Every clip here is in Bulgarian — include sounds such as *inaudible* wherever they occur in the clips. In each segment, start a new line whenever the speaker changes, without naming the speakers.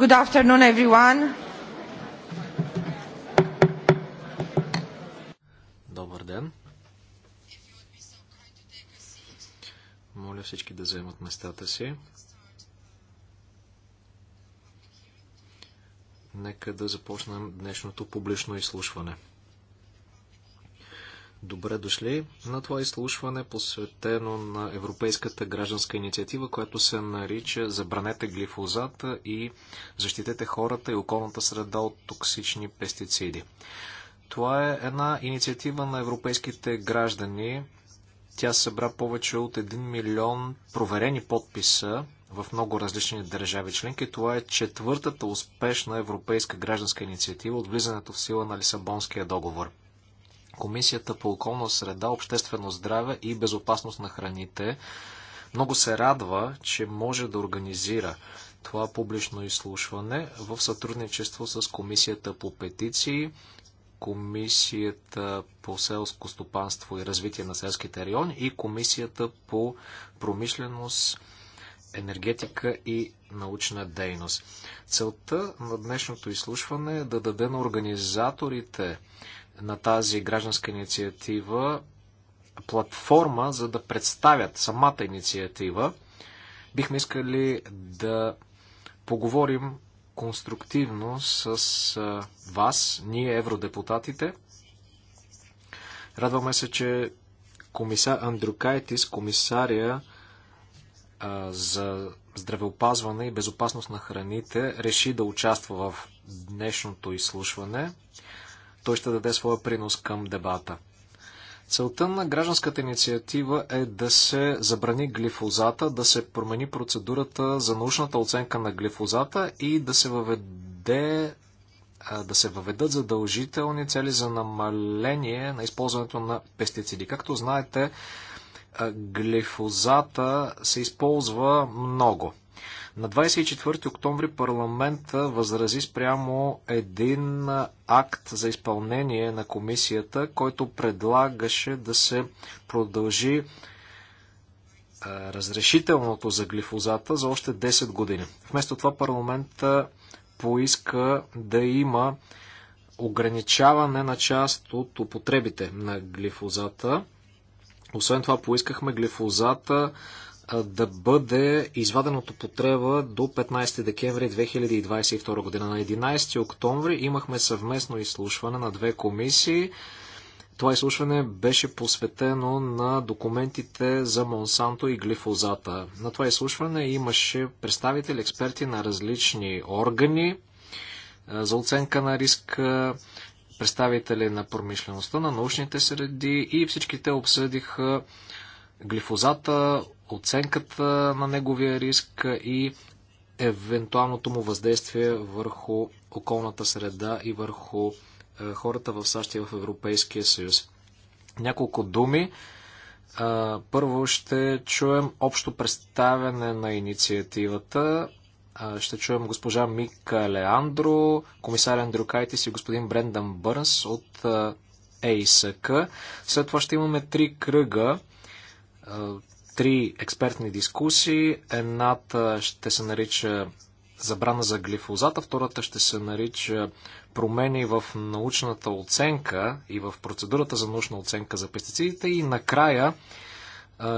Good afternoon, everyone.
Добър ден. Моля всички да вземат местата си. Нека да започнем днешното публично изслушване. Добре дошли на това изслушване, посветено на Европейската гражданска инициатива, която се нарича Забранете глифозата и защитете хората и околната среда от токсични пестициди. Това е една инициатива на европейските граждани. Тя събра повече от 1 милион проверени подписа в много различни държави членки. Това е четвъртата успешна европейска гражданска инициатива от влизането в сила на Лисабонския договор. Комисията по околна среда, обществено здраве и безопасност на храните много се радва, че може да организира това публично изслушване в сътрудничество с Комисията по петиции, Комисията по селско стопанство и развитие на селските райони и Комисията по промишленост, енергетика и научна дейност. Целта на днешното изслушване е да даде на организаторите на тази гражданска инициатива платформа, за да представят самата инициатива. Бихме искали да поговорим конструктивно с вас, ние евродепутатите. Радваме се, че комисар Андрюкайтис, комисария за здравеопазване и безопасност на храните, реши да участва в днешното изслушване. Той ще даде своя принос към дебата. Целта на гражданската инициатива е да се забрани глифозата, да се промени процедурата за научната оценка на глифозата и да се въведе да се въведат задължителни цели за намаление на използването на пестициди. Както знаете, глифозата се използва много. На 24 октомври парламента възрази спрямо един акт за изпълнение на комисията, който предлагаше да се продължи е, разрешителното за глифозата за още 10 години. Вместо това парламента поиска да има ограничаване на част от употребите на глифозата. Освен това поискахме глифозата да бъде изваден от употреба до 15 декември 2022 година. На 11 октомври имахме съвместно изслушване на две комисии. Това изслушване беше посветено на документите за Монсанто и глифозата. На това изслушване имаше представители, експерти на различни органи за оценка на риска, представители на промишлеността, на научните среди и всичките обсъдиха глифозата, оценката на неговия риск и евентуалното му въздействие върху околната среда и върху е, хората в САЩ и в Европейския съюз. Няколко думи. Е, първо ще чуем общо представяне на инициативата. Е, ще чуем госпожа Мика Леандро, комисар Андрю Кайтис и господин Брендан Бърнс от ЕИСК. След това ще имаме три кръга три експертни дискусии. Едната ще се нарича забрана за глифозата, втората ще се нарича промени в научната оценка и в процедурата за научна оценка за пестицидите и накрая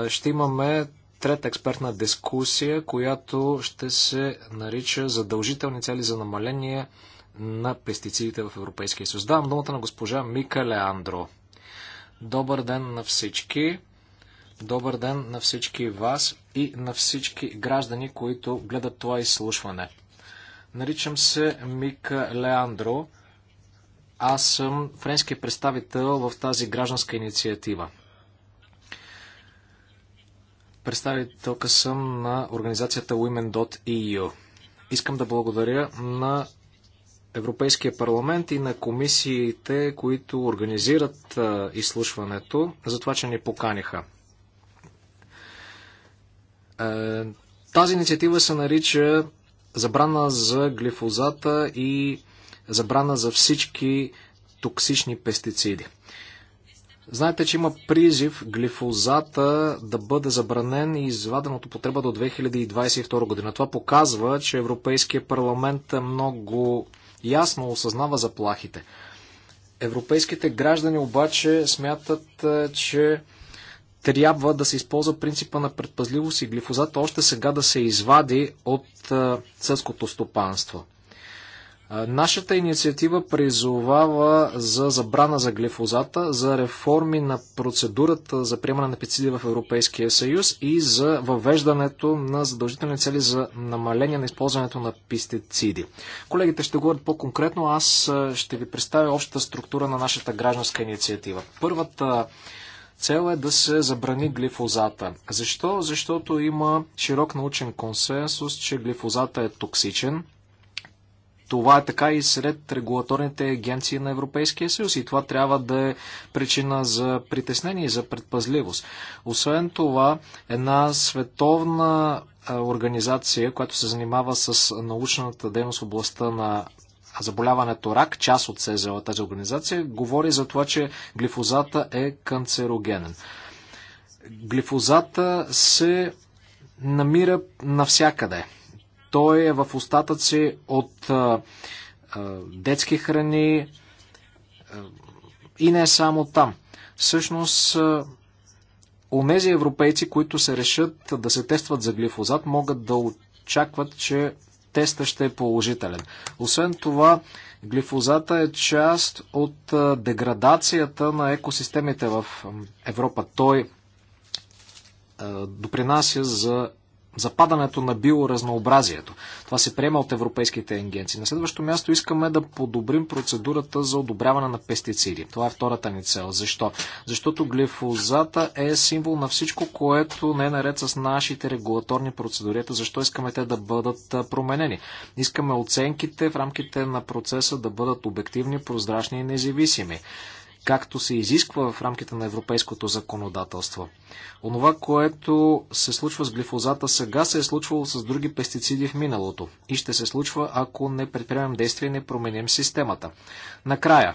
ще имаме трета експертна дискусия, която ще се нарича задължителни цели за намаление на пестицидите в Европейския съюз. Давам думата на госпожа Мика Леандро. Добър ден на всички! Добър ден на всички вас и на всички граждани, които гледат това изслушване. Наричам се Мика Леандро. Аз съм френски представител в тази гражданска инициатива. Представителка съм на организацията Women.eu. Искам да благодаря на Европейския парламент и на комисиите, които организират изслушването, за това, че ни поканиха. Е, тази инициатива се нарича забрана за глифозата и забрана за всички токсични пестициди. Знаете, че има призив глифозата да бъде забранен и изваден от употреба до 2022 година. Това показва, че Европейския парламент много ясно осъзнава заплахите. Европейските граждани обаче смятат, е, че трябва да се използва принципа на предпазливост и глифозат още сега да се извади от сълското стопанство. Нашата инициатива призовава за забрана за глифозата, за реформи на процедурата за приемане на пециди в Европейския съюз и за въвеждането на задължителни цели за намаление на използването на пестициди. Колегите ще говорят по-конкретно, аз ще ви представя общата структура на нашата гражданска инициатива. Първата Цел е да се забрани глифозата. Защо? Защото има широк научен консенсус, че глифозата е токсичен. Това е така и сред регулаторните агенции на Европейския съюз и това трябва да е причина за притеснение и за предпазливост. Освен това, една световна организация, която се занимава с научната дейност в областта на заболяването рак, част от СЗО, тази организация, говори за това, че глифозата е канцерогенен. Глифозата се намира навсякъде. Той е в остатъци от а, а, детски храни а, и не е само там. Всъщност, у онези европейци, които се решат да се тестват за глифозат, могат да очакват, че теста ще е положителен. Освен това, глифозата е част от деградацията на екосистемите в Европа. Той допринася за западането на биоразнообразието. Това се приема от европейските агенции. На следващо място искаме да подобрим процедурата за одобряване на пестициди. Това е втората ни цел. Защо? Защото глифозата е символ на всичко, което не е наред с нашите регулаторни процедури. Ето защо искаме те да бъдат променени. Искаме оценките в рамките на процеса да бъдат обективни, прозрачни и независими както се изисква в рамките на европейското законодателство. Онова, което се случва с глифозата сега, се е случвало с други пестициди в миналото и ще се случва, ако не предприемем действия и не променим системата. Накрая,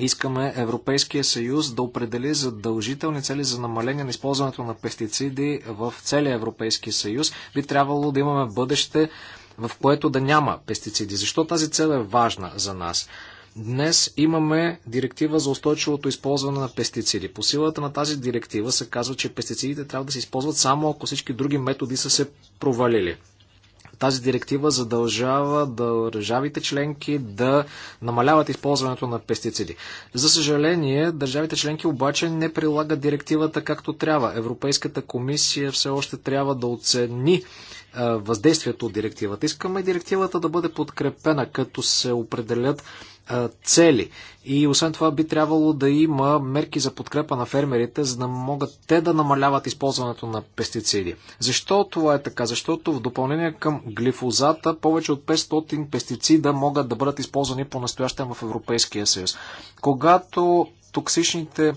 Искаме Европейския съюз да определи задължителни цели за намаление на използването на пестициди в целия Европейски съюз. Би трябвало да имаме бъдеще, в което да няма пестициди. Защо тази цел е важна за нас? Днес имаме директива за устойчивото използване на пестициди. По силата на тази директива се казва, че пестицидите трябва да се използват само ако всички други методи са се провалили. Тази директива задължава държавите членки да намаляват използването на пестициди. За съжаление, държавите членки обаче не прилагат директивата както трябва. Европейската комисия все още трябва да оцени е, въздействието от директивата. Искаме директивата да бъде подкрепена, като се определят цели. И освен това би трябвало да има мерки за подкрепа на фермерите, за да могат те да намаляват използването на пестициди. Защо това е така? Защото в допълнение към глифозата повече от 500 пестицида могат да бъдат използвани по-настоящен в Европейския съюз. Когато токсичните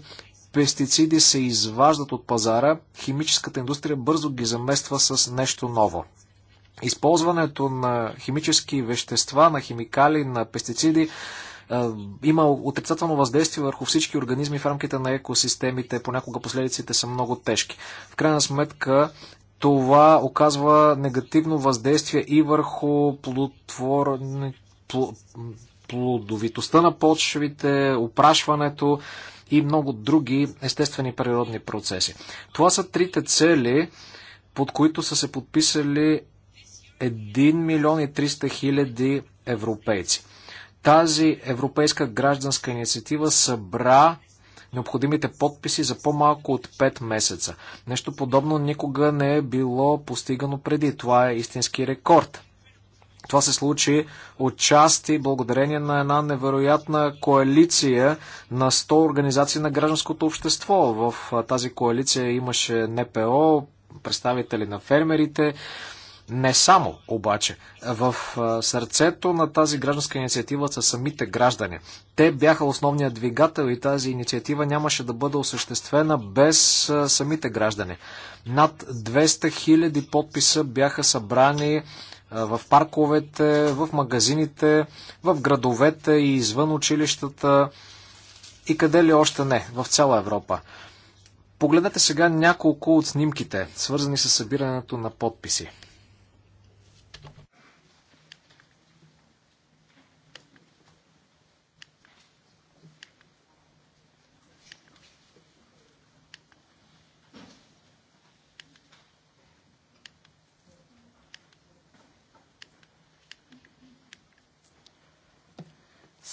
пестициди се изваждат от пазара, химическата индустрия бързо ги замества с нещо ново използването на химически вещества, на химикали, на пестициди има отрицателно въздействие върху всички организми в рамките на екосистемите. Понякога последиците са много тежки. В крайна сметка това оказва негативно въздействие и върху плодотворни... плодовитостта на почвите, опрашването и много други естествени природни процеси. Това са трите цели, под които са се подписали 1 милион и 300 хиляди европейци. Тази европейска гражданска инициатива събра необходимите подписи за по-малко от 5 месеца. Нещо подобно никога не е било постигано преди. Това е истински рекорд. Това се случи отчасти благодарение на една невероятна коалиция на 100 организации на гражданското общество. В тази коалиция имаше НПО, представители на фермерите, не само, обаче. В сърцето на тази гражданска инициатива са самите граждани. Те бяха основният двигател и тази инициатива нямаше да бъде осъществена без самите граждани. Над 200 000 подписа бяха събрани в парковете, в магазините, в градовете и извън училищата и къде ли още не, в цяла Европа. Погледнете сега няколко от снимките, свързани с събирането на подписи.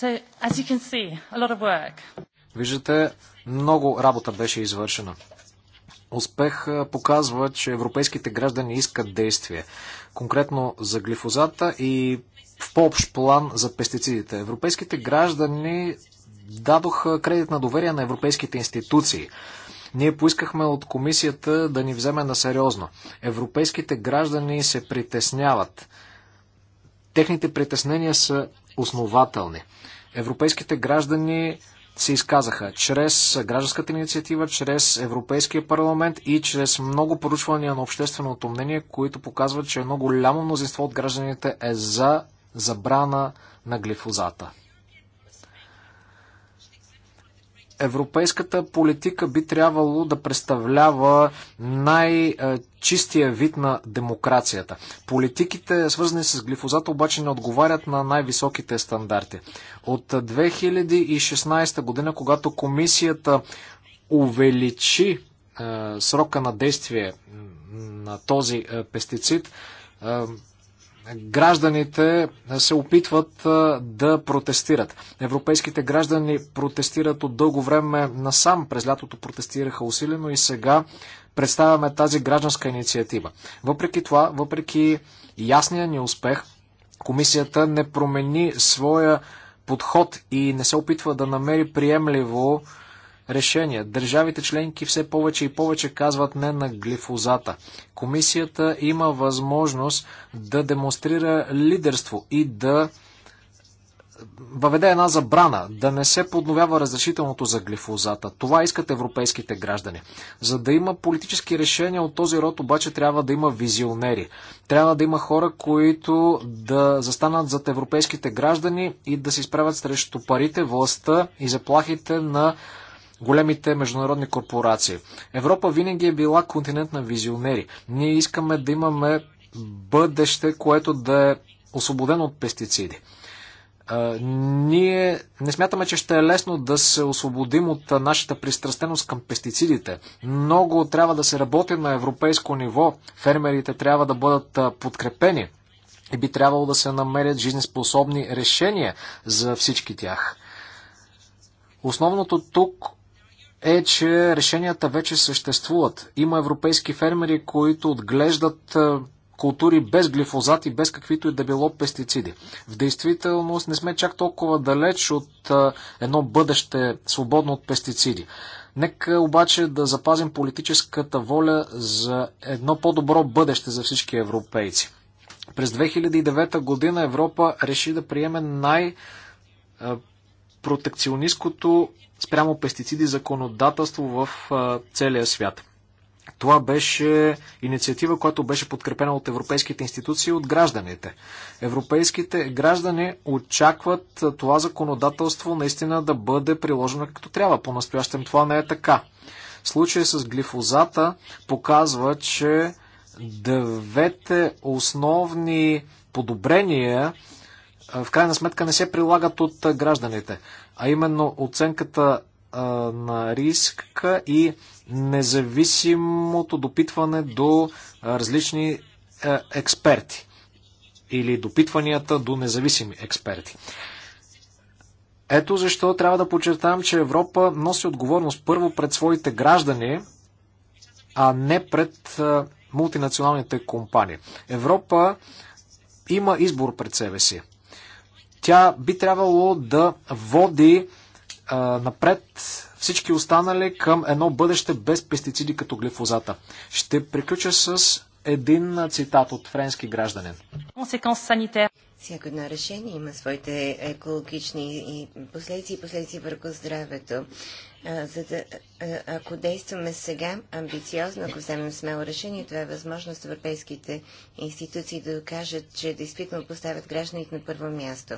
So, as you can see, a lot of work.
Виждате, много работа беше извършена. Успех показва, че европейските граждани искат действие. Конкретно за глифозата и в по-общ план за пестицидите. Европейските граждани дадоха кредит на доверие на европейските институции. Ние поискахме от комисията да ни вземе на сериозно. Европейските граждани се притесняват Техните притеснения са основателни. Европейските граждани се изказаха чрез гражданската инициатива, чрез Европейския парламент и чрез много поручвания на общественото мнение, които показват, че едно голямо мнозинство от гражданите е за забрана на глифозата. Европейската политика би трябвало да представлява най-чистия вид на демокрацията. Политиките, свързани с глифозата, обаче не отговарят на най-високите стандарти. От 2016 година, когато комисията увеличи е, срока на действие на този е, пестицид, е, гражданите се опитват да протестират. Европейските граждани протестират от дълго време насам. През лятото протестираха усилено и сега представяме тази гражданска инициатива. Въпреки това, въпреки ясния ни успех, комисията не промени своя подход и не се опитва да намери приемливо решения. Държавите членки все повече и повече казват не на глифозата. Комисията има възможност да демонстрира лидерство и да въведе една забрана да не се подновява разрешителното за глифозата. Това искат европейските граждани. За да има политически решения от този род, обаче трябва да има визионери. Трябва да има хора, които да застанат зад европейските граждани и да се изправят срещу парите, властта и заплахите на големите международни корпорации. Европа винаги е била континент на визионери. Ние искаме да имаме бъдеще, което да е освободено от пестициди. Ние не смятаме, че ще е лесно да се освободим от нашата пристрастеност към пестицидите. Много трябва да се работи на европейско ниво. Фермерите трябва да бъдат подкрепени и би трябвало да се намерят жизнеспособни решения за всички тях. Основното тук е, че решенията вече съществуват. Има европейски фермери, които отглеждат е, култури без глифозат и без каквито и да било пестициди. В действителност не сме чак толкова далеч от е, едно бъдеще свободно от пестициди. Нека обаче да запазим политическата воля за едно по-добро бъдеще за всички европейци. През 2009 година Европа реши да приеме най- е, протекционистското спрямо пестициди законодателство в целия свят. Това беше инициатива, която беше подкрепена от европейските институции и от гражданите. Европейските граждани очакват това законодателство наистина да бъде приложено както трябва. По-настоящем това не е така. Случай с глифозата показва, че девете основни подобрения в крайна сметка не се прилагат от гражданите, а именно оценката на риска и независимото допитване до различни експерти или допитванията до независими експерти. Ето защо трябва да подчертавам, че Европа носи отговорност първо пред своите граждани, а не пред мултинационалните компании. Европа има избор пред себе си. Тя би трябвало да води а, напред всички останали към едно бъдеще без пестициди като глифозата. Ще приключа с един цитат от френски гражданин.
Всяко едно решение има своите екологични последици и последици върху здравето. А, за да, а, ако действаме сега амбициозно, ако вземем смело решение, това е възможност европейските институции да докажат, че действително поставят гражданите на първо място.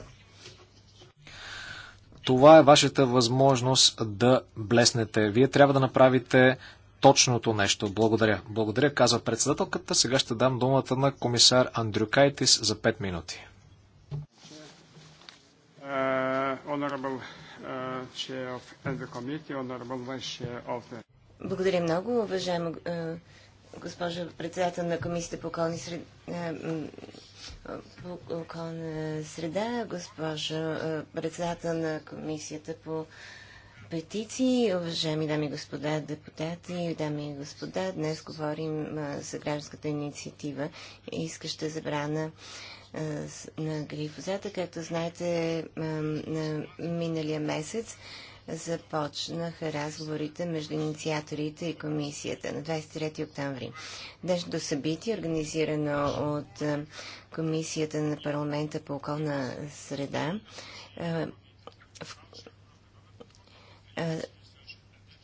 Това е вашата възможност да блеснете. Вие трябва да направите точното нещо. Благодаря. Благодаря, казва председателката. Сега ще дам думата на комисар Андрю Кайтис за 5 минути. Uh, uh,
Благодаря много, уважаема uh, госпожа председател на Комисията по околни среди, околна среда, госпожа е, председател на комисията по петиции, уважаеми дами и господа депутати, дами и господа, днес говорим е, за гражданската инициатива, искаща забрана е, на глифозата. Както знаете, на миналия месец започнаха разговорите между инициаторите и комисията на 23 октомври. Днешното събитие, организирано от е, Комисията на парламента по околна среда, е, е,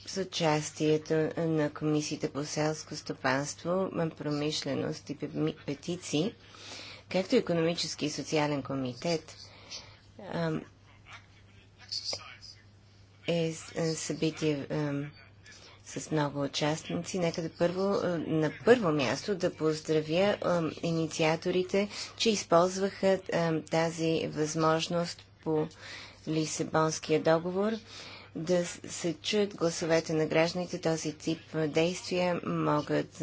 с участието на Комисията по селско стопанство, промишленост и петиции, както и економически и социален комитет, е, е събитие е, с много участници. Нека да първо, е, на първо място да поздравя инициаторите, че използваха тази възможност по Лисабонския договор да се чуят гласовете на гражданите. Този тип действия могат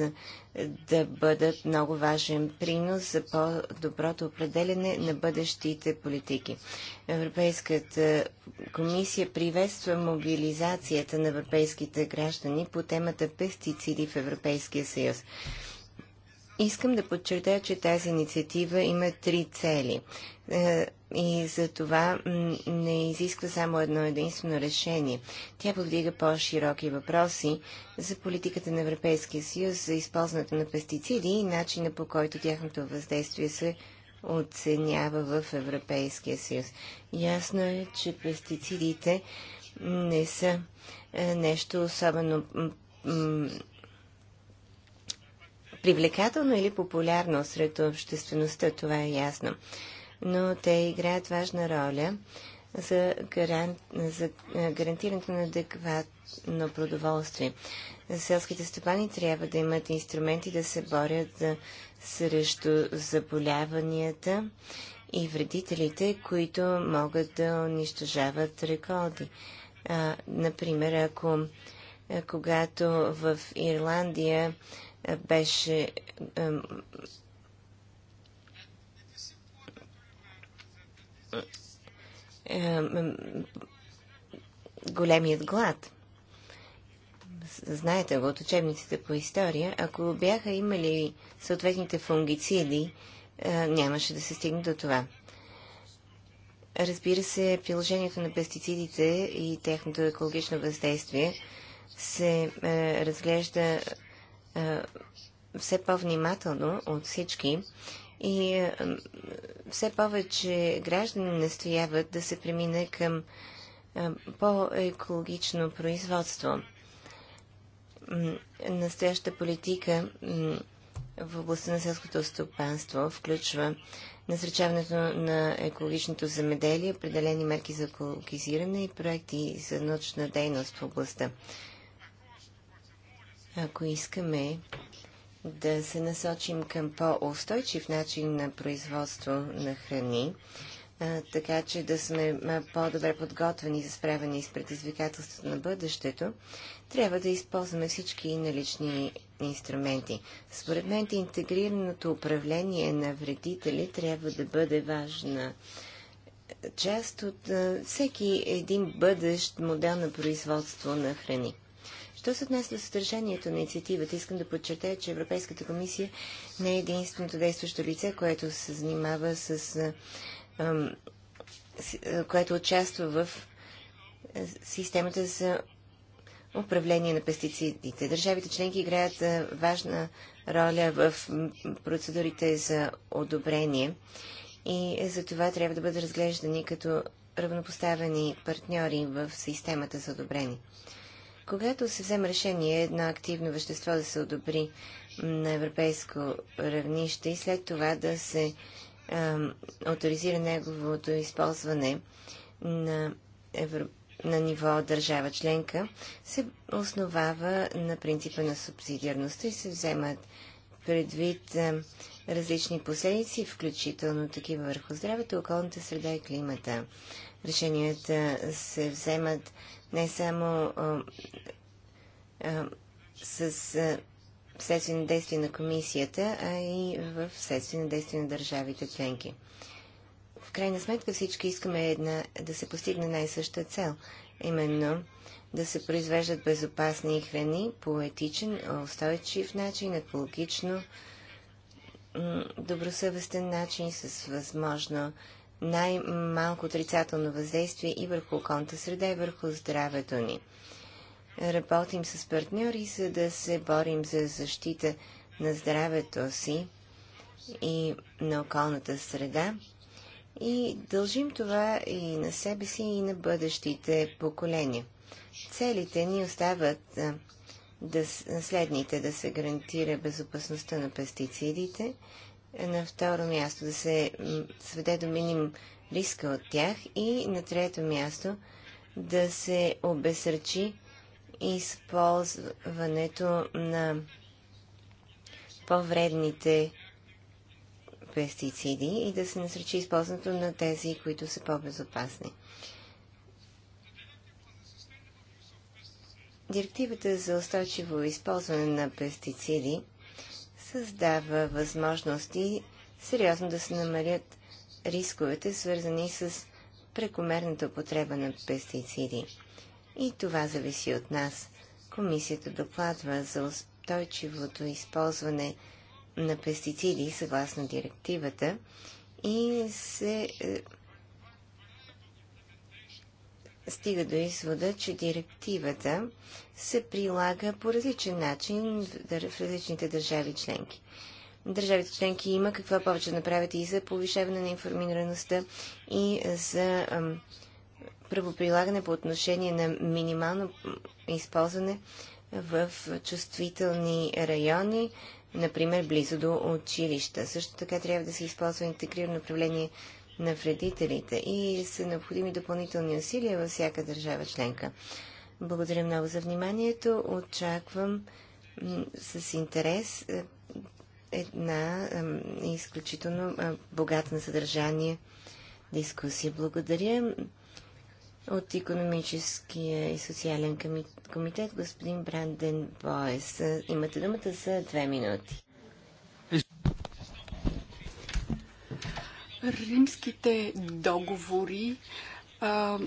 да бъдат много важен принос за по-доброто определене на бъдещите политики. Европейската комисия приветства мобилизацията на европейските граждани по темата пестициди в Европейския съюз. Искам да подчертая, че тази инициатива има три цели е, и за това не изисква само едно единствено решение. Тя повдига по-широки въпроси за политиката на Европейския съюз, за използването на пестициди и начина по който тяхното въздействие се оценява в Европейския съюз. Ясно е, че пестицидите не са е, нещо особено привлекателно или популярно сред обществеността, това е ясно. Но те играят важна роля за, гаран... за гарантирането на адекватно продоволствие. Селските стопани трябва да имат инструменти да се борят за... срещу заболяванията и вредителите, които могат да унищожават реколти. например, ако когато в Ирландия беше големият глад. Знаете го от учебниците по история. Ако бяха имали съответните фунгициди, е, нямаше да се стигне до това. Разбира се, приложението на пестицидите и техното екологично въздействие се е, разглежда е, все по-внимателно от всички и е, все повече граждани настояват да се премине към е, по-екологично производство. Настоящата политика в областта на селското стопанство включва насречаването на екологичното земеделие, определени мерки за екологизиране и проекти за научна дейност в областта. Ако искаме да се насочим към по-устойчив начин на производство на храни, така че да сме по-добре подготвени за справяне с предизвикателството на бъдещето, трябва да използваме всички налични инструменти. Според мен интегрираното управление на вредители трябва да бъде важна част от всеки един бъдещ модел на производство на храни. Що се отнася до съдържанието на инициативата, искам да подчертая, че Европейската комисия не е единственото действащо лице, което се занимава с. А, а, което участва в системата за управление на пестицидите. Държавите членки играят важна роля в процедурите за одобрение и за това трябва да бъдат разглеждани като равнопоставени партньори в системата за одобрение. Когато се взема решение едно активно вещество да се одобри на европейско равнище и след това да се а, авторизира неговото използване на, евро... на ниво държава членка, се основава на принципа на субсидиарността и се вземат предвид а, различни последици, включително такива върху здравето, околната среда и климата. Решенията се вземат не само а, а, с а, следствие на действие на комисията, а и в следствие на действие на държавите членки. В крайна сметка всички искаме една, да се постигне най-съща цел, именно да се произвеждат безопасни храни по етичен, устойчив начин, екологично, добросъвестен начин, с възможно най-малко отрицателно въздействие и върху околната среда, и върху здравето ни. Работим с партньори, за да се борим за защита на здравето си и на околната среда. И дължим това и на себе си, и на бъдещите поколения. Целите ни остават да, следните да се гарантира безопасността на пестицидите, е на второ място да се сведе до минимум риска от тях и на трето място да се обесръчи използването на по-вредните пестициди и да се насречи използването на тези, които са по-безопасни. Директивата за устойчиво използване на пестициди създава възможности сериозно да се намалят рисковете, свързани с прекомерната употреба на пестициди. И това зависи от нас. Комисията докладва за устойчивото използване на пестициди съгласно директивата и се е, стига до извода, че директивата се прилага по различен начин в различните държави членки. Държавите членки има какво повече да направят и за повишаване на информираността и за правоприлагане по отношение на минимално използване в чувствителни райони, например близо до училища. Също така трябва да се използва интегрирано управление на вредителите и са необходими допълнителни усилия във всяка държава членка. Благодаря много за вниманието. Очаквам с интерес е, една изключително богата на съдържание дискусия. Благодаря от економическия и социален комитет господин Бранден Боес. Имате думата за две минути.
Римските договори а,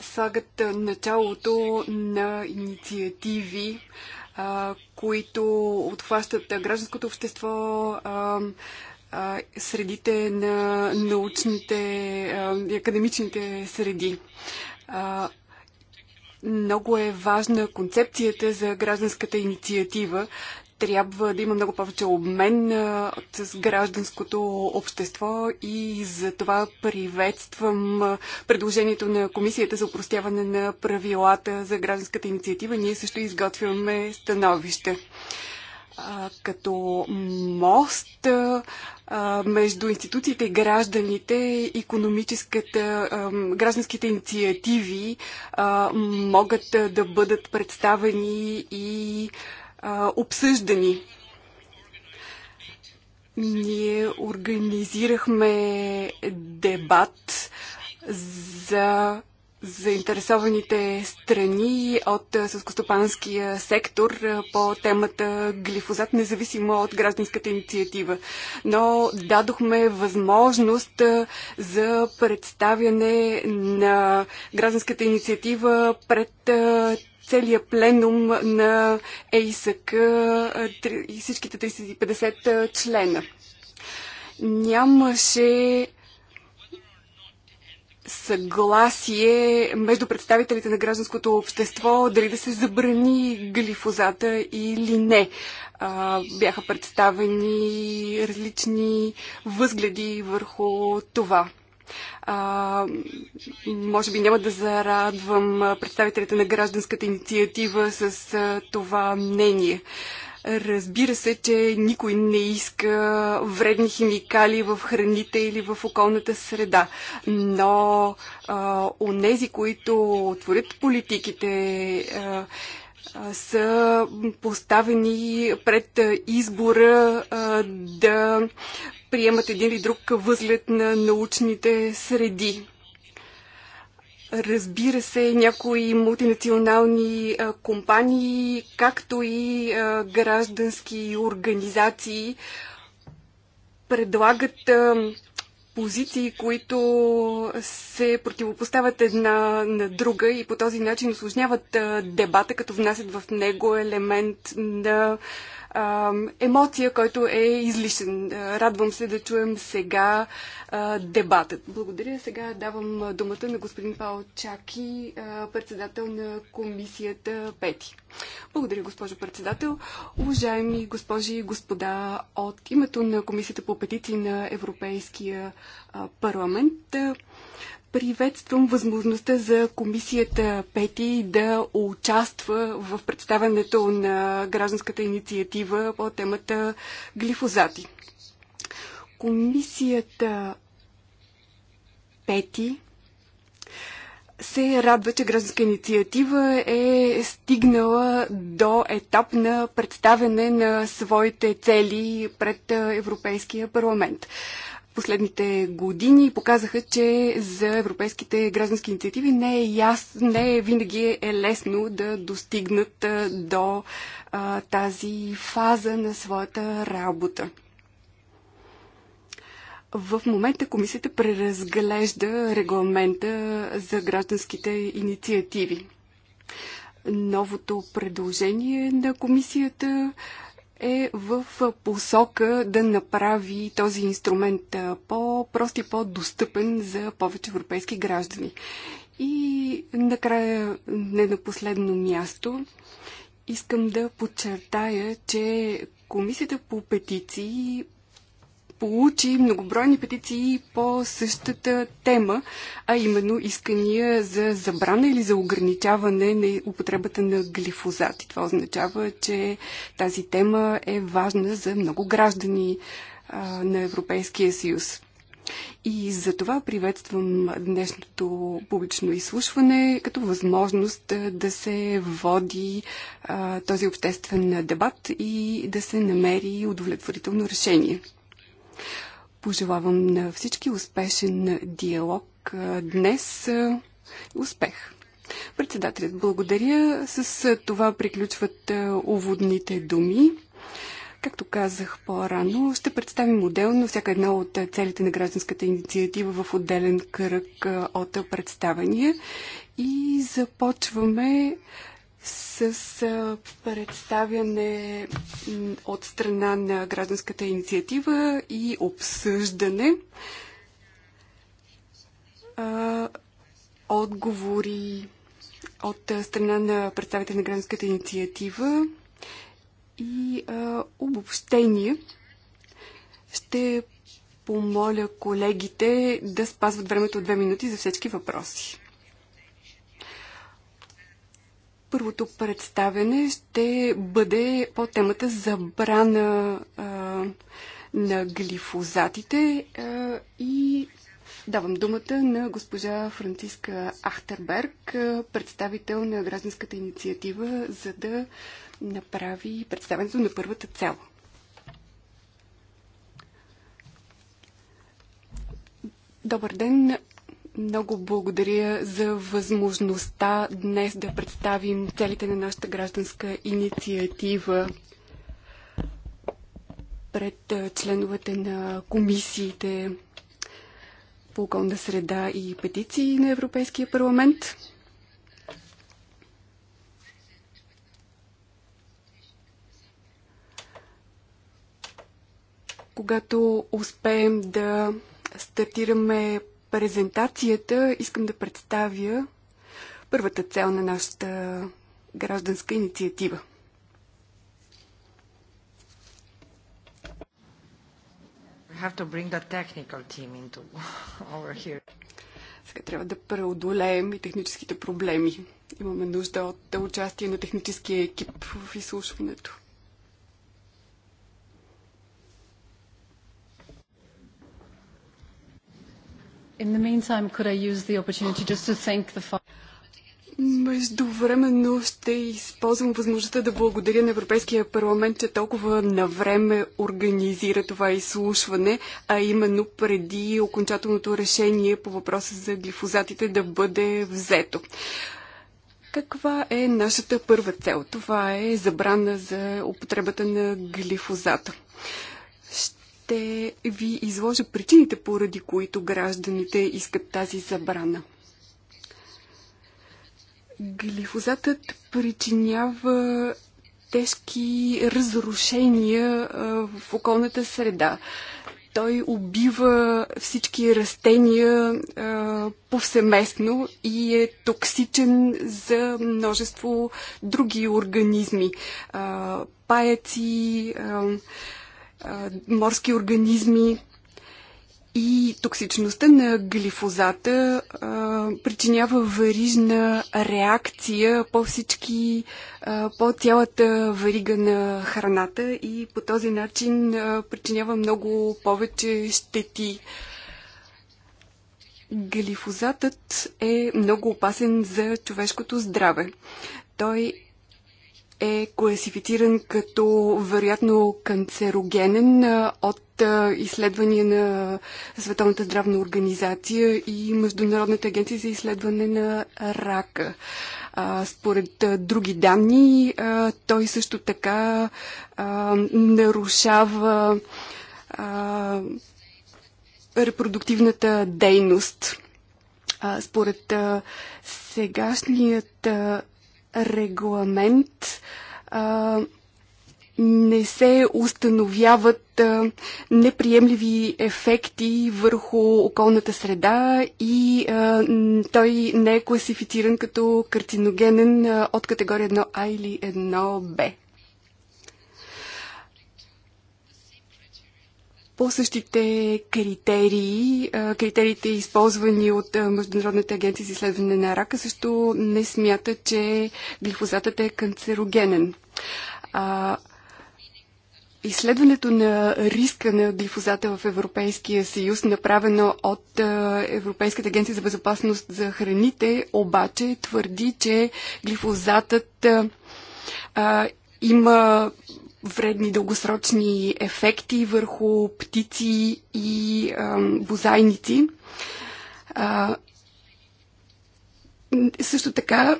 слагат началото на инициативи, а, които отхващат гражданското общество, а, а, средите на научните, а, академичните среди. А, много е важна концепцията за гражданската инициатива трябва да има много повече обмен с гражданското общество и за това приветствам предложението на Комисията за упростяване на правилата за гражданската инициатива. Ние също изготвяме становище. Като мост между институциите и гражданите, економическата, гражданските инициативи могат да бъдат представени и а, обсъждани. Ние организирахме дебат за заинтересованите страни от съскостопанския сектор по темата глифозат, независимо от гражданската инициатива. Но дадохме възможност за представяне на гражданската инициатива пред целия пленум на ЕИСАК и всичките 350 члена. Нямаше съгласие между представителите на гражданското общество дали да се забрани глифозата или не. А, бяха представени различни възгледи върху това. А, може би няма да зарадвам представителите на гражданската инициатива с това мнение. Разбира се, че никой не иска вредни химикали в храните или в околната среда, но а, онези, които творят политиките, а, са поставени пред избора да приемат един или друг възглед на научните среди. Разбира се, някои мултинационални а, компании, както и а, граждански организации предлагат а, позиции, които се противопоставят една на друга и по този начин осложняват дебата, като внасят в него елемент на емоция, който е излишен. Е, радвам се да чуем сега дебатът. Благодаря. Сега давам думата на господин Пао Чаки, председател на комисията Пети. Благодаря, госпожо председател. Уважаеми госпожи и господа, от името на комисията по петиции на Европейския парламент Приветствам възможността за комисията Пети да участва в представянето на гражданската инициатива по темата глифозати. Комисията Пети се радва, че гражданска инициатива е стигнала до етап на представяне на своите цели пред Европейския парламент последните години показаха, че за европейските граждански инициативи не е, ясно, не е винаги е лесно да достигнат до а, тази фаза на своята работа. В момента комисията преразглежда регламента за гражданските инициативи. Новото предложение на комисията е в посока да направи този инструмент по-прост и по-достъпен за повече европейски граждани. И накрая, не на последно място, искам да подчертая, че Комисията по петиции получи многобройни петиции по същата тема, а именно искания за забрана или за ограничаване на употребата на глифозат. И това означава, че тази тема е важна за много граждани а, на Европейския съюз. И за това приветствам днешното публично изслушване като възможност да се води а, този обществен дебат и да се намери удовлетворително решение. Пожелавам на всички успешен диалог днес. Успех! Председателят, благодаря. С това приключват уводните думи. Както казах по-рано, ще представим модел на всяка една от целите на гражданската инициатива в отделен кръг от представения и започваме с представяне от страна на гражданската инициатива и обсъждане. Отговори от страна на представите на гражданската инициатива и обобщение. Ще помоля колегите да спазват времето от две минути за всички въпроси. Първото представене ще бъде по темата забрана а, на глифозатите а, и давам думата на госпожа Франциска Ахтерберг, представител на гражданската инициатива, за да направи представенето на първата цел. Добър ден! Много благодаря за възможността днес да представим целите на нашата гражданска инициатива пред членовете на комисиите по околна среда и петиции на Европейския парламент. Когато успеем да стартираме презентацията искам да представя първата цел на нашата гражданска инициатива. Сега трябва да преодолеем и техническите проблеми. Имаме нужда от участие на техническия екип в изслушването. In the meantime, could I use the opportunity just to thank the Междувременно ще използвам възможността да благодаря на Европейския парламент, че толкова навреме организира това изслушване, а именно преди окончателното решение по въпроса за глифозатите да бъде взето. Каква е нашата първа цел? Това е забрана за употребата на глифозата ще ви изложа причините, поради които гражданите искат тази забрана. Глифозатът причинява тежки разрушения в околната среда. Той убива всички растения повсеместно и е токсичен за множество други организми. паяци, морски организми и токсичността на глифозата а, причинява варижна реакция по всички, а, по цялата варига на храната и по този начин а, причинява много повече щети. Глифозатът е много опасен за човешкото здраве. Той е класифициран като вероятно канцерогенен от изследвания на Световната здравна организация и Международната агенция за изследване на рака. Според други данни, той също така нарушава репродуктивната дейност. Според сегашният регламент а, не се установяват а, неприемливи ефекти върху околната среда и а, той не е класифициран като картиногенен а, от категория 1А или 1Б. по същите критерии. Критериите, използвани от Международната агенция за изследване на рака, също не смята, че глифозатът е канцерогенен. Изследването на риска на глифозата в Европейския съюз, направено от Европейската агенция за безопасност за храните, обаче твърди, че глифозатът а, има вредни дългосрочни ефекти върху птици и а, бозайници. А, също така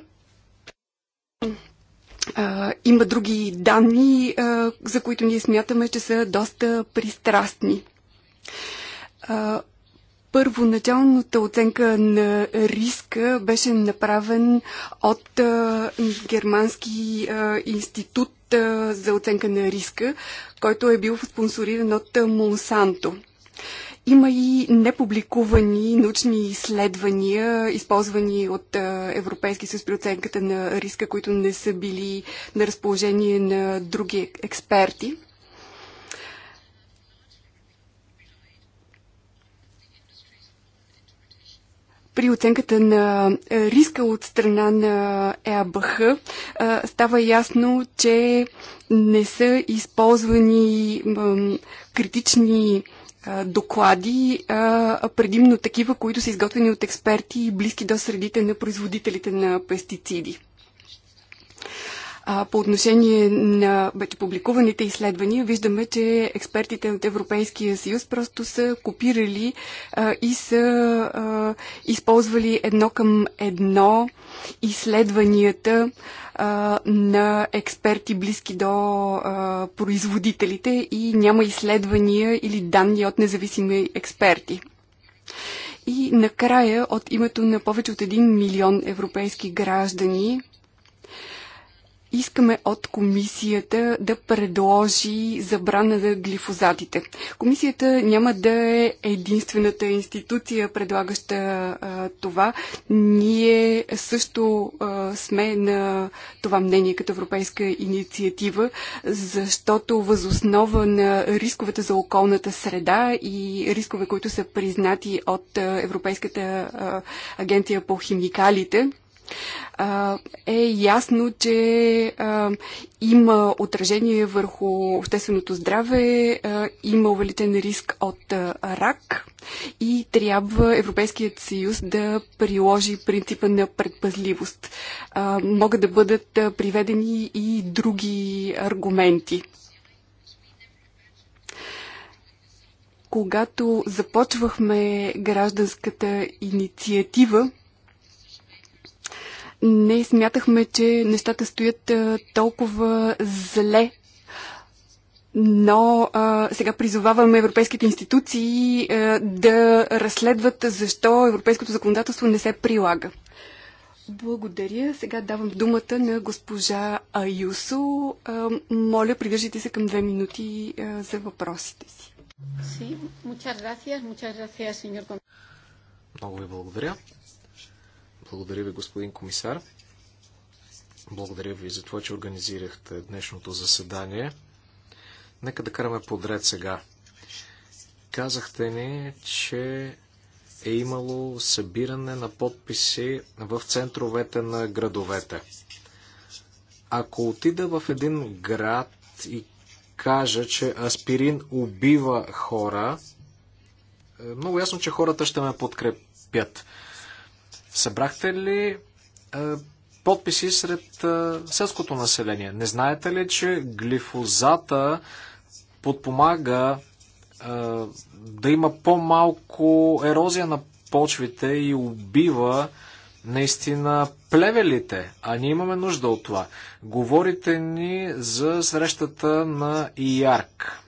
а, има други данни, а, за които ние смятаме, че са доста пристрастни. А, Първоначалната оценка на риска беше направен от Германски институт за оценка на риска, който е бил спонсориран от Монсанто. Има и непубликувани научни изследвания, използвани от Европейски съюз при оценката на риска, които не са били на разположение на други експерти. при оценката на е, риска от страна на ЕАБХ е, става ясно, че не са използвани критични е, доклади, а предимно такива, които са изготвени от експерти и близки до средите на производителите на пестициди. А, по отношение на вече публикуваните изследвания, виждаме, че експертите от Европейския съюз просто са копирали а, и са а, използвали едно към едно изследванията а, на експерти близки до а, производителите и няма изследвания или данни от независими експерти. И накрая, от името на повече от 1 милион европейски граждани, искаме от комисията да предложи забрана за глифозатите. Комисията няма да е единствената институция, предлагаща а, това. Ние също а, сме на това мнение като европейска инициатива, защото възоснова на рисковете за околната среда и рискове, които са признати от Европейската а, агенция по химикалите, е ясно, че има отражение върху общественото здраве, има увеличен риск от рак и трябва Европейският съюз да приложи принципа на предпазливост. Могат да бъдат приведени и други аргументи. Когато започвахме гражданската инициатива, не смятахме, че нещата стоят толкова зле. Но а, сега призоваваме европейските институции а, да разследват защо европейското законодателство не се прилага. Благодаря. Сега давам думата на госпожа Аюсо. А, моля, привържите се към две минути а, за въпросите си.
Много ви благодаря. Благодаря ви, господин комисар. Благодаря ви за това, че организирахте днешното заседание. Нека да караме подред сега. Казахте ни, че е имало събиране на подписи в центровете на градовете. Ако отида в един град и кажа, че аспирин убива хора, е, много ясно, че хората ще ме подкрепят. Събрахте ли е, подписи сред е, селското население? Не знаете ли, че глифозата подпомага е, да има по-малко ерозия на почвите и убива наистина плевелите, а ние имаме нужда от това. Говорите ни за срещата на ИАРК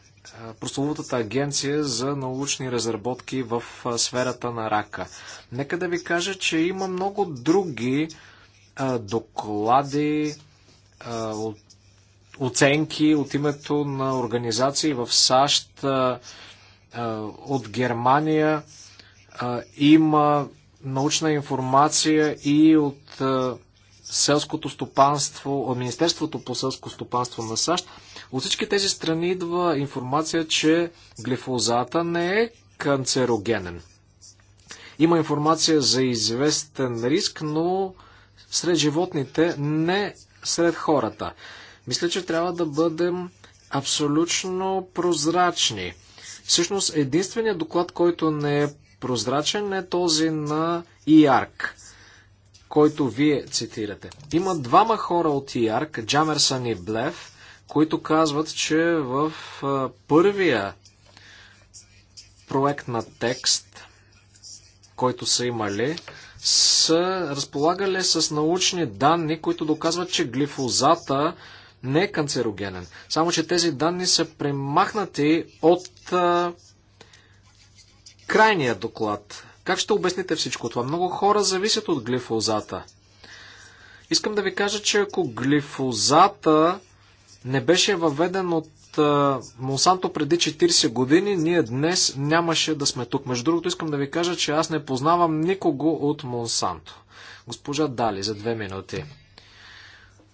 прословутата агенция за научни разработки в сферата на рака. Нека да ви кажа, че има много други доклади, оценки от името на организации в САЩ, от Германия. Има научна информация и от селското стопанство, Министерството по селско стопанство на САЩ. От всички тези страни идва информация, че глифозата не е канцерогенен. Има информация за известен риск, но сред животните, не сред хората. Мисля, че трябва да бъдем абсолютно прозрачни. Всъщност, единственият доклад, който не е прозрачен, е този на ИАРК, който вие цитирате. Има двама хора от ИАРК, Джамерсън и Блев, които казват, че в първия проект на текст, който са имали, са разполагали с научни данни, които доказват, че глифозата не е канцерогенен. Само, че тези данни са премахнати от а, крайния доклад. Как ще обясните всичко това? Много хора зависят от глифозата. Искам да ви кажа, че ако глифозата не беше въведен от Монсанто преди 40 години, ние днес нямаше да сме тук. Между другото, искам да ви кажа, че аз не познавам никого от Монсанто. Госпожа Дали, за две минути.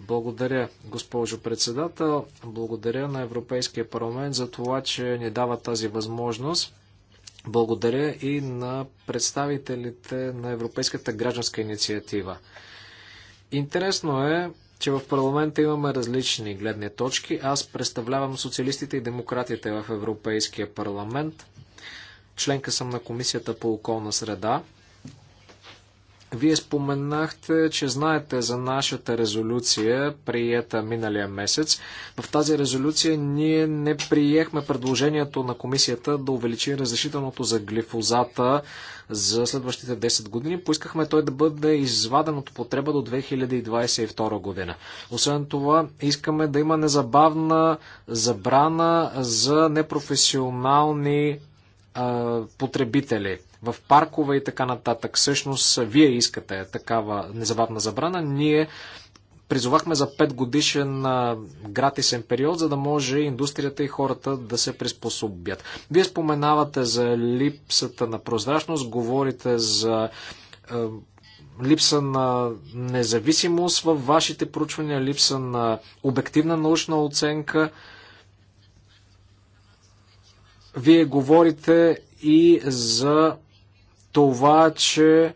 Благодаря, госпожо председател. Благодаря на Европейския парламент за това, че ни дава тази възможност. Благодаря и на представителите на Европейската гражданска инициатива. Интересно е че в парламента имаме различни гледни точки. Аз представлявам социалистите и демократите в Европейския парламент. Членка съм на Комисията по околна среда. Вие споменахте, че знаете за нашата резолюция, приета миналия месец. В тази резолюция ние не приехме предложението на комисията да увеличи разрешителното за глифозата за следващите 10 години. Поискахме той да бъде изваден от употреба до 2022 година. Освен това, искаме да има незабавна забрана за непрофесионални потребители в паркове и така нататък. Всъщност, вие искате такава незабавна забрана. Ние призовахме за 5 годишен гратисен период, за да може индустрията и хората да се приспособят. Вие споменавате за липсата на прозрачност, говорите за липса на независимост във вашите проучвания, липса на обективна научна оценка. Вие говорите и за това, че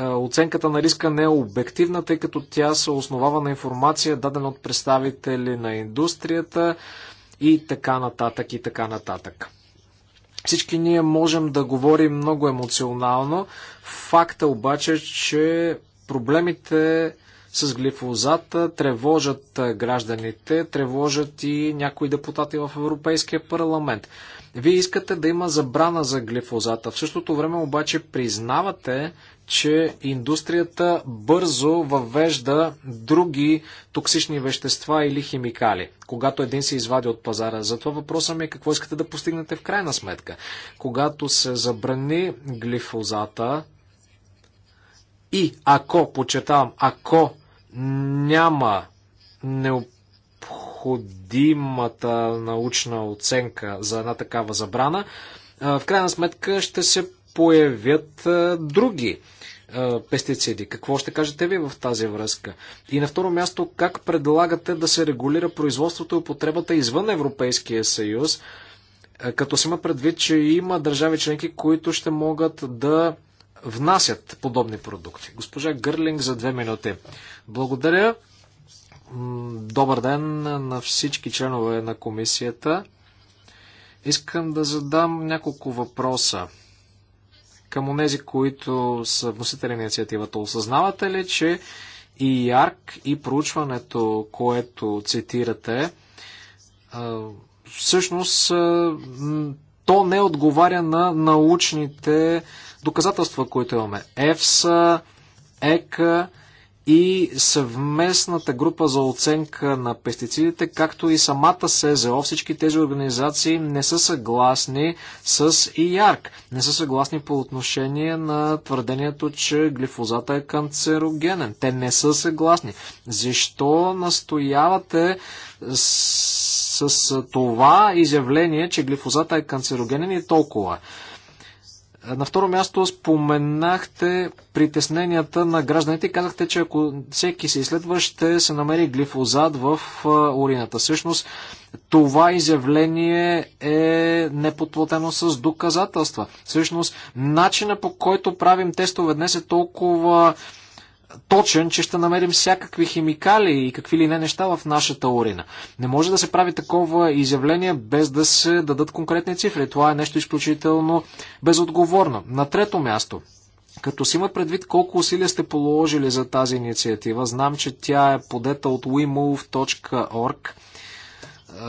оценката на риска не е обективна, тъй като тя се основава на информация, дадена от представители на индустрията и така нататък и така нататък. Всички ние можем да говорим много емоционално. Факта е обаче, че проблемите с глифозата тревожат гражданите, тревожат и някои депутати в Европейския парламент. Вие искате да има забрана за глифозата. В същото време обаче признавате, че индустрията бързо въвежда други токсични вещества или химикали, когато един се извади от пазара. Затова въпросът ми е какво искате да постигнете в крайна сметка. Когато се забрани глифозата и ако, подчертавам, ако няма необходимата научна оценка за една такава забрана, в крайна сметка ще се появят други пестициди. Какво ще кажете ви в тази връзка? И на второ място, как предлагате да се регулира производството и употребата извън Европейския съюз, като се има предвид, че има държави членки, които ще могат да внасят подобни продукти. Госпожа Гърлинг за две минути. Благодаря. Добър ден на всички членове на комисията. Искам да задам няколко въпроса към онези, които са вносители на инициативата. Осъзнавате ли, че и ЯРК, и проучването, което цитирате, всъщност то не отговаря на научните доказателства, които имаме. ЕФСА, ЕКА и съвместната група за оценка на пестицидите, както и самата СЗО, всички тези организации не са съгласни с ИЯРК. Не са съгласни по отношение на твърдението, че глифозата е канцерогенен. Те не са съгласни. Защо настоявате с, с това изявление, че глифозата е канцерогенен и толкова? На второ място споменахте притесненията на гражданите и казахте, че ако всеки се изследва, ще се намери глифозат в урината. Всъщност това изявление е неподплатено с доказателства. Всъщност начина по който правим тестове днес е толкова точен, че ще намерим всякакви химикали и какви ли не неща в нашата урина. Не може да се прави такова изявление без да се дадат конкретни цифри. Това е нещо изключително безотговорно. На трето място, като си имат предвид колко усилия сте положили за тази инициатива, знам, че тя е подета от wemove.org. Е,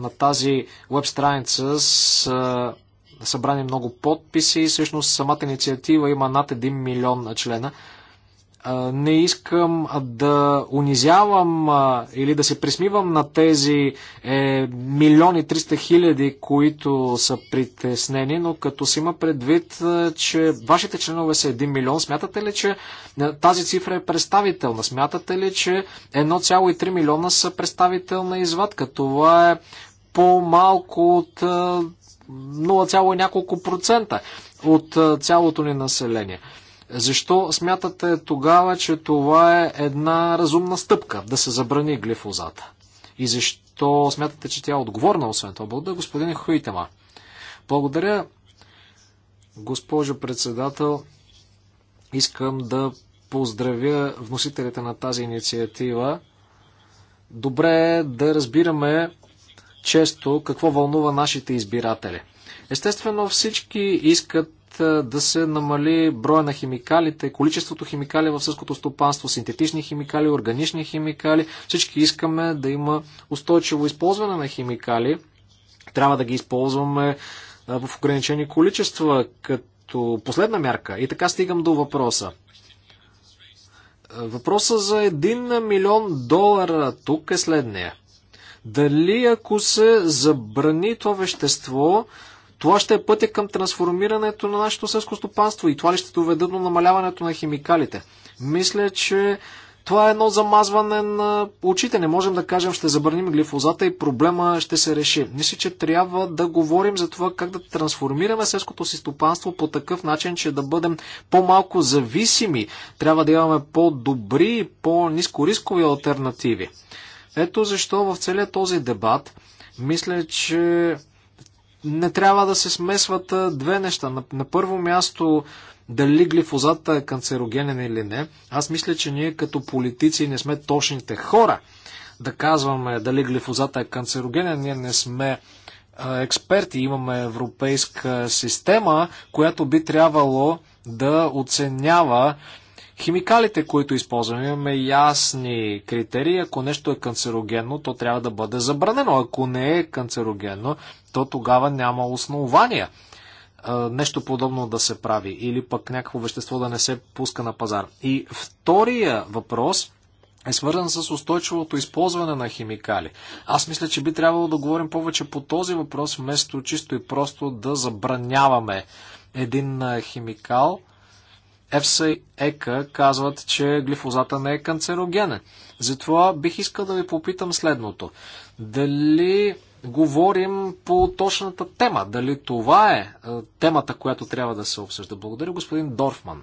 на тази веб страница с е, събрани много подписи. Всъщност самата инициатива има над 1 милион члена. Не искам да унизявам или да се присмивам на тези е, милиони 300 хиляди, които са притеснени, но като си има предвид, че вашите членове са 1 милион, смятате ли, че тази цифра е представителна? Смятате ли, че 1,3 милиона са представителна извадка? Това е по-малко от 0, няколко процента от цялото ни население. Защо смятате тогава, че това е една разумна стъпка да се забрани глифозата? И защо смятате, че тя е отговорна, освен това? Благодаря, господин Хуитема. Благодаря, госпожо председател. Искам да поздравя вносителите на тази инициатива. Добре е да разбираме често какво вълнува нашите избиратели. Естествено, всички искат е, да се намали броя на химикалите, количеството химикали в сълското стопанство, синтетични химикали, органични химикали. Всички искаме да има устойчиво използване на химикали. Трябва да ги използваме е, в ограничени количества като последна мярка. И така стигам до въпроса. Въпросът за 1 милион долара тук е следния. Дали ако се забрани това вещество, това ще е пътя към трансформирането на нашето селско стопанство и това ли ще доведе до намаляването на химикалите. Мисля, че това е едно замазване на очите. Не можем да кажем, ще забраним глифозата и проблема ще се реши. Мисля, че трябва да говорим за това как да трансформираме селското си стопанство по такъв начин, че да бъдем по-малко зависими. Трябва да имаме по-добри, по-низкорискови альтернативи. Ето защо в целият този дебат мисля, че не трябва да се смесват две неща. На, на първо място, дали глифозата е канцерогенен или не. Аз мисля, че ние като политици не сме точните хора да казваме дали глифозата е канцерогенен. Ние не сме експерти, имаме европейска система, която би трябвало да оценява Химикалите, които използваме, имаме ясни критерии. Ако нещо е канцерогенно, то трябва да бъде забранено. Ако не е канцерогенно, то тогава няма основания нещо подобно да се прави или пък някакво вещество да не се пуска на пазар. И втория въпрос е свързан с устойчивото използване на химикали. Аз мисля, че би трябвало да говорим повече по този въпрос, вместо чисто и просто да забраняваме един химикал – ЕФСА и ЕКА казват, че глифозата не е канцерогенен. Затова бих искал да ви попитам следното. Дали говорим по точната тема? Дали това е, е темата, която трябва да се обсъжда? Благодаря, господин Дорфман.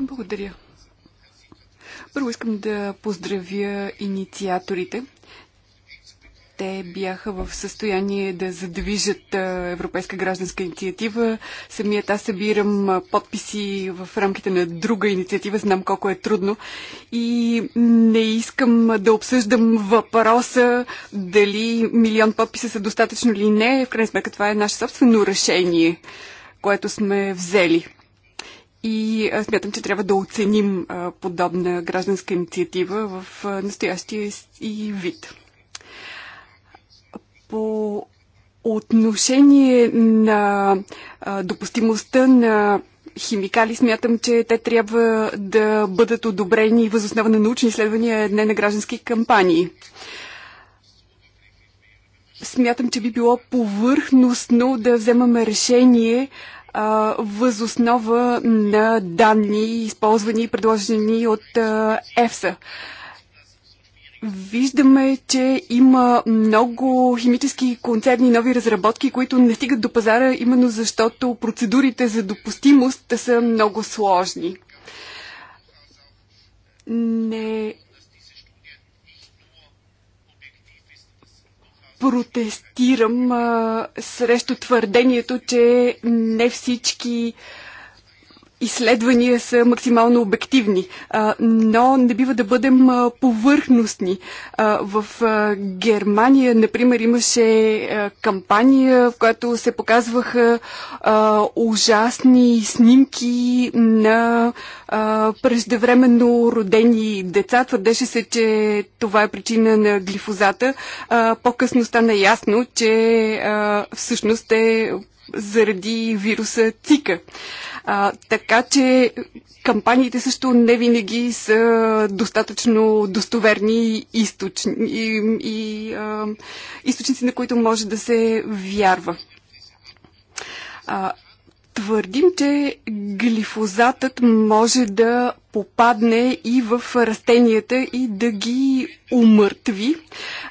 Благодаря. Първо искам да поздравя инициаторите те бяха в състояние да задвижат Европейска гражданска инициатива. Самият аз събирам подписи в рамките на друга инициатива, знам колко е трудно. И не искам да обсъждам въпроса дали милион подписа са достатъчно или не. В крайна сметка това е наше собствено решение, което сме взели. И смятам, че трябва да оценим подобна гражданска инициатива в настоящия и вид. По отношение на допустимостта на химикали, смятам, че те трябва да бъдат одобрени възоснова на научни изследвания, не на граждански кампании. Смятам, че би било повърхностно да вземаме решение а, възоснова на данни, използвани и предложени от а, ЕФСА. Виждаме, че има много химически концерни нови разработки, които не стигат до пазара, именно защото процедурите за допустимост са много сложни. Не протестирам а, срещу твърдението, че не всички изследвания са максимално обективни, но не бива да бъдем повърхностни. В Германия, например, имаше кампания, в която се показваха ужасни снимки на преждевременно родени деца. Твърдеше се, че това е причина на глифозата. По-късно стана ясно, че всъщност е заради вируса Цика. А, така че кампаниите също не винаги са достатъчно достоверни източни, и, и а, източници, на които може да се вярва. А, твърдим, че глифозатът може да попадне и в растенията и да ги умъртви,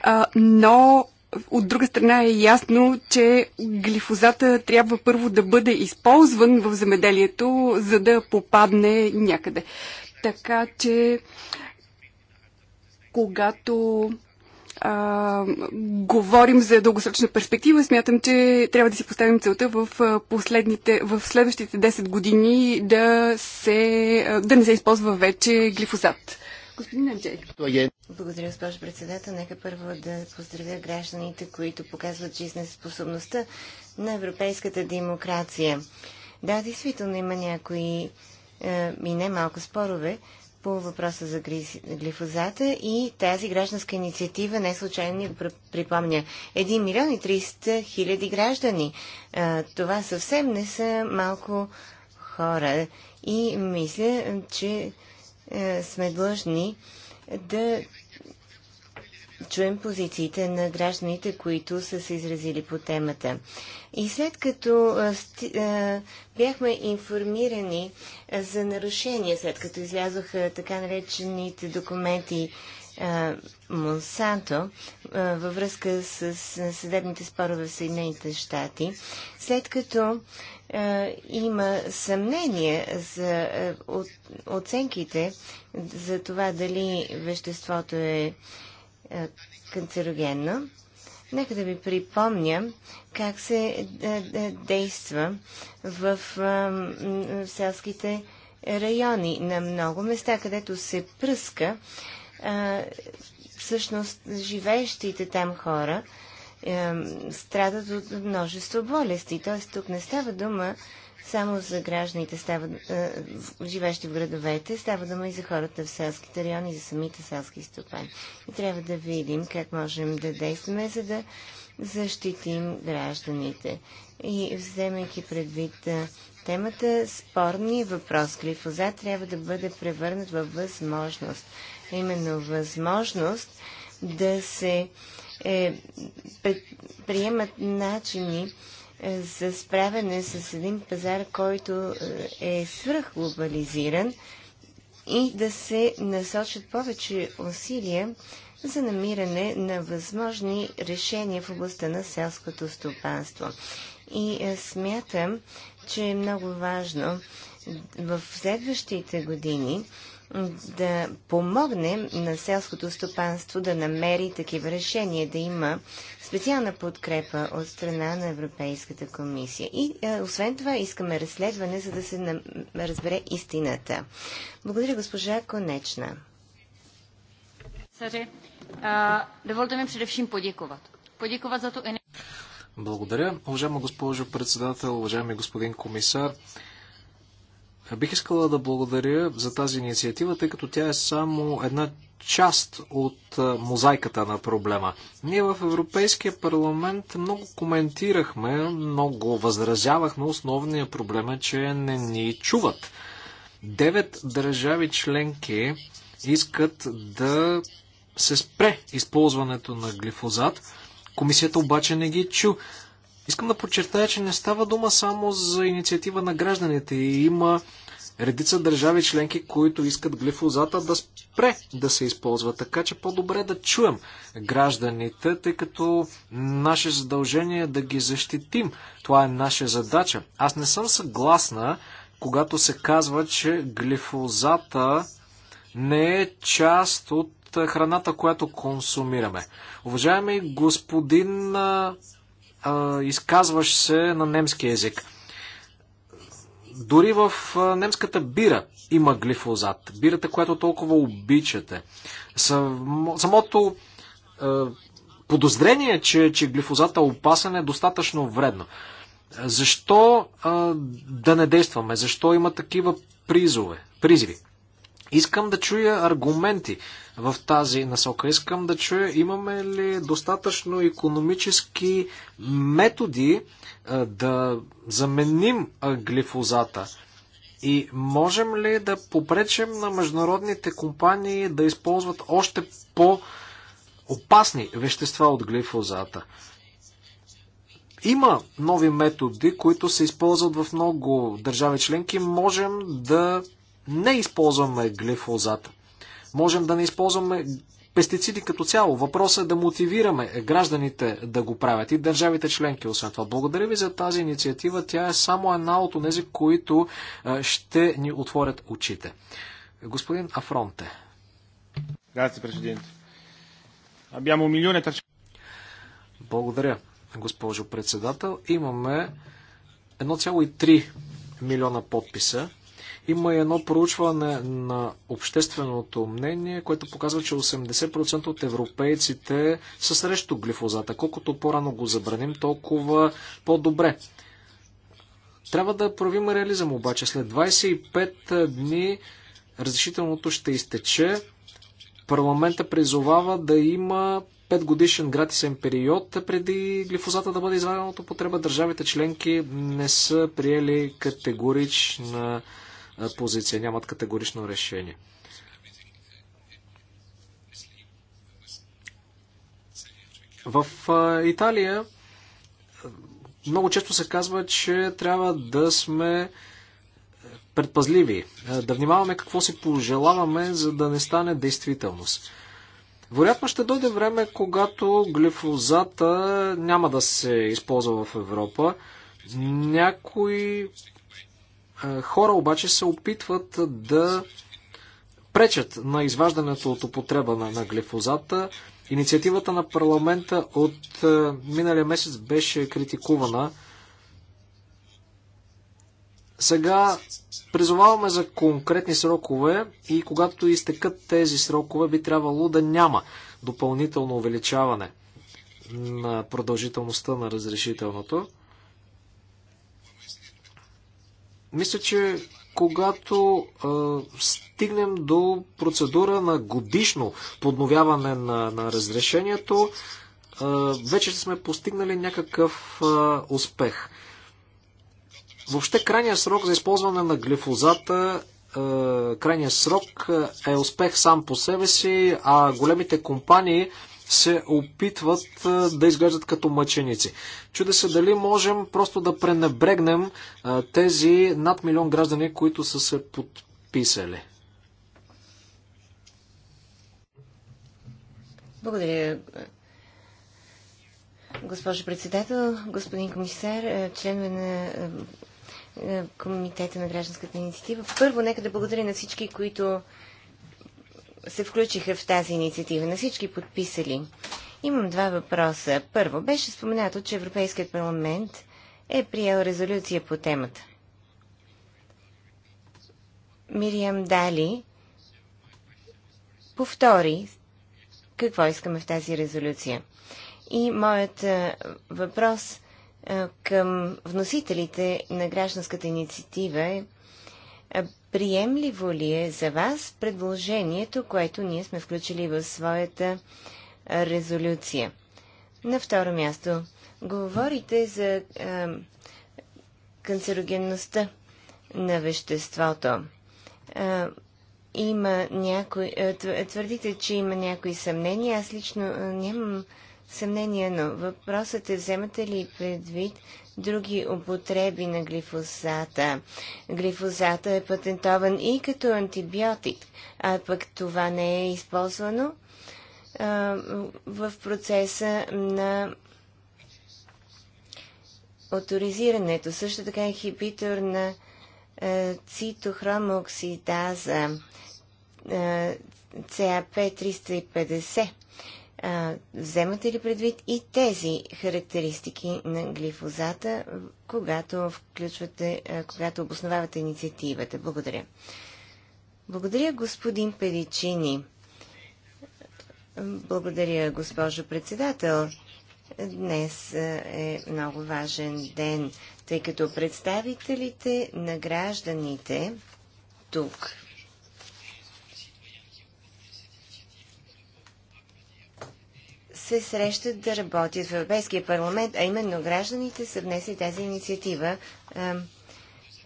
а, но от друга страна е ясно, че глифозата трябва първо да бъде използван в земеделието, за да попадне някъде. Така че, когато а, говорим за дългосрочна перспектива, смятам, че трябва да си поставим целта в, последните, в следващите 10 години да, се, да не се използва вече глифозат. Господин Немчев.
Благодаря, госпожо председател. Нека първо да поздравя гражданите, които показват жизнеспособността на европейската демокрация. Да, действително има някои е, и не малко спорове по въпроса за глифозата и тази гражданска инициатива не случайно ни припомня. 1 милион и 300 хиляди граждани. Е, това съвсем не са малко хора. И мисля, че е, сме длъжни да чуем позициите на гражданите, които са се изразили по темата. И след като бяхме информирани за нарушения, след като излязоха така наречените документи Монсанто във връзка с съдебните спорове в Съединените щати, след като е, има съмнение за е, оценките за това дали веществото е, е канцерогенно. Нека да ви припомня как се действа в селските райони. На много места, където се пръска, всъщност живеещите там хора е, страдат от множество болести. Т.е. тук не става дума само за гражданите, става, е, живещи в градовете, става дума и за хората в селските райони, и за самите селски стопани. И трябва да видим как можем да действаме, за да защитим гражданите. И вземайки предвид е, темата, спорния въпрос глифозат трябва да бъде превърнат във възможност. Именно възможност да се е, приемат начини е, за справяне с един пазар, който е, е свръхглобализиран и да се насочат повече усилия за намиране на възможни решения в областта на селското стопанство. И е, смятам, че е много важно в следващите години да помогне на селското стопанство да намери такива решения, да има специална подкрепа от страна на Европейската комисия. И е, освен това искаме разследване, за да се на... разбере истината. Благодаря, госпожа Конечна. Доволте ми предвшим подяковат. Подяковат за то
Благодаря, уважаема госпожо председател, уважаеми господин комисар. Бих искала да благодаря за тази инициатива, тъй като тя е само една част от мозайката на проблема. Ние в Европейския парламент много коментирахме, много възразявахме. Основния проблем е, че не ни чуват. Девет държави членки искат да се спре използването на глифозат. Комисията обаче не ги чу. Искам да подчертая, че не става дума само за инициатива на гражданите. И има редица държави членки, които искат глифозата да спре да се използва. Така че по-добре да чуем гражданите, тъй като наше задължение е да ги защитим. Това е наша задача. Аз не съм съгласна, когато се казва, че глифозата не е част от храната, която консумираме. Уважаеми господин изказваш се на немски език. Дори в немската бира има глифозат. Бирата, която толкова обичате. Само, самото подозрение, е, че, че глифозата е опасен е достатъчно вредно. Защо да не действаме? Защо има такива призове, призиви? Искам да чуя аргументи в тази насока. Искам да чуя имаме ли достатъчно економически методи е, да заменим е, глифозата. И можем ли да попречим на международните компании да използват още по-опасни вещества от глифозата? Има нови методи, които се използват в много държави членки. Можем да не използваме глифозата. Можем да не използваме пестициди като цяло. Въпросът е да мотивираме гражданите да го правят и държавите членки. Освен това, благодаря ви за тази инициатива. Тя е само една от тези, които ще ни отворят очите. Господин Афронте. Грация, президент. Абямо милионе Благодаря, госпожо председател. Имаме 1,3 милиона подписа има и едно проучване на общественото мнение, което показва, че 80% от европейците са срещу глифозата. Колкото по-рано го забраним, толкова по-добре. Трябва да правим реализъм обаче. След 25 дни разрешителното ще изтече. Парламента призовава да има 5 годишен гратисен период преди глифозата да бъде изваден от употреба. Държавите членки не са приели категорична позиция, нямат категорично решение. В Италия много често се казва, че трябва да сме предпазливи, да внимаваме какво си пожелаваме, за да не стане действителност. Вероятно ще дойде време, когато глифозата няма да се използва в Европа. Някои е, хора обаче се опитват да пречат на изваждането от употреба на, на глифозата. Инициативата на парламента от е, миналия месец беше критикувана. Сега призоваваме за конкретни срокове и когато изтекат тези срокове, би трябвало да няма допълнително увеличаване на продължителността на разрешителното. Мисля, че когато а, стигнем до процедура на годишно подновяване на, на разрешението, а, вече сме постигнали някакъв а, успех. Въобще крайният срок за използване на глифозата крайният срок е успех сам по себе си, а големите компании се опитват да изглеждат като мъченици. Чуде се дали можем просто да пренебрегнем тези над милион граждани, които са се подписали.
Благодаря, госпожо председател, господин комисар, членове на Комитета на гражданската инициатива. Първо, нека да благодаря на всички, които се включиха в тази инициатива, на всички подписали. Имам два въпроса. Първо, беше споменато, че Европейският парламент е приел резолюция по темата. Мириам Дали повтори какво искаме в тази резолюция. И моят въпрос към вносителите на гражданската инициатива е приемливо ли е за вас предложението, което ние сме включили в своята резолюция? На второ място, говорите за е, канцерогенността на веществото. Е, има някой, твърдите, че има някои съмнения. Аз лично нямам съмнения, но въпросът е, вземате ли предвид други употреби на глифозата. Глифозата е патентован и като антибиотик, а пък това не е използвано а, в процеса на авторизирането. Също така е хибитор на цитохромоксидаза CAP 350 а, вземате ли предвид и тези характеристики на глифозата, когато, включвате, а, когато обосновавате инициативата? Благодаря. Благодаря, господин Педичини. Благодаря, госпожо председател. Днес е много важен ден, тъй като представителите на гражданите тук се срещат да работят в Европейския парламент, а именно гражданите са внесли тази инициатива.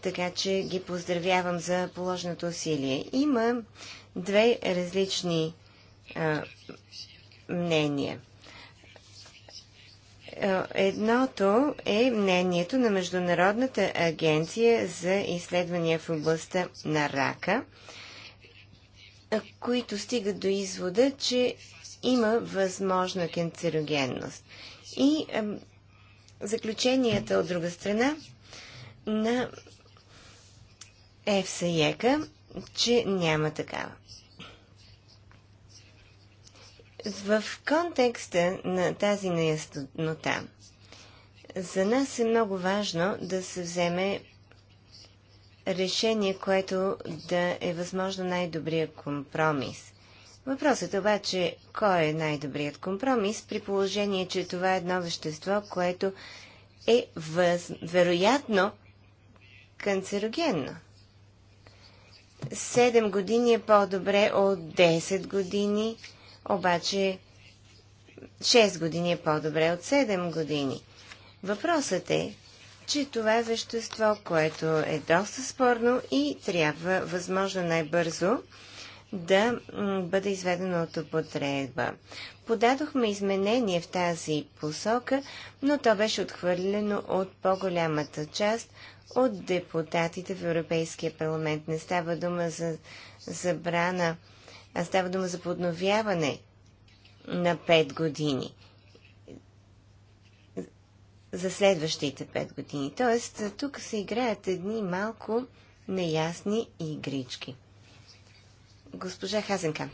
така че ги поздравявам за положеното усилие. Има две различни мнения. Едното е мнението на Международната агенция за изследвания в областта на рака, които стигат до извода, че има възможна канцерогенност. И е, заключенията от друга страна на ЕФСА и ЕКА, че няма такава. В контекста на тази неяснота, за нас е много важно да се вземе решение, което да е възможно най-добрия компромис. Въпросът обаче, кой е най-добрият компромис, при положение, че това е едно вещество, което е въз... вероятно канцерогенно. 7 години е по-добре от 10 години, обаче 6 години е по-добре от 7 години. Въпросът е, че това е вещество, което е доста спорно и трябва възможно най-бързо да бъде изведено от употреба. Подадохме изменение в тази посока, но то беше отхвърлено от по-голямата част от депутатите в Европейския парламент. Не става дума за забрана, а става дума за подновяване на 5 години. За следващите 5 години. Тоест, тук се играят едни малко неясни игрички. Госпожа Хазенка.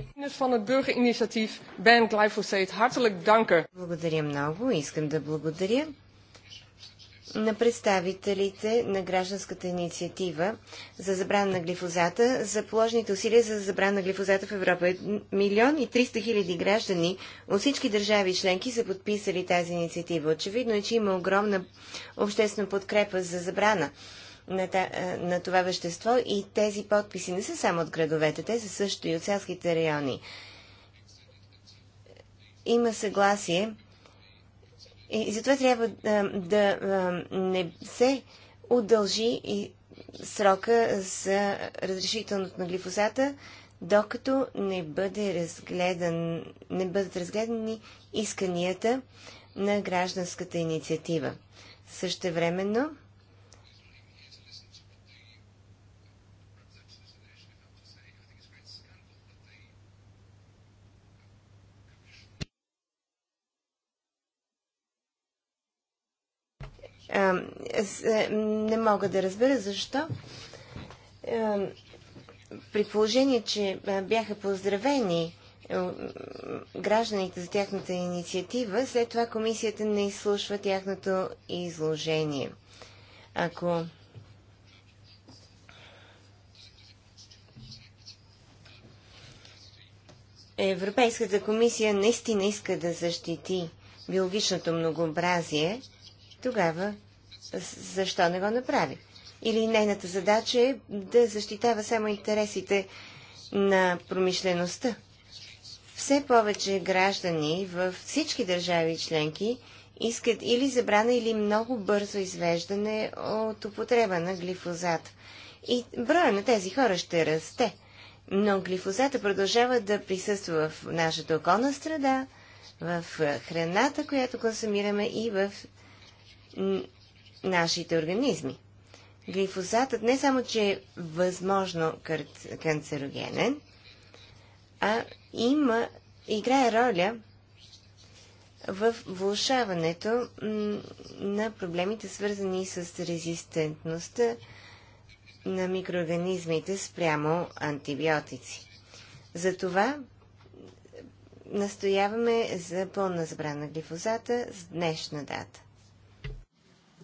Благодаря много. Искам да благодаря на представителите на гражданската инициатива за забрана на глифозата, за положените усилия за забрана на глифозата в Европа. Милион и 300 хиляди граждани от всички държави и членки са подписали тази инициатива. Очевидно е, че има огромна обществена подкрепа за забрана на, та, е, на това вещество и тези подписи не са само от градовете, те са също и от селските райони. Има съгласие и затова трябва е, да, да е, не се удължи и срока за разрешителното на глифосата, докато не, бъде разгледан, не бъдат разгледани исканията на гражданската инициатива. Също времено Е, не мога да разбера защо. При положение, че бяха поздравени е, гражданите за тяхната инициатива, след това комисията не изслушва тяхното изложение. Ако Европейската комисия наистина иска да защити биологичното многообразие, тогава защо не го направи? Или нейната задача е да защитава само интересите на промишлеността. Все повече граждани във всички държави и членки искат или забрана, или много бързо извеждане от употреба на глифозат. И броя на тези хора ще расте. Но глифозата продължава да присъства в нашата околна среда, в храната, която консумираме и в нашите организми. Глифозатът не само, че е възможно канцерогенен, а има, играе роля в влушаването на проблемите, свързани с резистентността на микроорганизмите спрямо антибиотици. Затова настояваме за пълна забрана глифозата с днешна дата.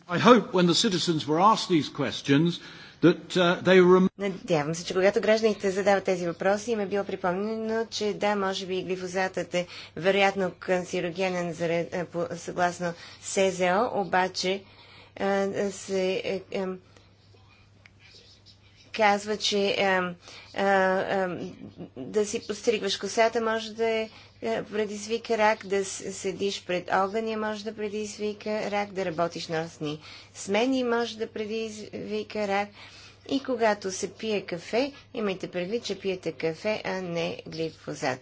I hope when the citizens were asked these questions that uh, they were...
Надявам се, че когато гражданите задават тези въпроси, им е било припомнено, че да, може би глифозатът е вероятно канцерогенен е, съгласно СЗО, обаче е, се... Е, казва, че а, а, да си постригваш косата може да е е, предизвика рак, да седиш пред огъня може да предизвика рак, да работиш нощни смени може да предизвика рак. И когато се пие кафе, имайте предвид, че пиете кафе, а не глифозат.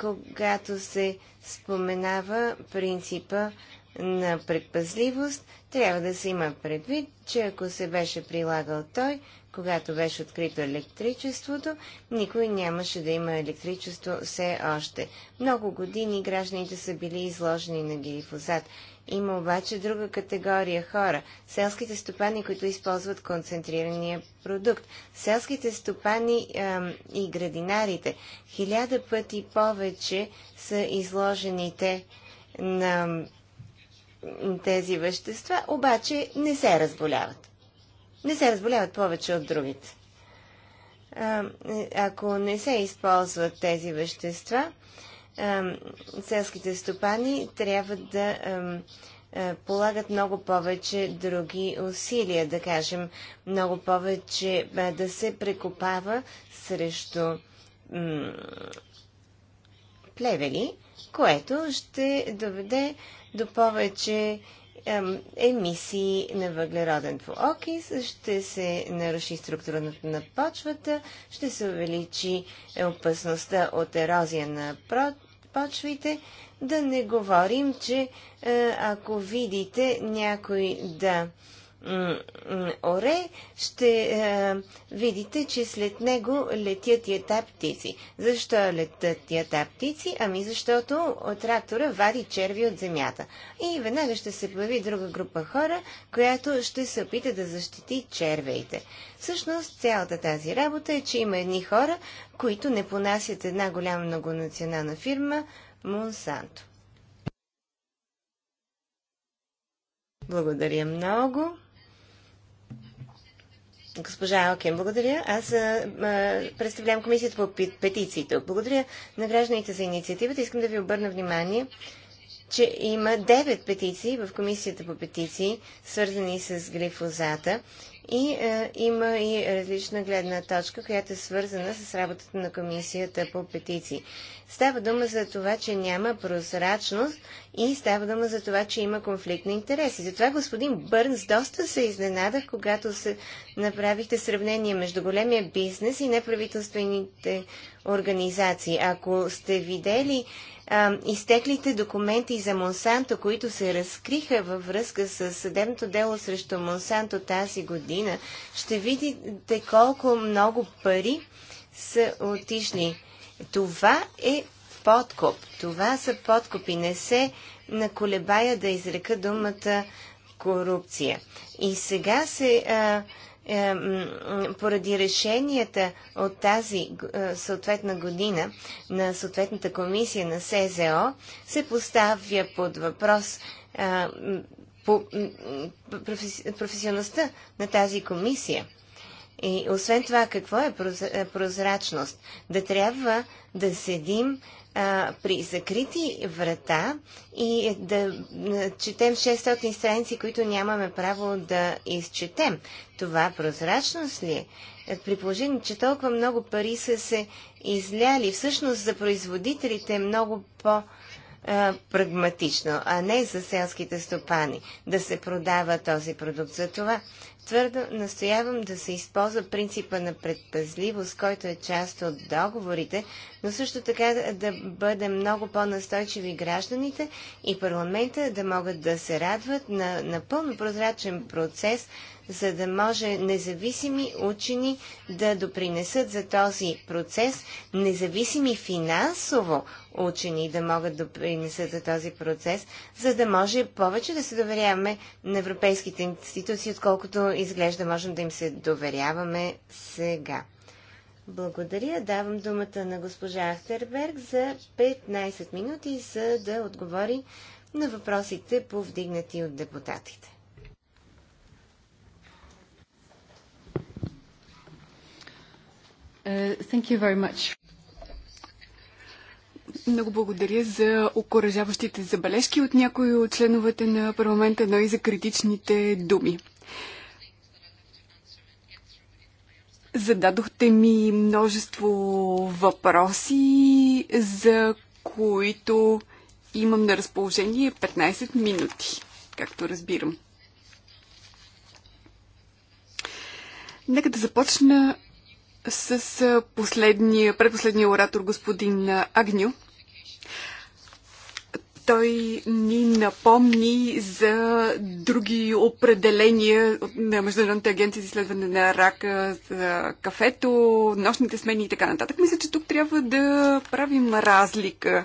когато се споменава принципа на предпазливост, трябва да се има предвид, че ако се беше прилагал той, когато беше открито електричеството, никой нямаше да има електричество все още. Много години гражданите са били изложени на глифозат. Има обаче друга категория хора – селските стопани, които използват концентрирания продукт. Селските стопани ем, и градинарите хиляда пъти повече са изложените на тези вещества, обаче не се разболяват не се разболяват повече от другите. А, ако не се използват тези вещества, а, селските стопани трябва да а, полагат много повече други усилия, да кажем, много повече да се прекопава срещу плевели, което ще доведе до повече емисии на въглероден двуокис, ще се наруши структурата на почвата, ще се увеличи опасността от ерозия на почвите. Да не говорим, че е, ако видите някой да оре, ще а, е, видите, че след него летят ета птици. Защо летят ета птици? Ами защото трактора вади черви от земята. И веднага ще се появи друга група хора, която ще се опита да защити червеите. Всъщност цялата тази работа е, че има едни хора, които не понасят една голяма многонационална фирма Монсанто. Благодаря много. Госпожа Алкин, благодаря. Аз а, представлявам комисията по петициите. Благодаря на гражданите за инициативата. Искам да ви обърна внимание, че има 9 петиции в комисията по петиции, свързани с глифозата. И а, има и различна гледна точка, която е свързана с работата на комисията по петиции. Става дума за това, че няма прозрачност и става дума за това, че има конфликт на интереси. Затова господин Бърнс доста се изненадах, когато се направихте сравнение между големия бизнес и неправителствените организации. Ако сте видели а, изтеклите документи за Монсанто, които се разкриха във връзка с съдебното дело срещу Монсанто тази година, ще видите колко много пари са отишли това е подкоп. Това са подкопи. Не се наколебая да изрека думата корупция. И сега се а, поради решенията от тази съответна година на съответната комисия на СЗО се поставя под въпрос а, по, професионалността на тази комисия. И освен това, какво е, е прозрачност? Да трябва да седим а, при закрити врата и да четем 600 страници, които нямаме право да изчетем. Това прозрачност ли е? е? При положение, че толкова много пари са се изляли, всъщност за производителите е много по- прагматично, а не за селските стопани, да се продава този продукт. За това Твърдо настоявам да се използва принципа на предпазливост, който е част от договорите, но също така да, бъдем много по-настойчиви гражданите и парламента да могат да се радват на напълно прозрачен процес за да може независими учени да допринесат за този процес, независими финансово учени да могат да допринесат за този процес, за да може повече да се доверяваме на европейските институции, отколкото изглежда можем да им се доверяваме сега. Благодаря. Давам думата на госпожа Ахтерберг за 15 минути, за да отговори на въпросите, повдигнати от депутатите. Uh, thank you very much.
Много благодаря за окоръжаващите забележки от някои от членовете на парламента, но и за критичните думи. Зададохте ми множество въпроси, за които имам на разположение 15 минути, както разбирам. Нека да започна с последния, предпоследния оратор господин Агню. Той ни напомни за други определения на Международната агенция за изследване на рака, за кафето, нощните смени и така нататък. Мисля, че тук трябва да правим разлика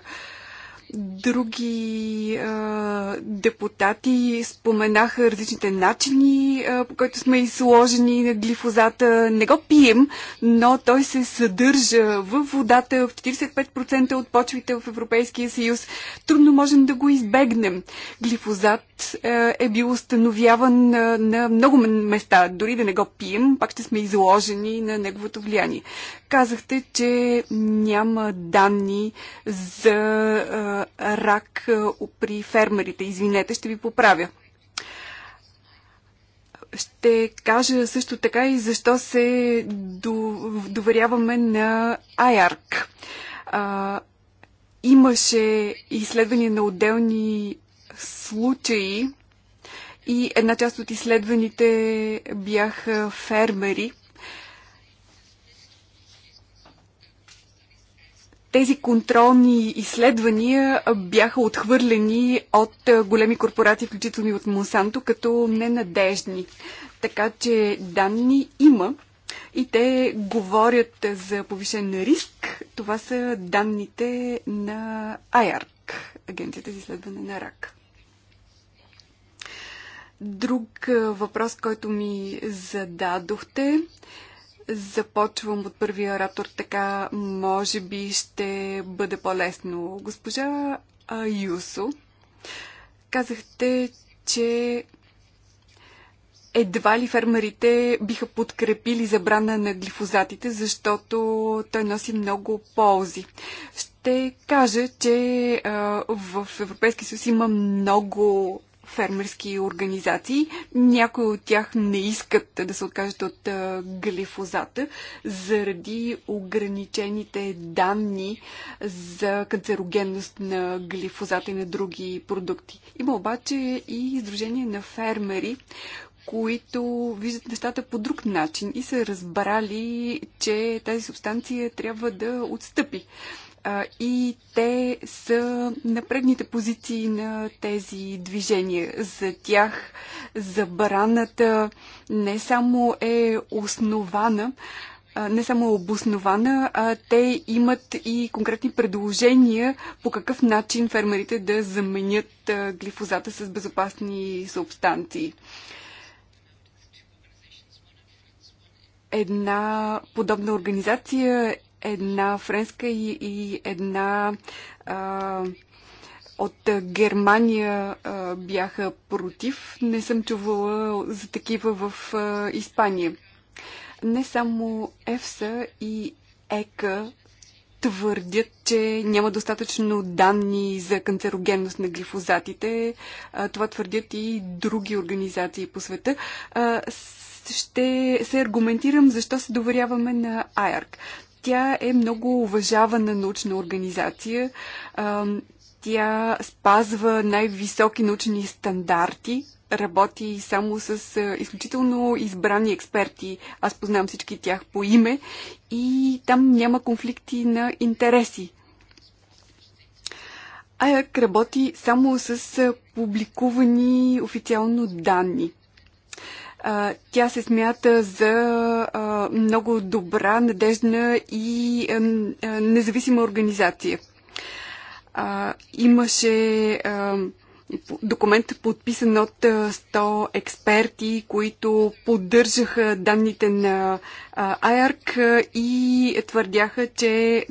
Други а, депутати споменаха различните начини, а, по които сме изложени на глифозата. Не го пием, но той се съдържа в водата в 45% от почвите в Европейския съюз. Трудно можем да го избегнем. Глифозат а, е бил установяван а, на много места. Дори да не го пием, пак ще сме изложени на неговото влияние. Казахте, че няма данни за а, рак а, при фермерите. Извинете, ще ви поправя. Ще кажа също така и защо се доверяваме на IARC. А, имаше изследвания на отделни случаи и една част от изследваните бяха фермери – тези контролни изследвания бяха отхвърлени от големи корпорации, включително и от Монсанто, като ненадежни. Така че данни има и те говорят за повишен риск. Това са данните на IARC, Агенцията за изследване на рак. Друг въпрос, който ми зададохте Започвам от първия оратор, така може би ще бъде по-лесно. Госпожа Юсо, казахте, че едва ли фермерите биха подкрепили забрана на глифозатите, защото той носи много ползи. Ще кажа, че а, в Европейския съюз има много фермерски организации. Някои от тях не искат да се откажат от глифозата заради ограничените данни за канцерогенност на глифозата и на други продукти. Има обаче и издружение на фермери, които виждат нещата по друг начин и са разбрали, че тази субстанция трябва да отстъпи и те са на предните позиции на тези движения. За тях забраната не само е основана, не само е обоснована, а те имат и конкретни предложения по какъв начин фермерите да заменят глифозата с безопасни субстанции. Една подобна организация една френска и, и една а, от Германия а, бяха против. Не съм чувала за такива в а, Испания. Не само ЕФСА и ЕКА твърдят, че няма достатъчно данни за канцерогенност на глифозатите. Това твърдят и други организации по света. Ще се аргументирам защо се доверяваме на АЯРК. Тя е много уважавана научна организация. Тя спазва най-високи научни стандарти, работи само с изключително избрани експерти. Аз познавам всички тях по име и там няма конфликти на интереси. АЯК работи само с публикувани официално данни. Тя се смята за много добра, надежна и независима организация. Имаше документ подписан от 100 експерти, които поддържаха данните на АЯРК и твърдяха, че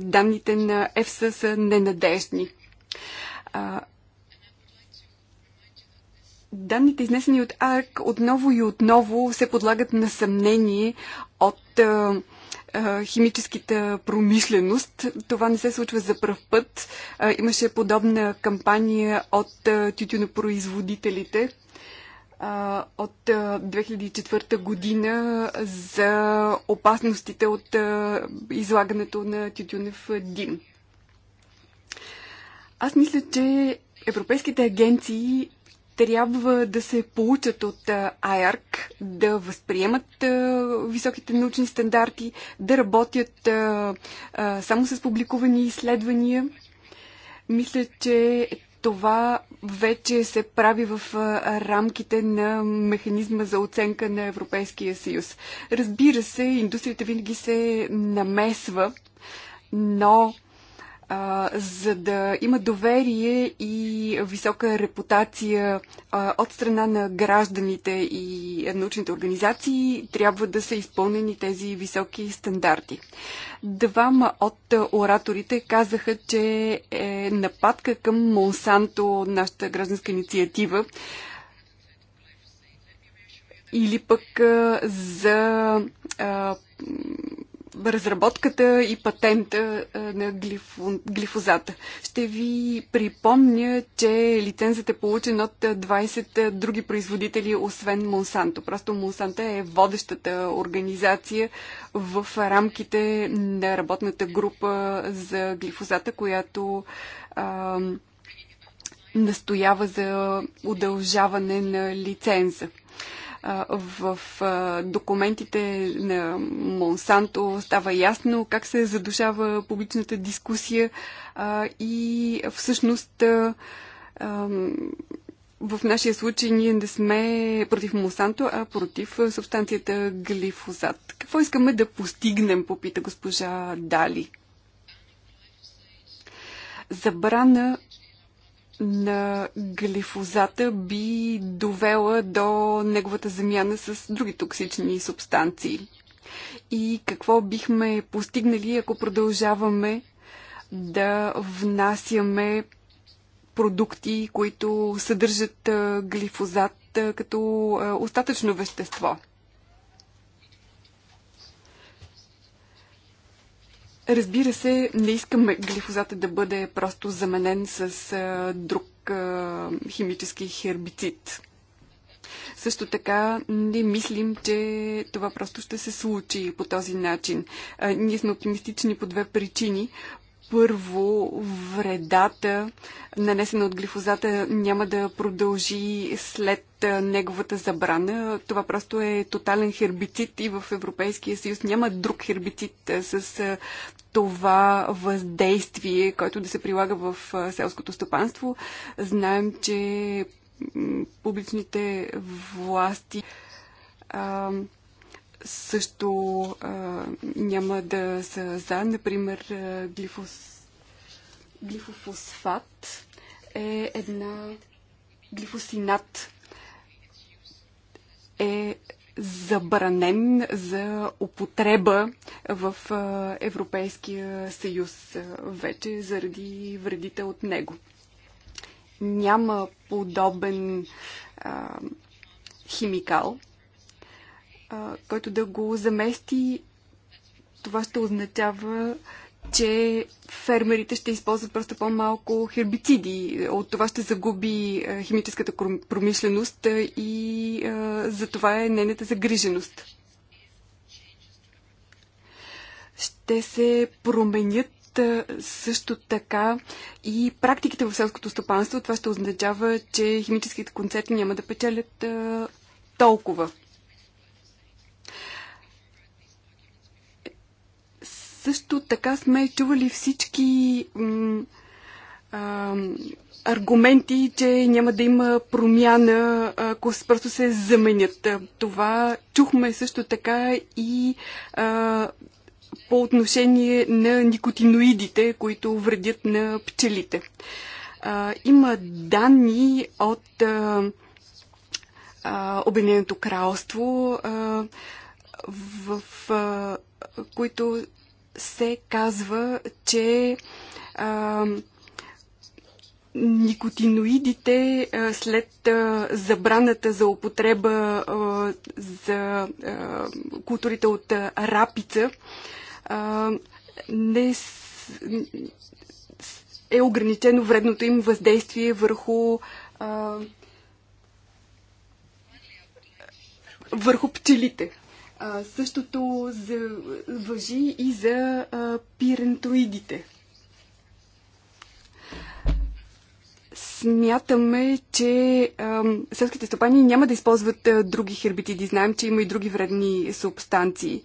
данните на ЕФСА са ненадежни данните, изнесени от АРК, отново и отново се подлагат на съмнение от а, а, химическата промишленост. Това не се случва за пръв път. А, имаше подобна кампания от тютюнопроизводителите от 2004 година за опасностите от излагането на тютюнев дим. Аз мисля, че европейските агенции трябва да се получат от IARC, да възприемат високите научни стандарти, да работят само с публикувани изследвания. Мисля, че това вече се прави в рамките на механизма за оценка на Европейския съюз. Разбира се, индустрията винаги се намесва, но а, за да има доверие и висока репутация а, от страна на гражданите и научните организации, трябва да са изпълнени тези високи стандарти. Двама от ораторите казаха, че е нападка към Монсанто, нашата гражданска инициатива, или пък а, за а, разработката и патента на глифозата. Ще ви припомня, че лицензът е получен от 20 други производители, освен Монсанто. Просто Монсанто е водещата организация в рамките на работната група за глифозата, която а, настоява за удължаване на лиценза в документите на Монсанто става ясно как се задушава публичната дискусия и всъщност в нашия случай ние не сме против Монсанто, а против субстанцията глифозат. Какво искаме да постигнем, попита госпожа Дали. Забрана на глифозата би довела до неговата замяна с други токсични субстанции? И какво бихме постигнали, ако продължаваме да внасяме продукти, които съдържат глифозат като остатъчно вещество? Разбира се, не искаме глифозата да бъде просто заменен с а, друг а, химически хербицид. Също така не мислим, че това просто ще се случи по този начин. А, ние сме оптимистични по две причини първо вредата, нанесена от глифозата, няма да продължи след неговата забрана. Това просто е тотален хербицид и в Европейския съюз няма друг хербицид с това въздействие, който да се прилага в селското стопанство. Знаем, че публичните власти също а, няма да са за. Например, глифос... глифофосфат е една глифосинат е забранен за употреба в Европейския съюз вече заради вредите от него. Няма подобен а, химикал а, който да го замести, това ще означава, че фермерите ще използват просто по-малко хербициди. От това ще загуби химическата промишленост и а, за това е нейната загриженост. Ще се променят също така и практиките в селското стопанство. Това ще означава, че химическите концерти няма да печелят а, толкова. Също така сме чували всички а, аргументи, че няма да има промяна, ако просто се заменят. Това чухме също така и а, по отношение на никотиноидите, които вредят на пчелите. А, има данни от Обединеното кралство, а, в, в а, които се казва, че а, никотиноидите а, след а, забраната за употреба а, за а, културите от а, рапица а, не с, е ограничено вредното им въздействие върху а, върху пчелите. А, същото за, въжи и за а, пирентоидите. Смятаме, че а, селските стопани няма да използват а, други хербитиди. Знаем, че има и други вредни субстанции.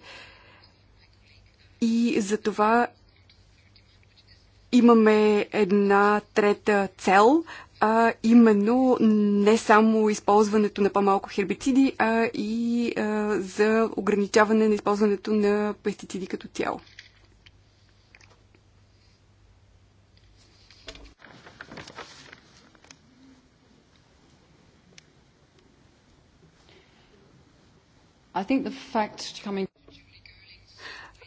И за това имаме една трета цел, а именно не само използването на по-малко хербициди, а и а, за ограничаване на използването на пестициди като цяло. I think the fact coming...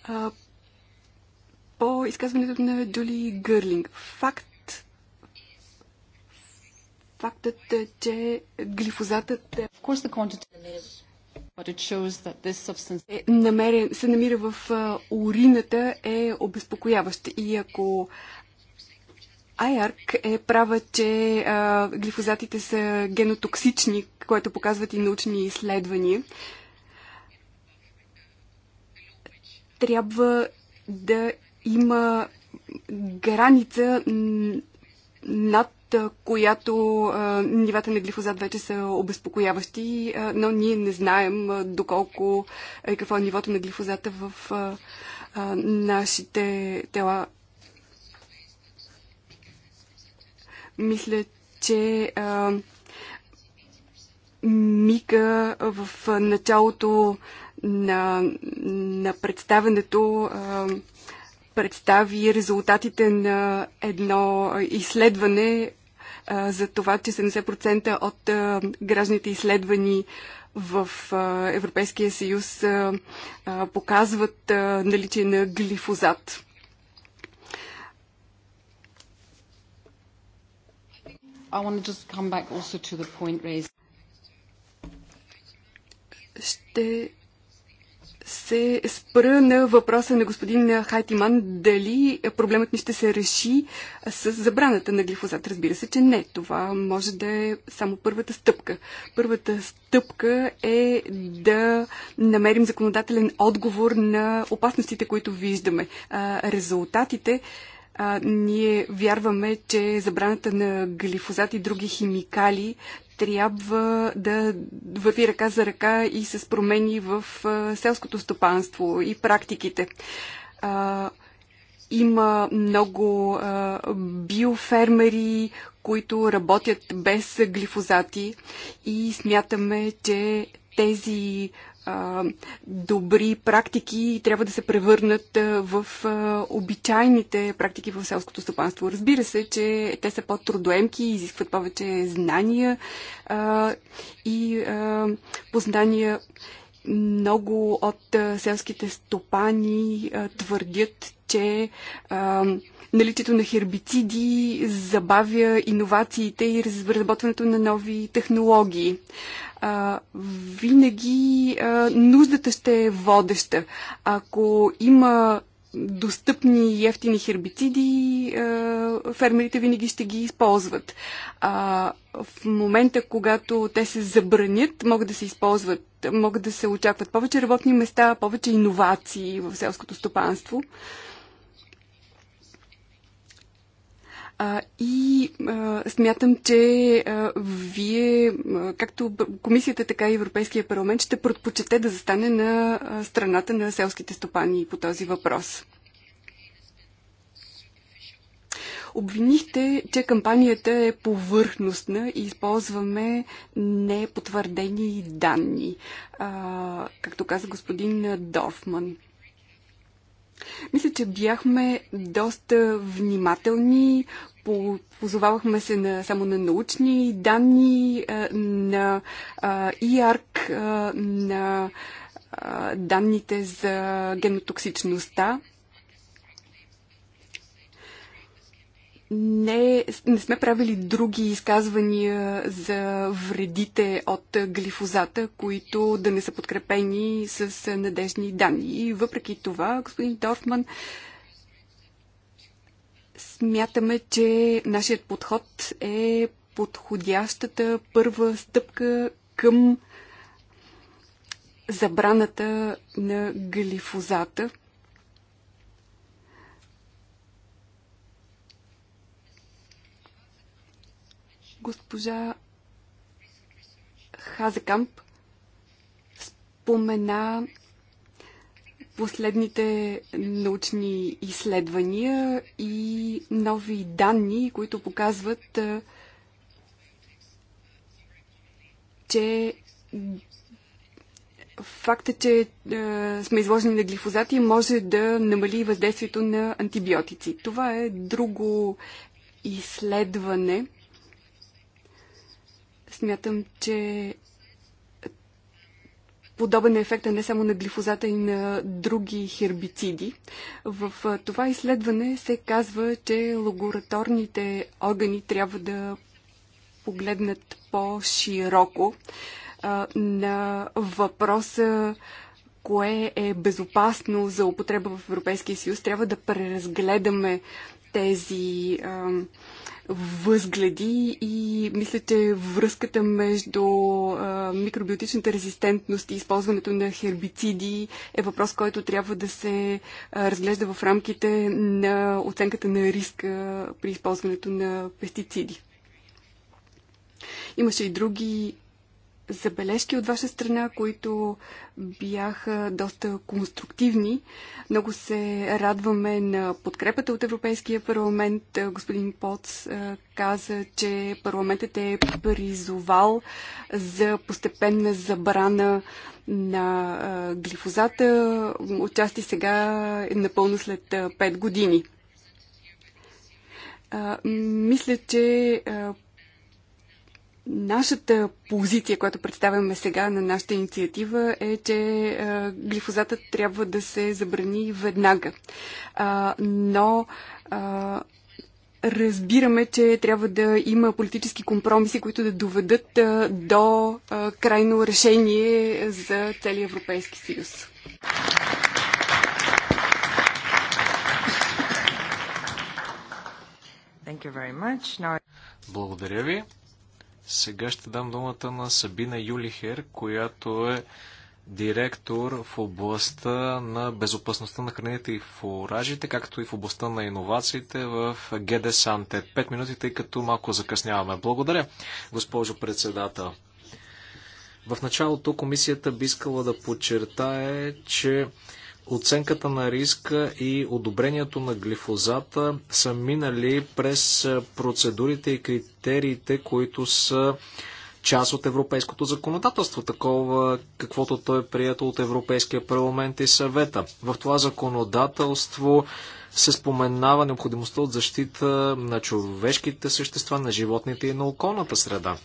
uh, по изказването на Джули Гърлинг. Факт фактът, е, че глифозатът е, е намерен, се намира в е, урината е обезпокояващ. И ако Айарк е права, че а, глифозатите са генотоксични, което показват и научни изследвания. Трябва да има граница над която а, нивата на глифозат вече са обезпокояващи, а, но ние не знаем а, доколко и какво е нивото на глифозата в а, а, нашите тела. Мисля, че а, Мика в началото на, на представенето а, представи резултатите на едно изследване, за това, че 70% от а, гражданите изследвани в а, Европейския съюз а, а, показват а, наличие на глифозат. Ще се спра на въпроса на господин Хайтиман дали проблемът ни ще се реши с забраната на глифозат. Разбира се, че не. Това може да е само първата стъпка. Първата стъпка е да намерим законодателен отговор на опасностите, които виждаме. Резултатите ние вярваме, че забраната на глифозат и други химикали трябва да върви ръка за ръка и с промени в селското стопанство и практиките. Има много биофермери, които работят без глифозати и смятаме, че тези добри практики трябва да се превърнат в обичайните практики в селското стопанство. Разбира се, че те са по-трудоемки, изискват повече знания и познания много от селските стопани твърдят, че наличието на хербициди забавя иновациите и разработването на нови технологии. винаги нуждата ще е водеща. Ако има достъпни и ефтини хербициди, е, фермерите винаги ще ги използват. А в момента, когато те се забранят, могат да се използват, могат да се очакват повече работни места, повече иновации в селското стопанство. А, и а, смятам, че а, вие, а, както комисията, така и Европейския парламент, ще предпочете да застане на а, страната на селските стопани по този въпрос. Обвинихте, че кампанията е повърхностна и използваме непотвърдени данни, а, както каза господин Дорфман. Мисля, че бяхме доста внимателни, позовавахме се на, само на научни данни, на ИАРК, на данните за генотоксичността. не, не сме правили други изказвания за вредите от глифозата, които да не са подкрепени с надежни данни. И въпреки това, господин Дорфман, смятаме, че нашият подход е подходящата първа стъпка към забраната на глифозата – Госпожа Хазекамп спомена последните научни изследвания и нови данни, които показват, че факта, че е, сме изложени на глифозати, може да намали въздействието на антибиотици. Това е друго изследване, Смятам, че подобен е ефекта не само на глифозата и на други хербициди. В това изследване се казва, че лабораторните органи трябва да погледнат по-широко на въпроса кое е безопасно за употреба в Европейския съюз. Трябва да преразгледаме тези възгледи и мисля, че връзката между микробиотичната резистентност и използването на хербициди е въпрос, който трябва да се разглежда в рамките на оценката на риска при използването на пестициди. Имаше и други забележки от ваша страна, които бяха доста конструктивни. Много се радваме на подкрепата от Европейския парламент. Господин Поц каза, че парламентът е призовал за постепенна забрана на глифозата, отчасти сега е напълно след 5 години. Мисля, че Нашата позиция, която представяме сега на нашата инициатива е, че глифозатът трябва да се забрани веднага. но разбираме, че трябва да има политически компромиси, които да доведат до крайно решение за целия Европейски съюз.
Благодаря ви. Сега ще дам думата на Сабина Юлихер, която е директор в областта на безопасността на храните и фуражите, както и в областта на иновациите в ГД Санте. Пет минути, тъй като малко закъсняваме. Благодаря, госпожо председател. В началото комисията би искала да подчертае, че оценката на риска и одобрението на глифозата са минали през процедурите и критериите, които са част от европейското законодателство, такова каквото той е прието от Европейския парламент и съвета. В това законодателство се споменава необходимостта от защита на човешките същества, на животните и на околната среда.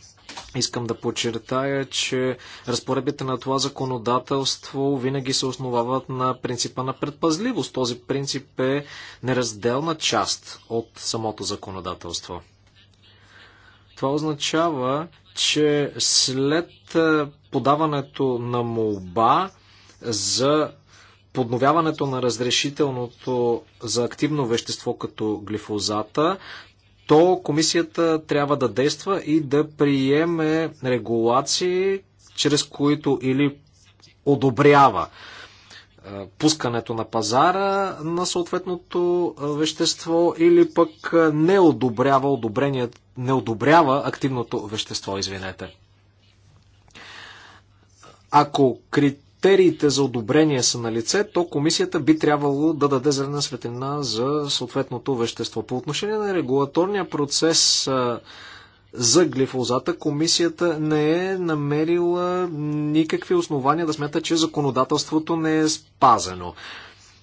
Искам да подчертая, че разпоредбите на това законодателство винаги се основават на принципа на предпазливост. Този принцип е неразделна част от самото законодателство. Това означава, че след е, подаването на молба за подновяването на разрешителното за активно вещество като глифозата, то комисията трябва да действа и да приеме регулации, чрез които или одобрява пускането на пазара на съответното вещество или пък не одобрява, не одобрява активното вещество, извинете. Ако крит критериите за одобрение са на лице, то комисията би трябвало да даде зелена светлина за съответното вещество. По отношение на регулаторния процес за глифозата, комисията не е намерила никакви основания да смята, че законодателството не е спазено.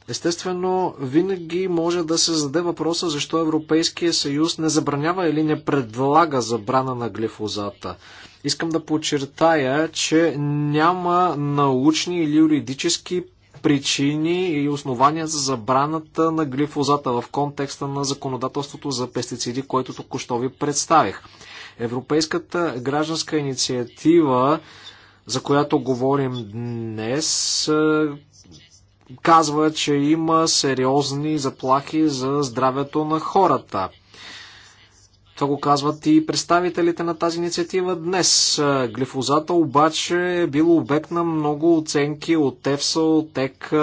Естествено, винаги може да се зададе въпроса защо Европейския съюз не забранява или не предлага забрана на глифозата. Искам да подчертая, че няма научни или юридически причини и основания за забраната на глифозата в контекста на законодателството за пестициди, което току-що ви представих. Европейската гражданска инициатива, за която говорим днес, казва, че има сериозни заплахи за здравето на хората. Това го казват и представителите на тази инициатива днес. Е, глифозата обаче е бил обект на много оценки от ЕФСА, от ЕК,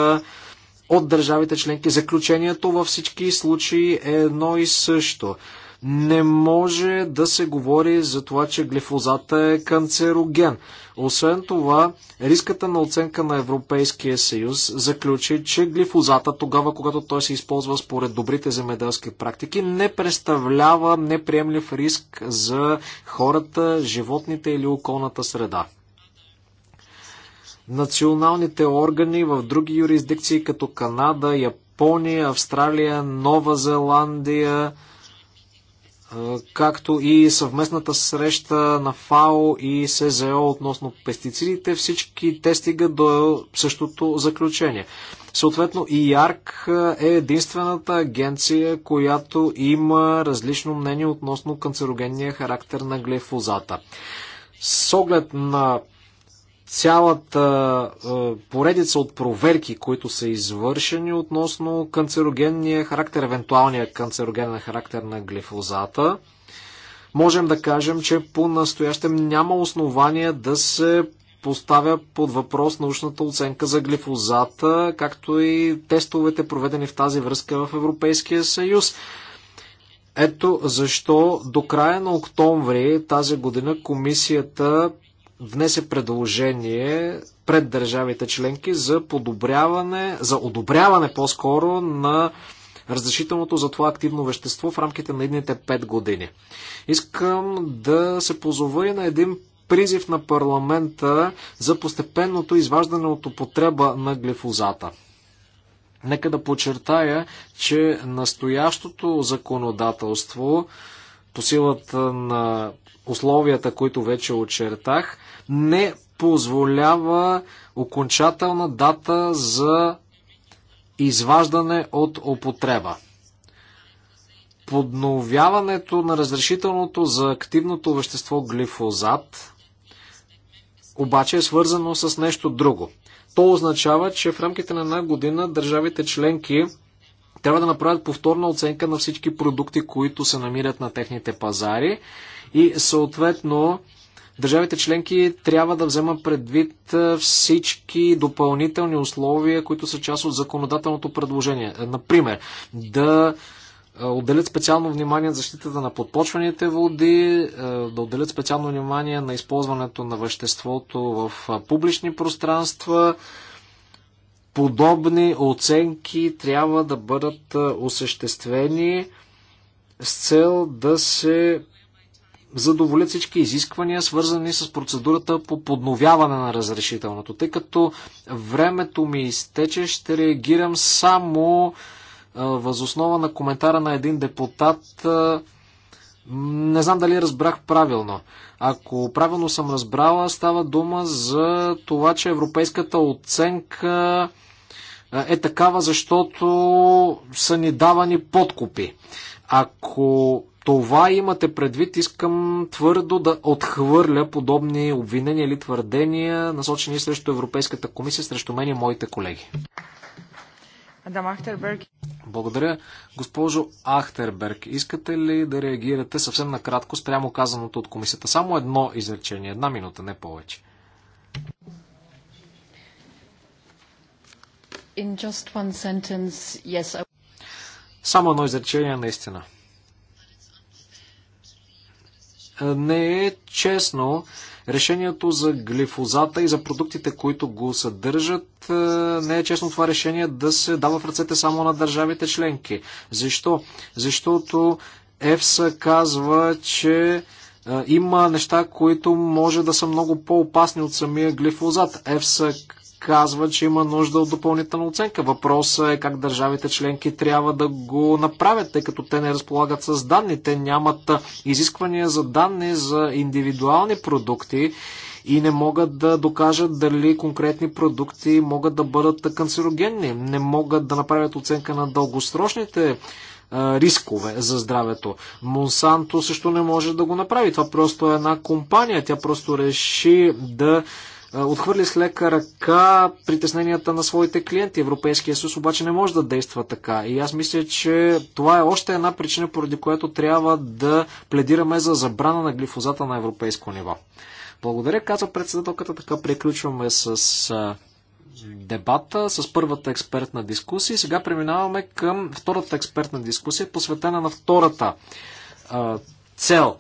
от държавите членки. Заключението във всички случаи е едно и също. Не може да се говори за това, че глифозата е канцероген. Освен това, риската на оценка на Европейския съюз заключи, че глифозата тогава, когато той се използва според добрите земеделски практики, не представлява неприемлив риск за хората, животните или околната среда. Националните органи в други юрисдикции като Канада, Япония, Австралия, Нова Зеландия, както и съвместната среща на ФАО и СЗО относно пестицидите, всички те стигат до същото заключение. Съответно, ИАРК е единствената агенция, която има различно мнение относно канцерогенния характер на глифозата. С оглед на цялата поредица от проверки, които са извършени относно канцерогенния характер, евентуалния канцерогенен характер на глифозата, можем да кажем, че по-настоящем няма основания да се поставя под въпрос научната оценка за глифозата, както и тестовете проведени в тази връзка в Европейския съюз. Ето защо до края на октомври тази година комисията внесе предложение пред държавите членки за подобряване, за одобряване по-скоро на разрешителното за това активно вещество в рамките на едните 5 години. Искам да се позова и на един призив на парламента за постепенното изваждане от употреба на глифозата. Нека да подчертая, че настоящото законодателство по силата на условията, които вече очертах, не позволява окончателна дата за изваждане от употреба. Подновяването на разрешителното за активното вещество глифозат обаче е свързано с нещо друго. То означава, че в рамките на една година държавите членки трябва да направят повторна оценка на всички продукти, които се намират на техните пазари и съответно, държавите членки трябва да вземат предвид всички допълнителни условия, които са част от законодателното предложение. Е, например, да отделят специално внимание на защитата на подпочваните води, да отделят специално внимание на използването на веществото в публични пространства. Подобни оценки трябва да бъдат осъществени с цел да се задоволят всички изисквания, свързани с процедурата по подновяване на разрешителното. Тъй като времето ми изтече, ще реагирам само възоснова на коментара на един депутат. Не знам дали разбрах правилно. Ако правилно съм разбрала, става дума за това, че европейската оценка е такава, защото са ни давани подкупи. Ако това имате предвид, искам твърдо да отхвърля подобни обвинения или твърдения, насочени срещу Европейската комисия, срещу мен и моите колеги. Благодаря. Госпожо Ахтерберг, искате ли да реагирате съвсем накратко спрямо казаното от комисията? Само едно изречение, една минута, не повече.
Sentence, yes, I...
Само едно изречение наистина. Е, не е честно. Решението за глифозата и за продуктите, които го съдържат, е, не е честно това решение да се дава в ръцете само на държавите членки. Защо? Защото ЕФСА казва, че е, има неща, които може да са много по-опасни от самия глифозат. ЕФСА казва, че има нужда от допълнителна оценка. Въпросът е как държавите членки трябва да го направят, тъй като те не разполагат с данни. Те нямат изисквания за данни за индивидуални продукти и не могат да докажат дали конкретни продукти могат да бъдат канцерогенни. Не могат да направят оценка на дългосрочните е, рискове за здравето. Монсанто също не може да го направи. Това просто е една компания. Тя просто реши да отхвърли с лека ръка притесненията на своите клиенти. Европейския съюз обаче не може да действа така. И аз мисля, че това е още една причина, поради която трябва да пледираме за забрана на глифозата на европейско ниво. Благодаря, казва председателката. Така приключваме с дебата с първата експертна дискусия. Сега преминаваме към втората експертна дискусия, посветена на втората а, цел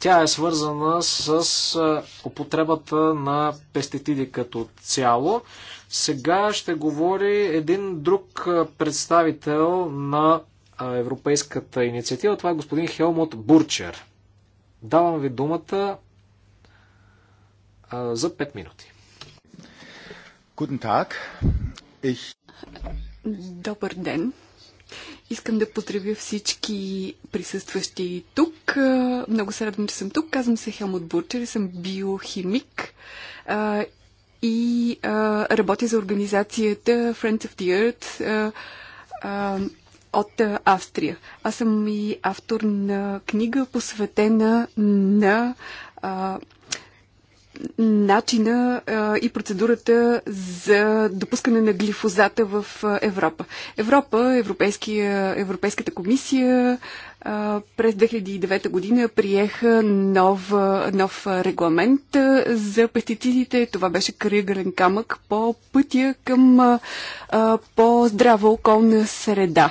Тя е свързана с употребата на пестициди като цяло. Сега ще говори един друг представител на Европейската инициатива. Това е господин Хелмут Бурчер. Давам ви думата за 5 минути.
Добър ден. Искам да потребя всички присъстващи тук. Много се радвам, че съм тук. Казвам се Хелмут Бурчер и съм биохимик и работя за организацията Friends of the Earth от Австрия. Аз съм и автор на книга, посветена на начина и процедурата за допускане на глифозата в Европа. Европа, Европейската комисия през 2009 година приеха нов, нов регламент за пестицидите. Това беше кръгълен камък по пътя към по-здрава околна среда.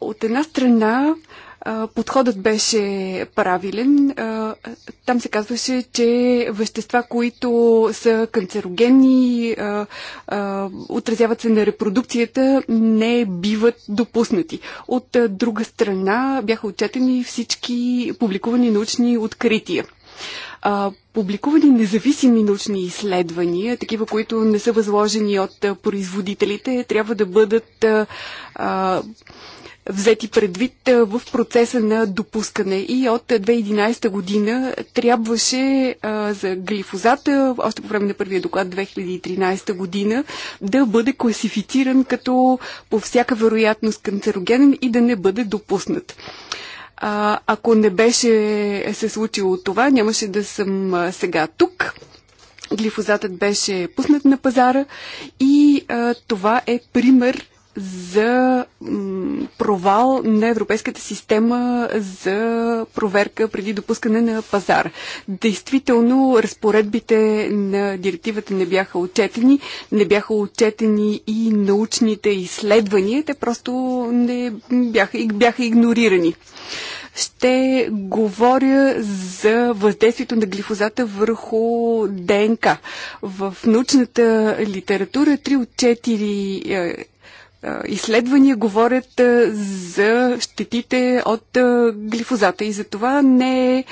От една страна, подходът беше правилен. Там се казваше, че вещества, които са канцерогенни, отразяват се на репродукцията, не биват допуснати. От друга страна бяха отчетени всички публикувани научни открития публикувани независими научни изследвания, такива, които не са възложени от производителите, трябва да бъдат а, взети предвид в процеса на допускане. И от 2011 година трябваше за глифозата, още по време на първия доклад 2013 година, да бъде класифициран като по всяка вероятност канцерогенен и да не бъде допуснат. А, ако не беше се случило това, нямаше да съм сега тук глифозатът беше пуснат на пазара и а, това е пример за провал на европейската система за проверка преди допускане на пазар. Действително, разпоредбите на директивата не бяха отчетени, не бяха отчетени и научните изследвания, те просто не бяха, бяха игнорирани ще говоря за въздействието на глифозата върху ДНК. В научната литература 3 от 4 изследвания говорят за щетите от глифозата и за това не е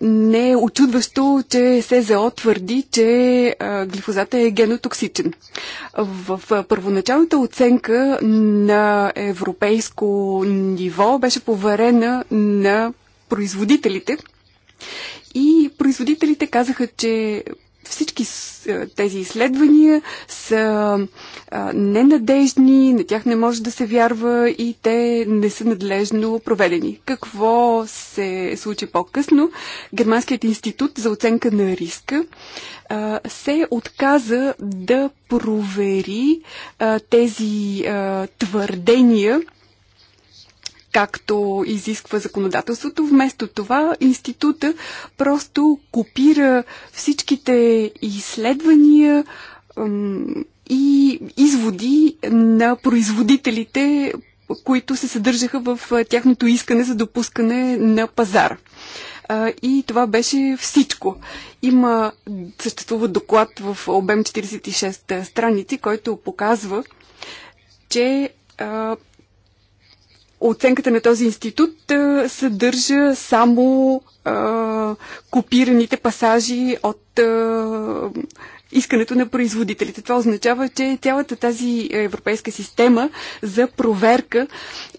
не е очудващо, че СЗО твърди, че глифозата е генотоксичен. В първоначалната оценка на европейско ниво беше поверена на производителите и производителите казаха, че всички е, тези изследвания са ненадежни, на тях не може да се вярва и те не са надлежно проведени. Какво се случи по-късно? Германският институт за оценка на риска се отказа да провери тези твърдения както изисква законодателството. Вместо това института просто копира всичките изследвания и изводи на производителите, които се съдържаха в тяхното искане за допускане на пазара. И това беше всичко. Има, съществува доклад в обем 46 страници, който показва, че оценката на този институт съдържа само копираните пасажи от искането на производителите. Това означава, че цялата тази европейска система за проверка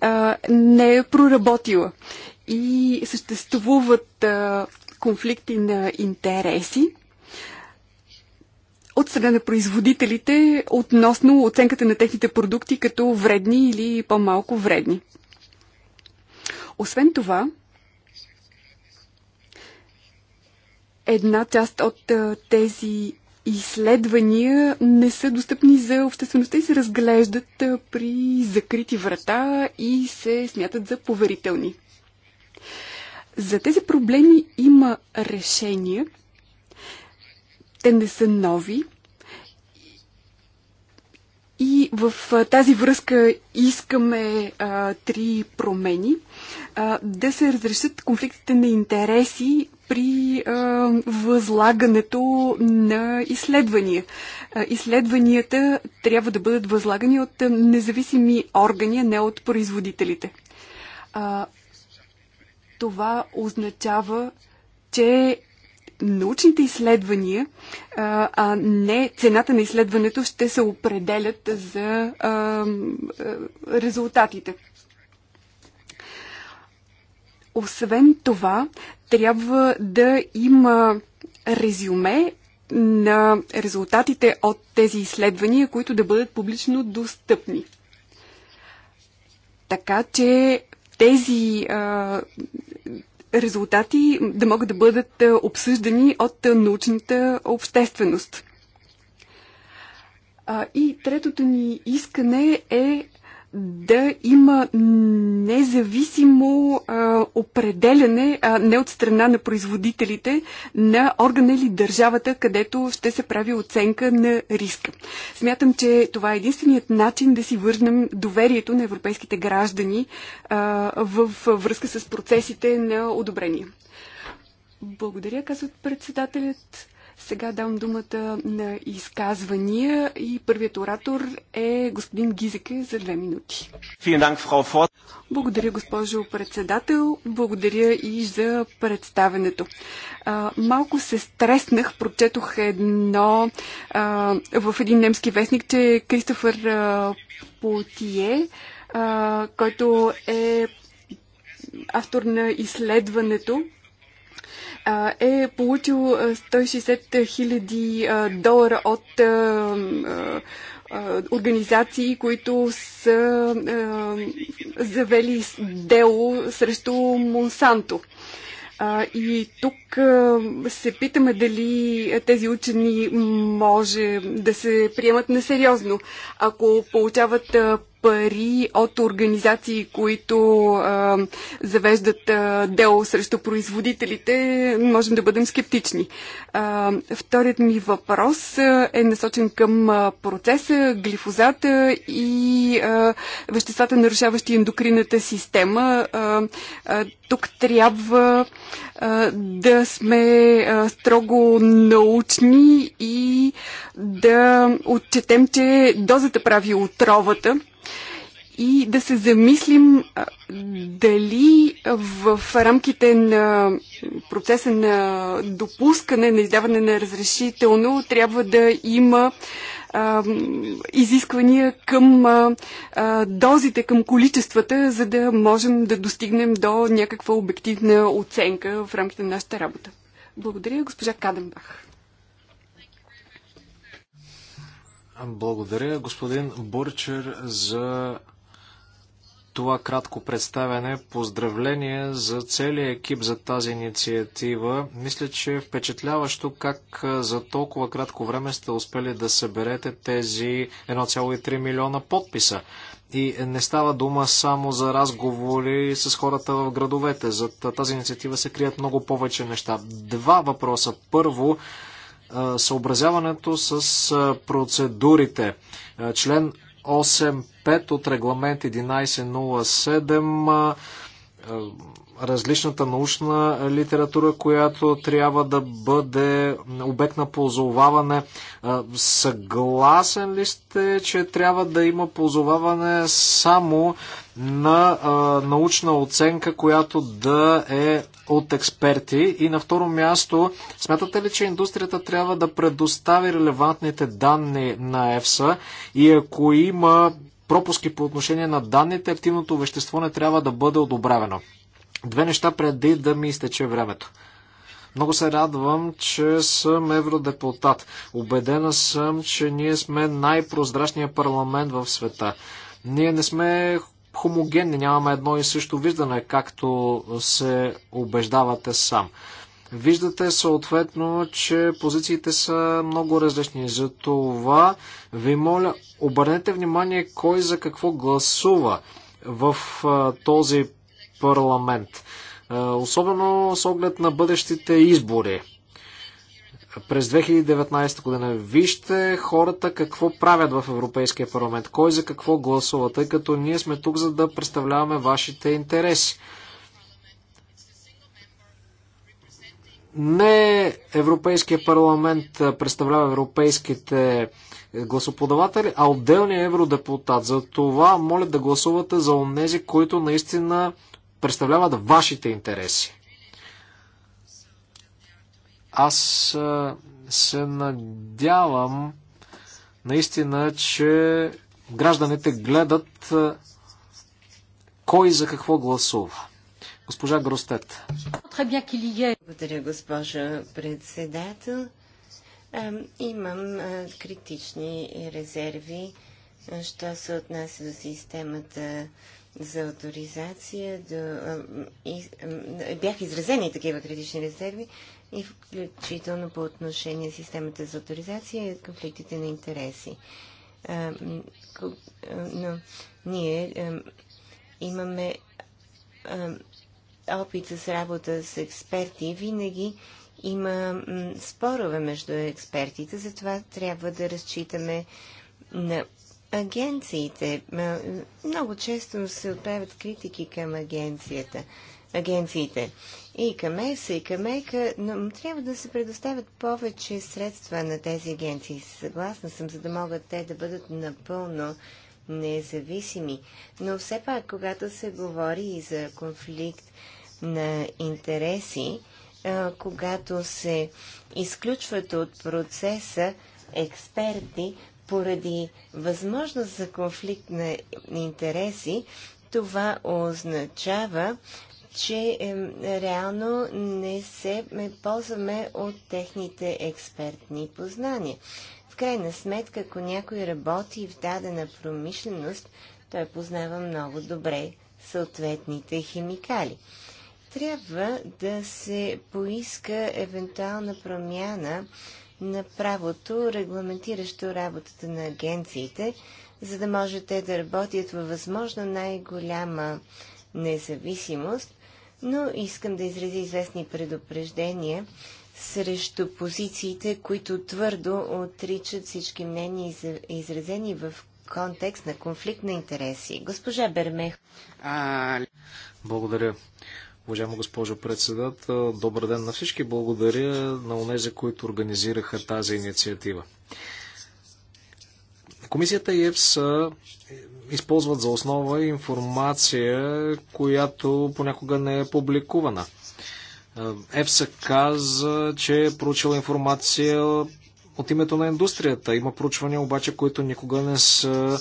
а, не е проработила. И съществуват а, конфликти на интереси от страна на производителите относно оценката на техните продукти като вредни или по-малко вредни. Освен това, една част от тези изследвания не са достъпни за обществеността и се разглеждат при закрити врата и се смятат за поверителни. За тези проблеми има решения. Те не са нови. И в тази връзка искаме а, три промени. А, да се разрешат конфликтите на интереси при а, възлагането на изследвания. А, изследванията трябва да бъдат възлагани от независими органи, а не от производителите. А, това означава, че научните изследвания, а не цената на изследването ще се определят за резултатите. Освен това, трябва да има резюме на резултатите от тези изследвания, които да бъдат публично достъпни. Така че тези а, резултати да могат да бъдат е, обсъждани от е, научната общественост. И третото ни искане е да има независимо а, определене, а не от страна на производителите, на органа или държавата, където ще се прави оценка на риска. Смятам, че това е единственият начин да си върнем доверието на европейските граждани а, в връзка с процесите на одобрение. Благодаря, казват председателят. Сега дам думата на изказвания и първият оратор е господин Гизеке за две минути. Благодаря, госпожо председател. Благодаря и за представенето. А, малко се стреснах, прочетох едно а, в един немски вестник, че Кристофър а, Потие, а, който е автор на изследването, е получил 160 хиляди долара от организации, които са завели дело срещу Монсанто. и тук се питаме дали тези учени може да се приемат несериозно. Ако получават пари от организации, които а, завеждат а, дело срещу производителите, можем да бъдем скептични. А, вторият ми въпрос е насочен към процеса, глифозата и а, веществата, нарушаващи ендокрината система. А, а, тук трябва а, да сме а, строго научни и да отчетем, че дозата прави отровата и да се замислим дали в рамките на процеса на допускане, на издаване на разрешително, трябва да има изисквания към дозите, към количествата, за да можем да достигнем до някаква обективна оценка в рамките на нашата работа. Благодаря, госпожа Каденбах.
Благодаря, господин Бурчер, за това кратко представяне. Поздравление за целия екип за тази инициатива. Мисля, че е впечатляващо как за толкова кратко време сте успели да съберете тези 1,3 милиона подписа. И не става дума само за разговори с хората в градовете. За тази инициатива се крият много повече неща. Два въпроса. Първо, съобразяването с процедурите. Член 8 5 от регламент 1107 различната научна литература, която трябва да бъде обект на ползоваване. Съгласен ли сте, че трябва да има ползоваване само на научна оценка, която да е от експерти? И на второ място, смятате ли, че индустрията трябва да предостави релевантните данни на ЕФСА и ако има пропуски по отношение на данните, активното вещество не трябва да бъде одобрявано. Две неща преди да ми изтече времето. Много се радвам, че съм евродепутат. Обедена съм, че ние сме най-прозрачният парламент в света. Ние не сме хомогенни, нямаме едно и също виждане, както се убеждавате сам. Виждате съответно, че позициите са много различни. За това ви моля, обърнете внимание кой за какво гласува в този парламент. Особено с оглед на бъдещите избори през 2019 година. Вижте хората какво правят в Европейския парламент, кой за какво гласува, тъй като ние сме тук за да представляваме вашите интереси. не Европейския парламент представлява европейските е, гласоподаватели, а отделния евродепутат. За това моля да гласувате за онези, които наистина представляват вашите интереси. Аз е, се надявам наистина, че гражданите гледат е, кой за какво гласува. Госпожа Гростет.
Благодаря, госпожа председател. Имам критични резерви, що се отнася до системата за авторизация. До... Бях изразени такива критични резерви и включително по отношение системата за авторизация и конфликтите на интереси. Но ние имаме опит с работа с експерти, винаги има спорове между експертите, затова трябва да разчитаме на агенциите. Много често се отправят критики към агенцията. Агенциите. И към ЕСА, и към ЕКА, но трябва да се предоставят повече средства на тези агенции. Съгласна съм, за да могат те да бъдат напълно независими. Но все пак, когато се говори и за конфликт на интереси, когато се изключват от процеса експерти поради възможност за конфликт на интереси, това означава, че е, реално не се е, ползваме от техните експертни познания. В крайна сметка, ако някой работи в дадена промишленост, той познава много добре съответните химикали трябва да се поиска евентуална промяна на правото, регламентиращо работата на агенциите, за да може те да работят във възможно най-голяма независимост, но искам да изрази известни предупреждения срещу позициите, които твърдо отричат всички мнения, изразени в контекст на конфликт на интереси. Госпожа Бермех.
А... Благодаря. Уважаема госпожо председател, добър ден на всички. Благодаря на онези, които организираха тази инициатива. Комисията и ЕПС използват за основа информация, която понякога не е публикувана. ЕПС каза, че е проучила информация от името на индустрията. Има проучвания обаче, които никога не са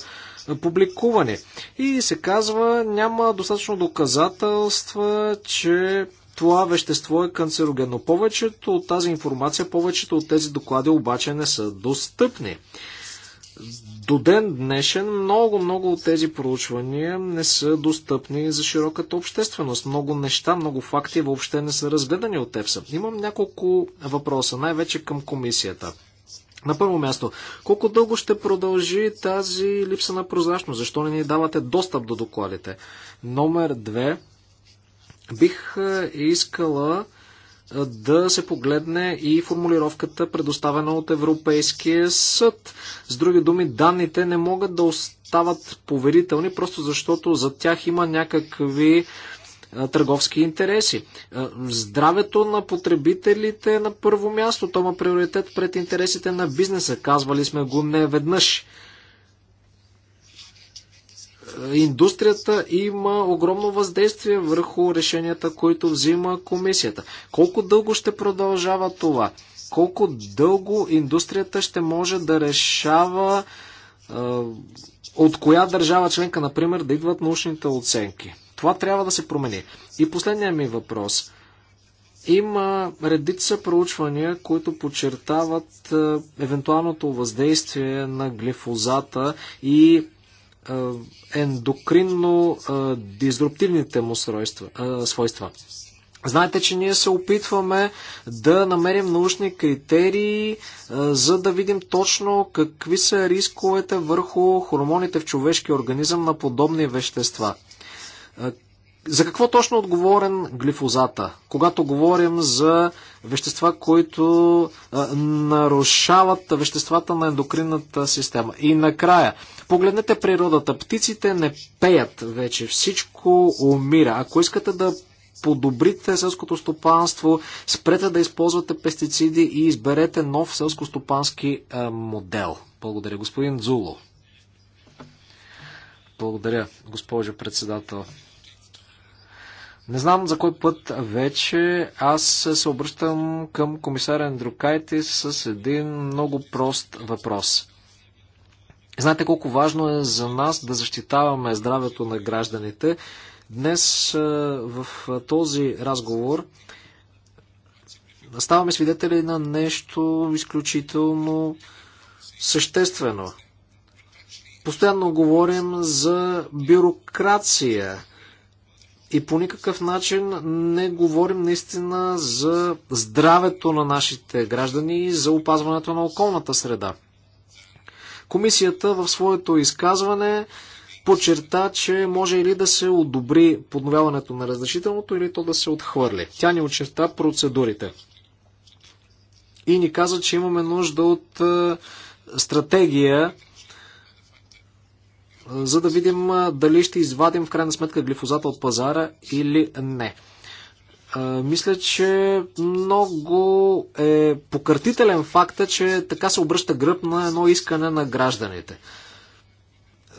публикувани. И се казва, няма достатъчно доказателства, че това вещество е канцерогенно. Повечето от тази информация, повечето от тези доклади обаче не са достъпни. До ден днешен много, много от тези проучвания не са достъпни за широката общественост. Много неща, много факти въобще не са разгледани от ЕФСА. Имам няколко въпроса, най-вече към комисията. На първо място, колко дълго ще продължи тази липса на прозрачност? Защо не ни давате достъп до докладите? Номер две, бих е, искала е, да се погледне и формулировката, предоставена от Европейския съд. С други думи, данните не могат да остават поверителни, просто защото за тях има някакви търговски интереси. Здравето на потребителите е на първо място. То има приоритет пред интересите на бизнеса. Казвали сме го не веднъж. Индустрията има огромно въздействие върху решенията, които взима комисията. Колко дълго ще продължава това? Колко дълго индустрията ще може да решава от коя държава членка, например, да идват научните оценки. Това трябва да се промени. И последния ми въпрос. Има редица проучвания, които подчертават е, евентуалното въздействие на глифозата и е, ендокринно е, дизруптивните му свойства. Знаете, че ние се опитваме да намерим научни критерии, за да видим точно какви са рисковете върху хормоните в човешкия организъм на подобни вещества. За какво точно е отговорен глифозата? Когато говорим за вещества, които а, нарушават веществата на ендокринната система. И накрая, погледнете природата. Птиците не пеят вече. Всичко умира. Ако искате да подобрите селското стопанство, спрете да използвате пестициди и изберете нов селско-стопански модел. Благодаря, господин Зуло. Благодаря, госпожо председател. Не знам за кой път вече аз се обръщам към комисар Андрюкайте с един много прост въпрос. Знаете колко важно е за нас да защитаваме здравето на гражданите. Днес в този разговор ставаме свидетели на нещо изключително съществено. Постоянно говорим за бюрокрация и по никакъв начин не говорим наистина за здравето на нашите граждани и за опазването на околната среда. Комисията в своето изказване подчерта, че може или да се одобри подновяването на разрешителното, или то да се отхвърли. Тя ни очерта процедурите. И ни каза, че имаме нужда от е, стратегия за да видим дали ще извадим в крайна сметка глифозата от пазара или не. Мисля, че много е покъртителен факта, че така се обръща гръб на едно искане на гражданите.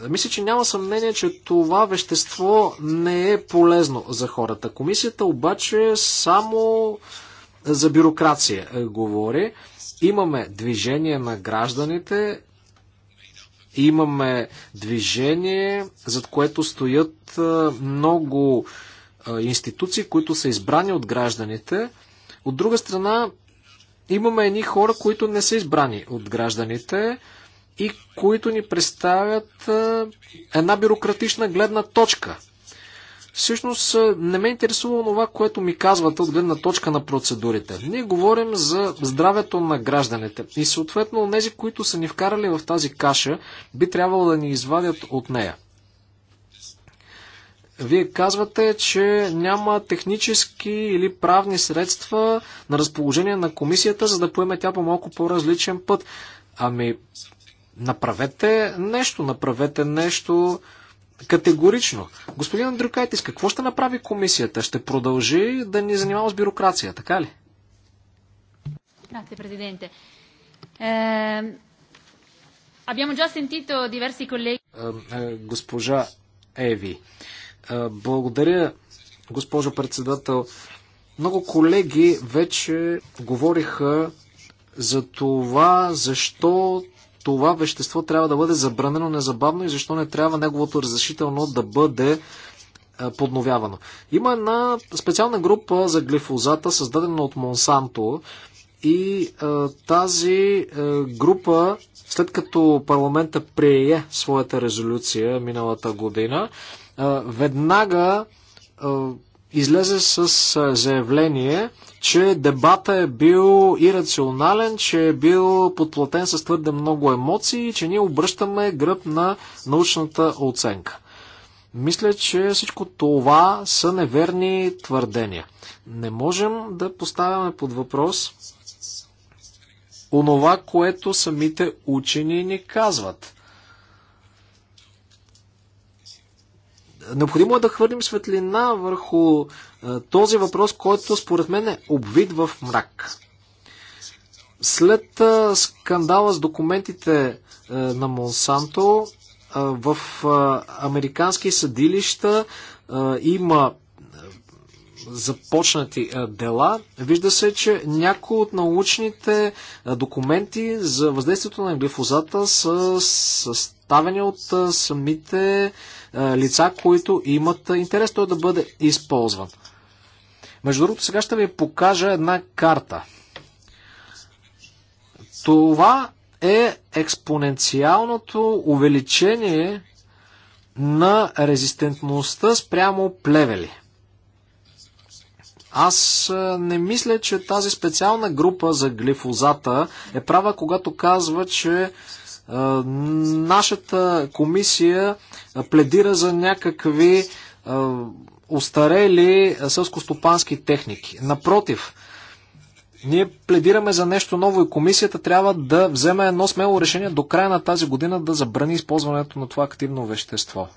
Мисля, че няма съмнение, че това вещество не е полезно за хората. Комисията обаче само за бюрокрация говори. Имаме движение на гражданите, Имаме движение, зад което стоят много институции, които са избрани от гражданите. От друга страна, имаме едни хора, които не са избрани от гражданите и които ни представят една бюрократична гледна точка – Всъщност не ме интересува това, което ми казвате от гледна точка на процедурите. Ние говорим за здравето на гражданите и съответно тези, които са ни вкарали в тази каша, би трябвало да ни извадят от нея. Вие казвате, че няма технически или правни средства на разположение на комисията, за да поеме тя по малко по-различен път. Ами, направете нещо, направете нещо Категорично. Господин Андрюкайтис, какво ще направи комисията? Ще продължи да ни занимава с бюрокрация, така ли?
Grazie Presidente. Eh, abbiamo già sentito diversi colleghi.
Ehm, eh, госпожа Еви, е, благодаря, госпожо председател. Много колеги вече говориха за това, защо това вещество трябва да бъде забранено незабавно и защо не трябва неговото разрешително да бъде е, подновявано. Има една специална група за глифозата, създадена от Монсанто и а, е, тази а, е, група, след като парламента прие своята резолюция миналата година, а, веднага а, излезе с заявление че дебата е бил ирационален, че е бил подплатен с твърде много емоции и че ние обръщаме гръб на научната оценка. Мисля, че всичко това са неверни твърдения. Не можем да поставяме под въпрос онова, което самите учени ни казват. Необходимо е да хвърлим светлина върху е, този въпрос, който според мен е обвид в мрак. След е, скандала с документите е, на Монсанто в американски съдилища има започнати дела, вижда се, че някои от научните документи за въздействието на глифозата са съставени от самите лица, които имат интерес той да бъде използван. Между другото, сега ще ви покажа една карта. Това е експоненциалното увеличение на резистентността спрямо плевели – аз не мисля, че тази специална група за глифозата е права, когато казва, че нашата комисия пледира за някакви устарели сълскостопански техники. Напротив, ние пледираме за нещо ново и комисията трябва да вземе едно смело решение до края на тази година да забрани използването на това активно вещество.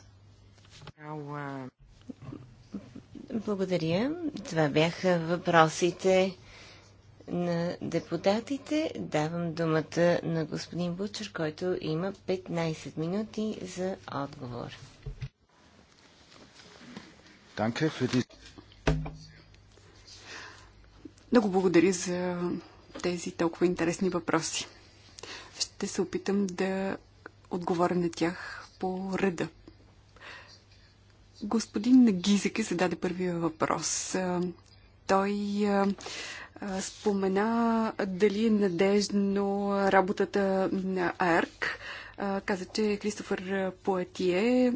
Благодаря. Това бяха въпросите на депутатите. Давам думата на господин Бучер, който има 15 минути за отговор.
Много благодаря за тези толкова интересни въпроси. Ще се опитам да отговоря на тях по реда. Господин Нагизеке зададе първия въпрос. Той спомена дали е надежно работата на АРК каза, че Кристофър Платие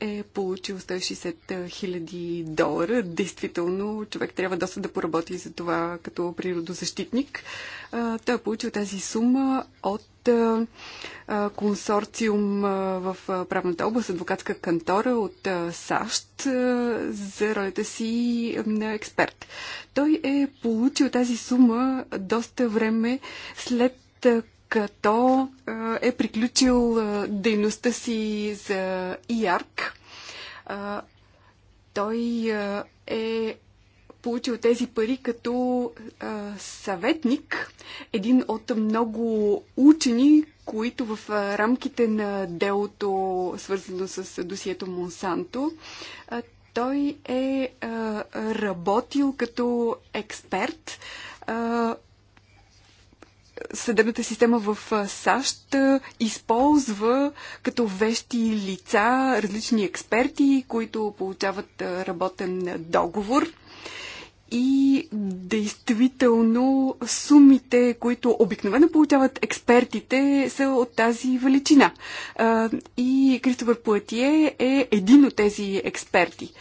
е получил 160 хиляди долара. Действително, човек трябва доста да поработи за това като природозащитник. Той е получил тази сума от консорциум в правната област, адвокатска кантора от САЩ за ролята си на експерт. Той е получил тази сума доста време след като е приключил дейността си за ИАРК. Той е получил тези пари като съветник, един от много учени, които в рамките на делото, свързано с досието Монсанто, той е работил като експерт съдебната система в САЩ използва като вещи лица различни експерти, които получават работен договор. И действително сумите, които обикновено получават експертите, са от тази величина. И Кристофър Платие е един от тези експерти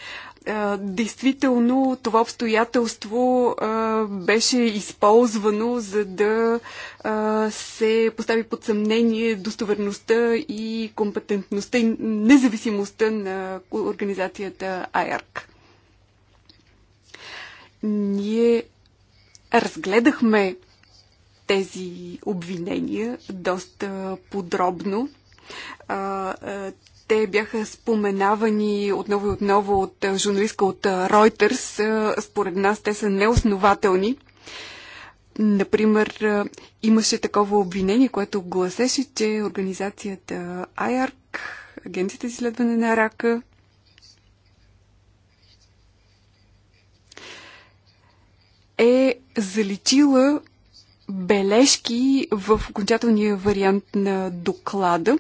действително това обстоятелство а, беше използвано, за да а, се постави под съмнение достоверността и компетентността и независимостта на организацията АЯРК. Ние разгледахме тези обвинения доста подробно. Те бяха споменавани отново и отново от журналистка от Reuters. Според нас те са неоснователни. Например, имаше такова обвинение, което гласеше, че организацията IARC, Агенцията за изследване на рака, е заличила бележки в окончателния вариант на доклада,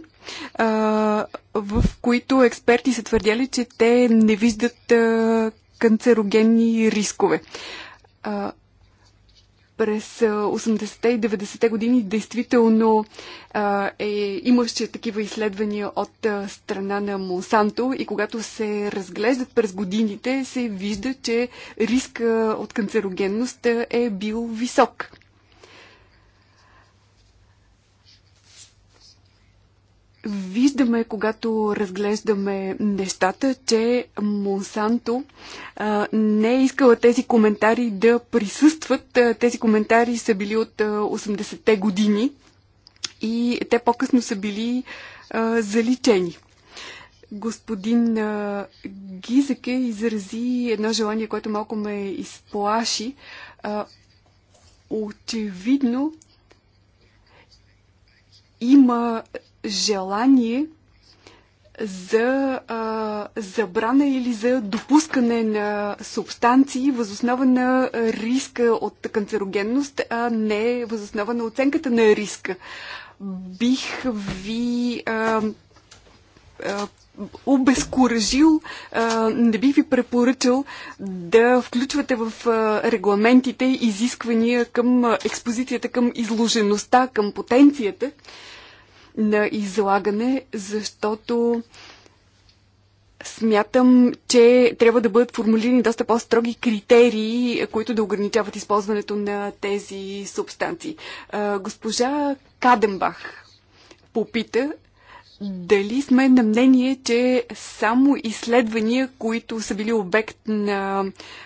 в които експерти са твърдяли, че те не виждат канцерогенни рискове. През 80-те и 90-те години действително е, имаше такива изследвания от страна на Монсанто и когато се разглеждат през годините, се вижда, че риска от канцерогенност е бил висок. виждаме, когато разглеждаме нещата, че Монсанто а, не е искала тези коментари да присъстват. Тези коментари са били от 80-те години и те по-късно са били а, заличени. Господин а, Гизеке изрази едно желание, което малко ме изплаши. А, очевидно има желание за а, забрана или за допускане на субстанции възоснова на риска от канцерогенност, а не възоснова на оценката на риска. Бих ви а, а, обезкуражил, а, не бих ви препоръчал да включвате в а, регламентите изисквания към експозицията, към изложеността, към потенцията на излагане, защото смятам, че трябва да бъдат формулирани доста по-строги критерии, които да ограничават използването на тези субстанции. Госпожа Каденбах попита дали сме на мнение, че само изследвания, които са били обект на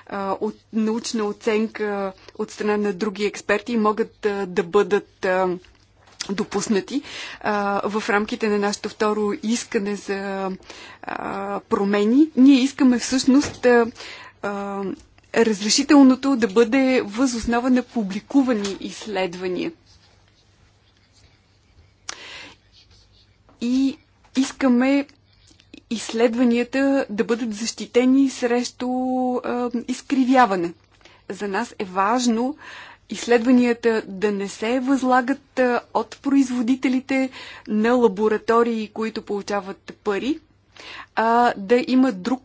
а, от, научна оценка от страна на други експерти, могат а, да бъдат а, допуснати а, в рамките на нашето второ искане за а, промени. Ние искаме всъщност а, а, разрешителното да бъде възоснова на публикувани изследвания. И искаме изследванията да бъдат защитени срещу а, изкривяване. За нас е важно а, изследванията да не се възлагат от производителите на лаборатории, които получават пари, а да има друг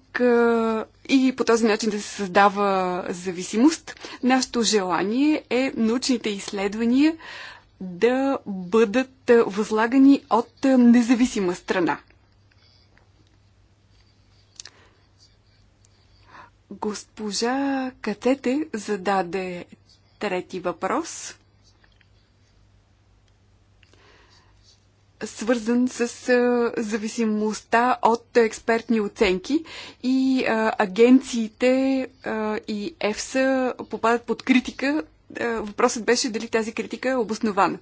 и по този начин да се създава зависимост. Нашето желание е научните изследвания да бъдат възлагани от независима страна. Госпожа Катете зададе Трети въпрос. свързан с а, зависимостта от експертни оценки и а, агенциите а, и ЕФСА попадат под критика. А, въпросът беше дали тази критика е обоснована.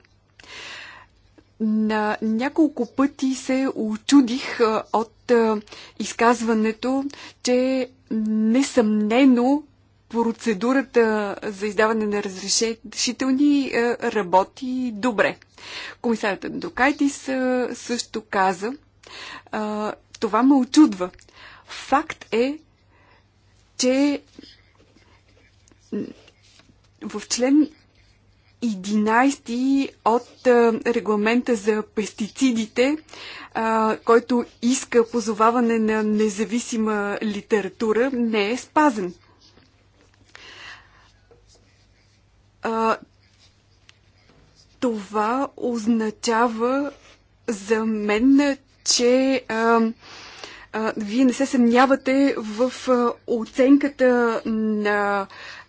На няколко пъти се очудих от а, изказването, че несъмнено процедурата за издаване на разрешителни е, работи добре. Комисарът Докайтис е, също каза, е, това ме очудва. Факт е, че в член 11 от регламента за пестицидите, който иска позоваване на независима литература, не е спазен. а, това означава за мен, че а, а, вие не се съмнявате в а, оценката на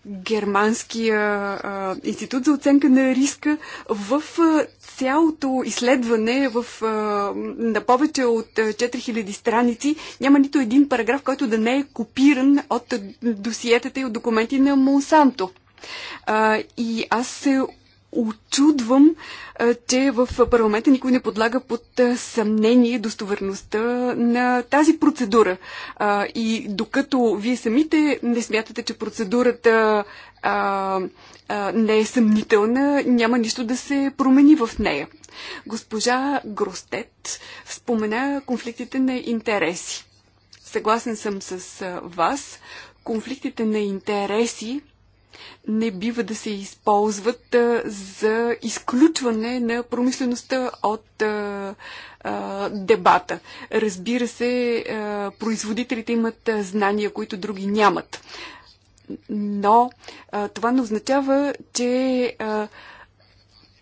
Германския а, институт за оценка на риска в а, цялото изследване в, а, на повече от а, 4000 страници. Няма нито един параграф, който да не е копиран от досиетата и от документи на Монсанто. А, и аз се очудвам, че в парламента никой не подлага под съмнение достоверността на тази процедура. И докато вие самите не смятате, че процедурата не е съмнителна, няма нищо да се промени в нея. Госпожа Гростет спомена конфликтите на интереси. Съгласен съм с вас. Конфликтите на интереси не бива да се използват за изключване на промислеността от дебата. Разбира се, производителите имат знания, които други нямат. Но това не означава, че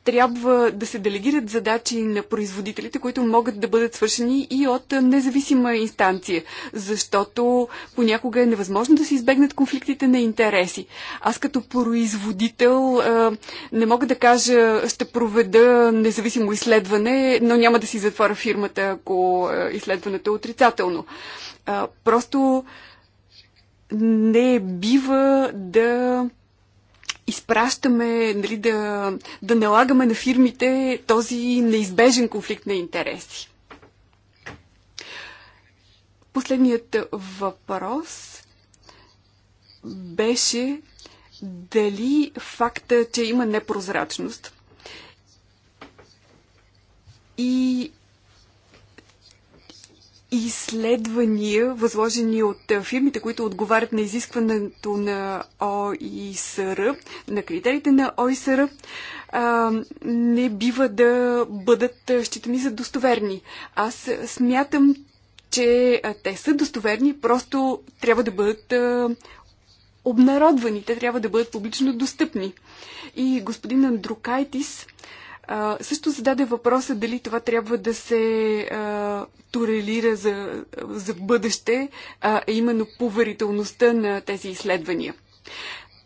трябва да се делегират задачи на производителите, които могат да бъдат свършени и от независима инстанция, защото понякога е невъзможно да се избегнат конфликтите на интереси. Аз като производител не мога да кажа, ще проведа независимо изследване, но няма да си затворя фирмата, ако изследването е отрицателно. Просто не бива да изпращаме, нали, да, да налагаме на фирмите този неизбежен конфликт на интереси. Последният въпрос беше дали факта, че има непрозрачност и изследвания, възложени от е, фирмите, които отговарят на изискването на ОИСР, на критериите на ОИСР, не бива да бъдат е, считани за достоверни. Аз смятам, че е, те са достоверни, просто трябва да бъдат обнародвани, те трябва да бъдат публично достъпни. И господин Андрукайтис, също зададе въпроса дали това трябва да се а, турелира за, за бъдеще, а именно поверителността на тези изследвания.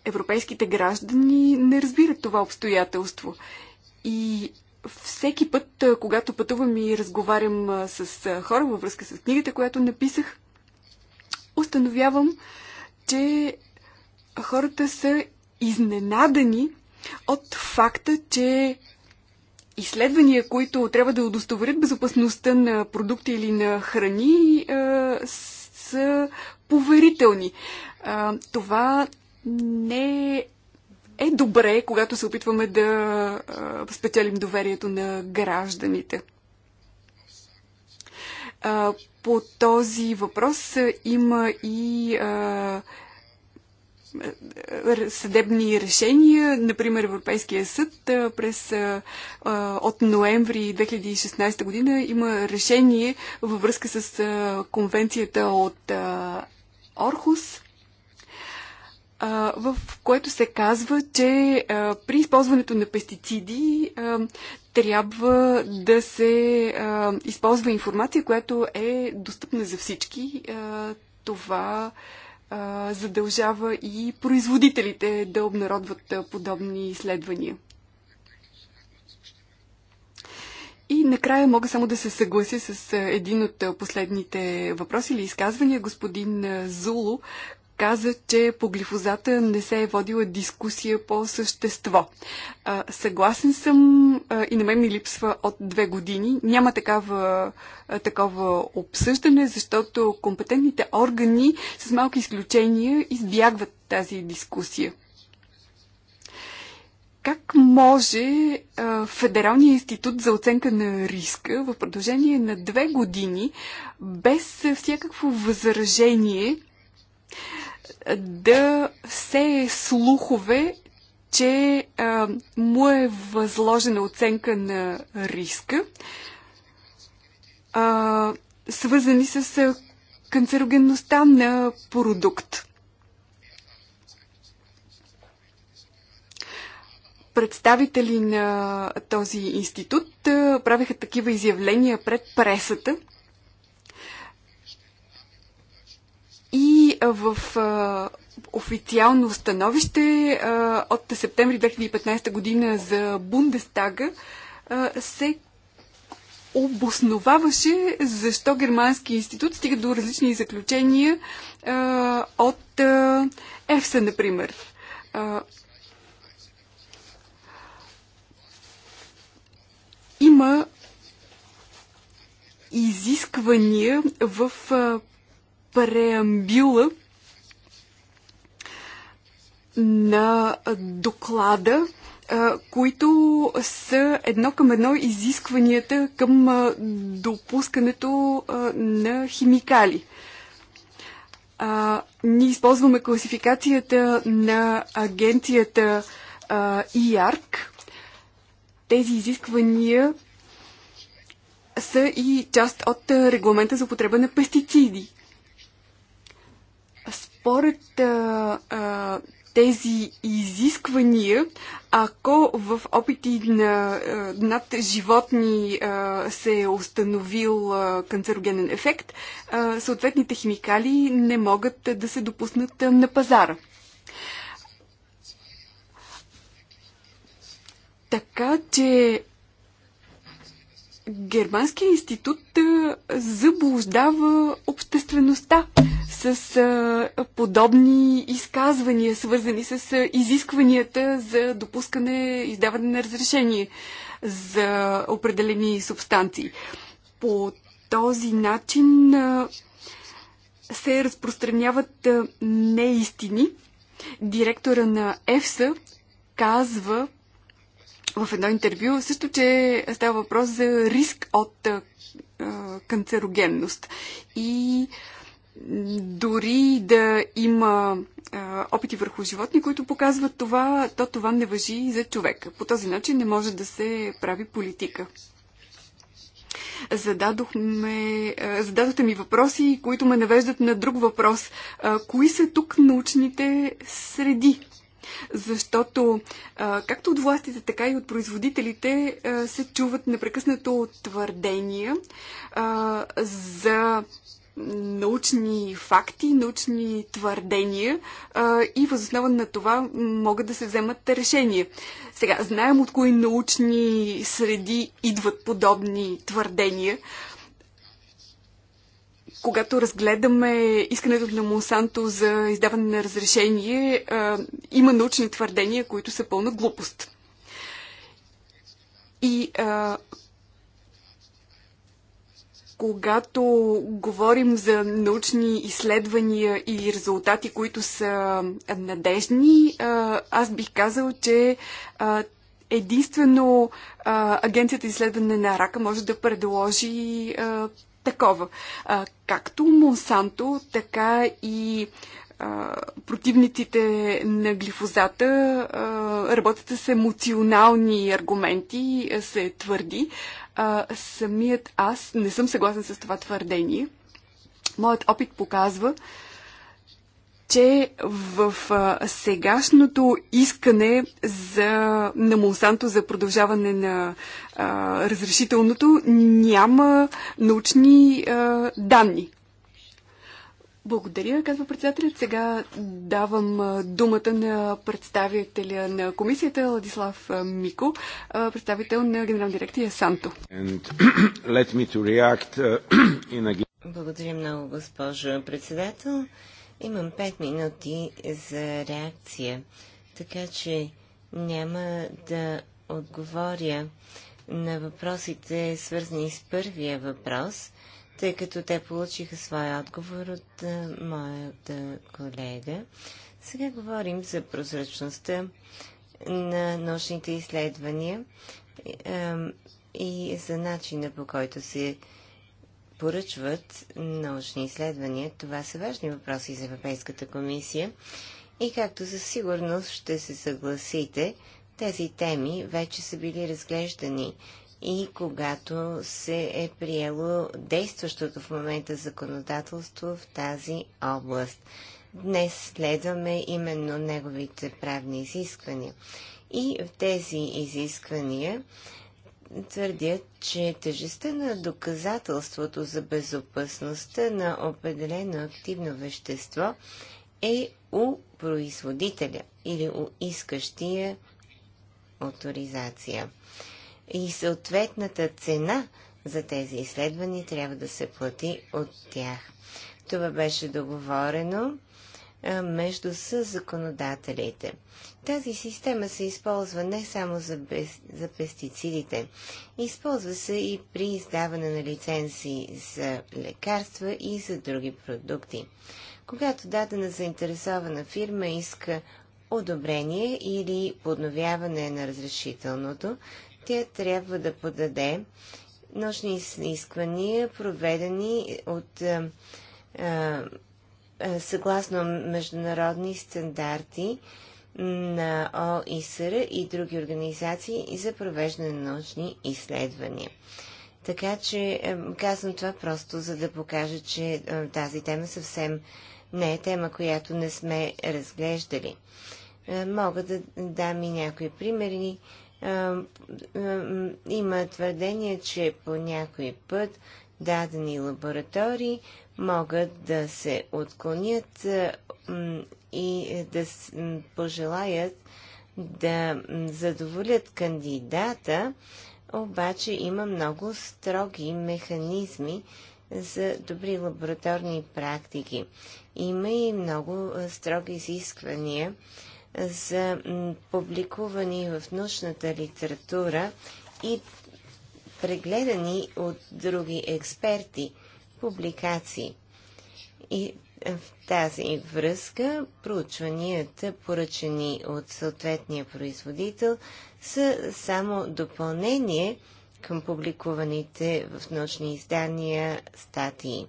Европейските граждани не разбират това обстоятелство. И всеки път, когато пътувам и разговарям с хора във връзка с книгата, която написах, установявам, че хората са изненадани от факта, че изследвания, които трябва да удостоверят безопасността на продукти или на храни, са поверителни. Това не е добре, когато се опитваме да спечелим доверието на гражданите. По този въпрос има и съдебни решения, например Европейския съд през от ноември 2016 година има решение във връзка с конвенцията от Орхус, в което се казва, че при използването на пестициди трябва да се използва информация, която е достъпна за всички. Това е задължава и производителите да обнародват подобни изследвания. И накрая мога само да се съглася с един от последните въпроси или изказвания, господин Зуло, каза, че по глифозата не се е водила дискусия по същество. А, съгласен съм а, и на мен ми липсва от две години. Няма такава, а, такова обсъждане, защото компетентните органи с малки изключения избягват тази дискусия. Как може а, Федералния институт за оценка на риска в продължение на две години без всякакво възражение да сее слухове, че а, му е възложена оценка на риска, а, свързани с канцерогенността на продукт. Представители на този институт правеха такива изявления пред пресата – И в официално становище от септември 2015 година за Бундестага се обосноваваше защо германски институт стига до различни заключения а, от а, ЕФСА, например. А, има изисквания в а, преамбюла на доклада, които са едно към едно изискванията към допускането на химикали. Ние използваме класификацията на агенцията ИАРК. Тези изисквания са и част от регламента за употреба на пестициди. Според а, а, тези изисквания, ако в опити на, над животни се е установил канцерогенен ефект, съответните химикали не могат да се допуснат на пазара. Така че германския институт заблуждава обществеността с а, подобни изказвания, свързани с а, изискванията за допускане, издаване на разрешение за определени субстанции. По този начин а, се разпространяват а, неистини. Директора на ЕФСА казва в едно интервю също, че става въпрос за риск от а, канцерогенност. И а, дори да има а, опити върху животни, които показват това, то това не въжи и за човека. По този начин не може да се прави политика. Зададохме, а, зададохте ми въпроси, които ме навеждат на друг въпрос. А, кои са тук научните среди? защото а, както от властите, така и от производителите а, се чуват непрекъснато твърдения а, за научни факти, научни твърдения а, и възоснова на това могат да се вземат решения. Сега, знаем от кои научни среди идват подобни твърдения. Когато разгледаме искането на Монсанто за издаване на разрешение, а, има научни твърдения, които са пълна глупост. И а, когато говорим за научни изследвания и резултати, които са надежни, аз бих казал, че единствено Агенцията изследване на рака може да предложи такова. Както Монсанто, така и противниците на глифозата работят с емоционални аргументи, се твърди. Самият аз не съм съгласен с това твърдение. Моят опит показва, че в сегашното искане за, на Монсанто за продължаване на а, разрешителното няма научни а, данни. Благодаря, казва председателят. Сега давам думата на представителя на комисията Ладислав Мико, представител на генерална дирекция Санто. *clears throat*
*clears throat* Благодаря много, госпожо председател. Имам 5 минути за реакция, така че няма да отговоря на въпросите, свързани с първия въпрос – тъй като те получиха своя отговор от а, е, моята е, колега. Сега говорим за прозрачността на научните изследвания а, е, и за начина по който се поръчват научни изследвания. Това са важни въпроси за Европейската комисия и както със сигурност ще се съгласите, тези теми вече са били разглеждани и когато се е приело действащото в момента законодателство в тази област. Днес следваме именно неговите правни изисквания. И в тези изисквания твърдят, че тежестта на доказателството за безопасността на определено активно вещество е у производителя или у искащия авторизация и съответната цена за тези изследвания трябва да се плати от тях. Това беше договорено между законодателите. Тази система се използва не само за, без, за пестицидите. Използва се и при издаване на лицензии за лекарства и за други продукти. Когато дадена заинтересована фирма иска одобрение или подновяване на разрешителното, тя трябва да подаде нощни изисквания, проведени от а, а, съгласно международни стандарти на ОИСР и други организации за провеждане на научни изследвания. Така че казвам това просто за да покажа, че тази тема съвсем не е тема, която не сме разглеждали. Мога да дам и някои примери е, е, има твърдение, че по някой път дадени лаборатории могат да се отклонят е, и да пожелаят да задоволят кандидата, обаче има много строги механизми за добри лабораторни практики. Има и много строги изисквания за публикувани в научната литература и прегледани от други експерти публикации. И в тази връзка проучванията, поръчани от съответния производител, са само допълнение към публикуваните в научни издания статии.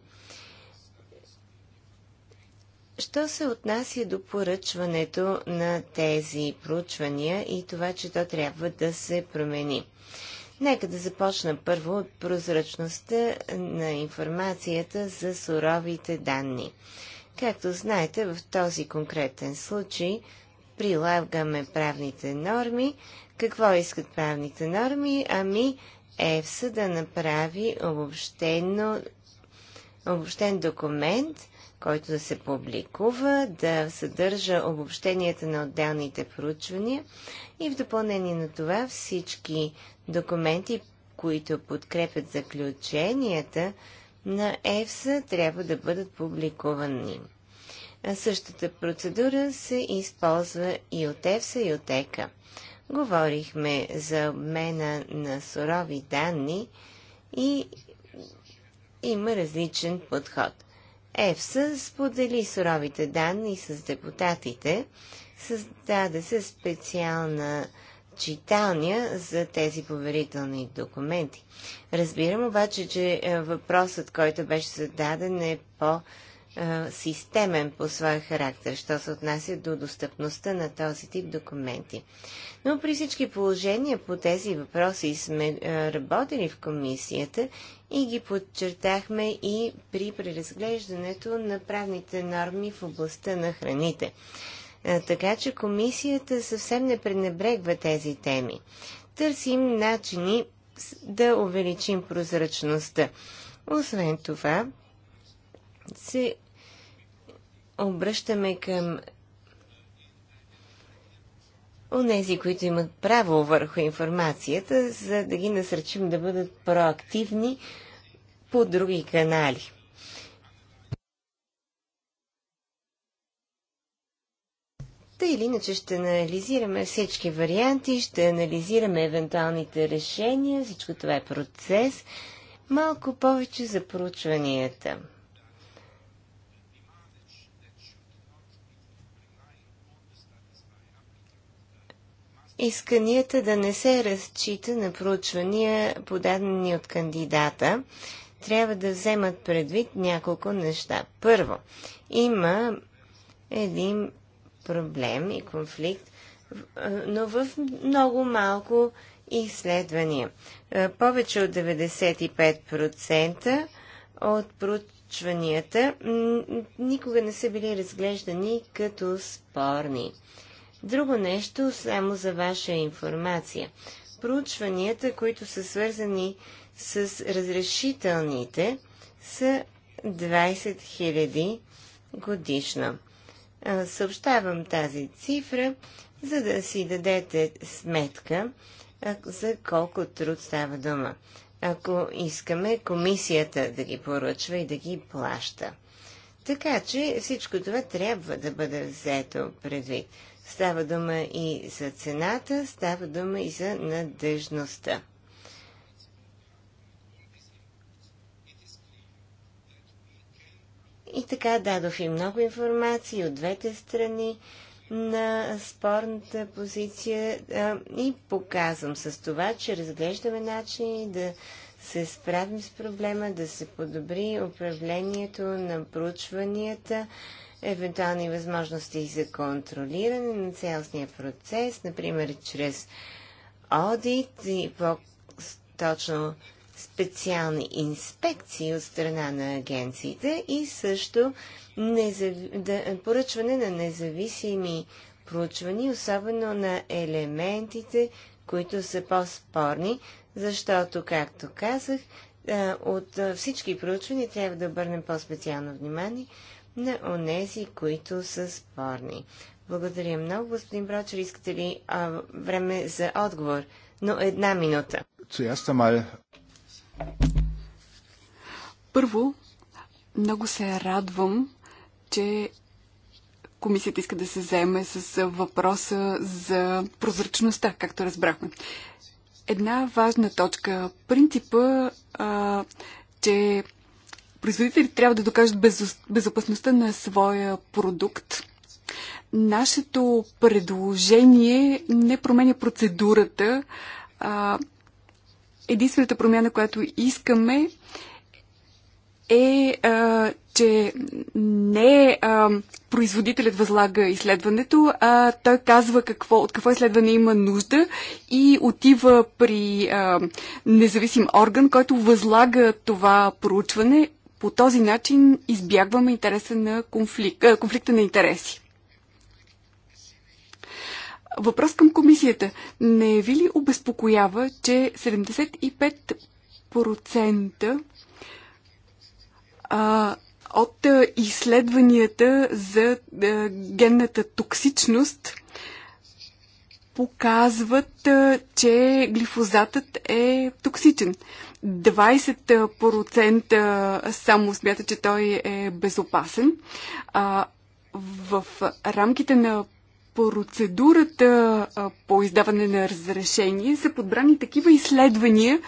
Що се отнася до поръчването на тези проучвания и това, че то трябва да се промени? Нека да започна първо от прозрачността на информацията за суровите данни. Както знаете, в този конкретен случай прилагаме правните норми. Какво искат правните норми? Ами ЕФСА да направи обобщено, обобщен документ – който да се публикува, да съдържа обобщенията на отделните проучвания и в допълнение на това всички документи, които подкрепят заключенията на ЕФСА, трябва да бъдат публикувани. А същата процедура се използва и от ЕФСА, и от ЕКА. Говорихме за обмена на сурови данни и има различен подход – ЕФСА сподели суровите данни с депутатите, създаде се специална читалния за тези поверителни документи. Разбирам обаче, че е, въпросът, който беше зададен е по- е, системен по своя характер, що се отнася до достъпността на този тип документи. Но при всички положения по тези въпроси сме е, работили в комисията и ги подчертахме и при преразглеждането на правните норми в областта на храните. Така че комисията съвсем не пренебрегва тези теми. Търсим начини да увеличим прозрачността. Освен това, се обръщаме към онези, които имат право върху информацията, за да ги насръчим да бъдат проактивни по други канали. Та или иначе ще анализираме всички варианти, ще анализираме евентуалните решения, всичко това е процес. Малко повече за проучванията. исканията да не се разчита на проучвания, подадени от кандидата, трябва да вземат предвид няколко неща. Първо, има един проблем и конфликт, но в много малко изследвания. Е, повече от 95% от проучванията никога не са били разглеждани като спорни. Друго нещо, само за ваша информация. Проучванията, които са свързани с разрешителните, са 20 000 годишно. Съобщавам тази цифра, за да си дадете сметка за колко труд става дума. Ако искаме комисията да ги поръчва и да ги плаща. Така че всичко това трябва да бъде взето предвид. Става дума и за цената, става дума и за надежността. И така дадох и много информации от двете страни на спорната позиция и показвам с това, че разглеждаме начини да се справим с проблема, да се подобри управлението на проучванията евентуални възможности за контролиране на цялостния процес, например чрез аудит и по-точно специални инспекции от страна на агенциите и също поръчване на независими проучвания, особено на елементите, които са по-спорни, защото, както казах, от всички проучвания трябва да обърнем по-специално внимание на онези, които са спорни. Благодаря много, господин Брочер. Искате ли а, време за отговор? Но една минута. Първо, много се радвам, че
комисията иска да се заеме с въпроса за прозрачността, както разбрахме. Една важна точка. Принципа, а, че производителите трябва да докажат безопасността на своя продукт. Нашето предложение не променя процедурата. единствената промяна, която искаме, е, че не производителят възлага изследването, а той казва какво, от какво изследване има нужда и отива при независим орган, който възлага това проучване по този начин избягваме интереса на конфликт, а, конфликта на интереси. Въпрос към комисията. Не ви ли обезпокоява, че 75% а, от изследванията за а, генната токсичност показват, че глифозатът е токсичен? 20% само смята, че той е безопасен. А, в рамките на процедурата по издаване на разрешение са подбрани такива изследвания,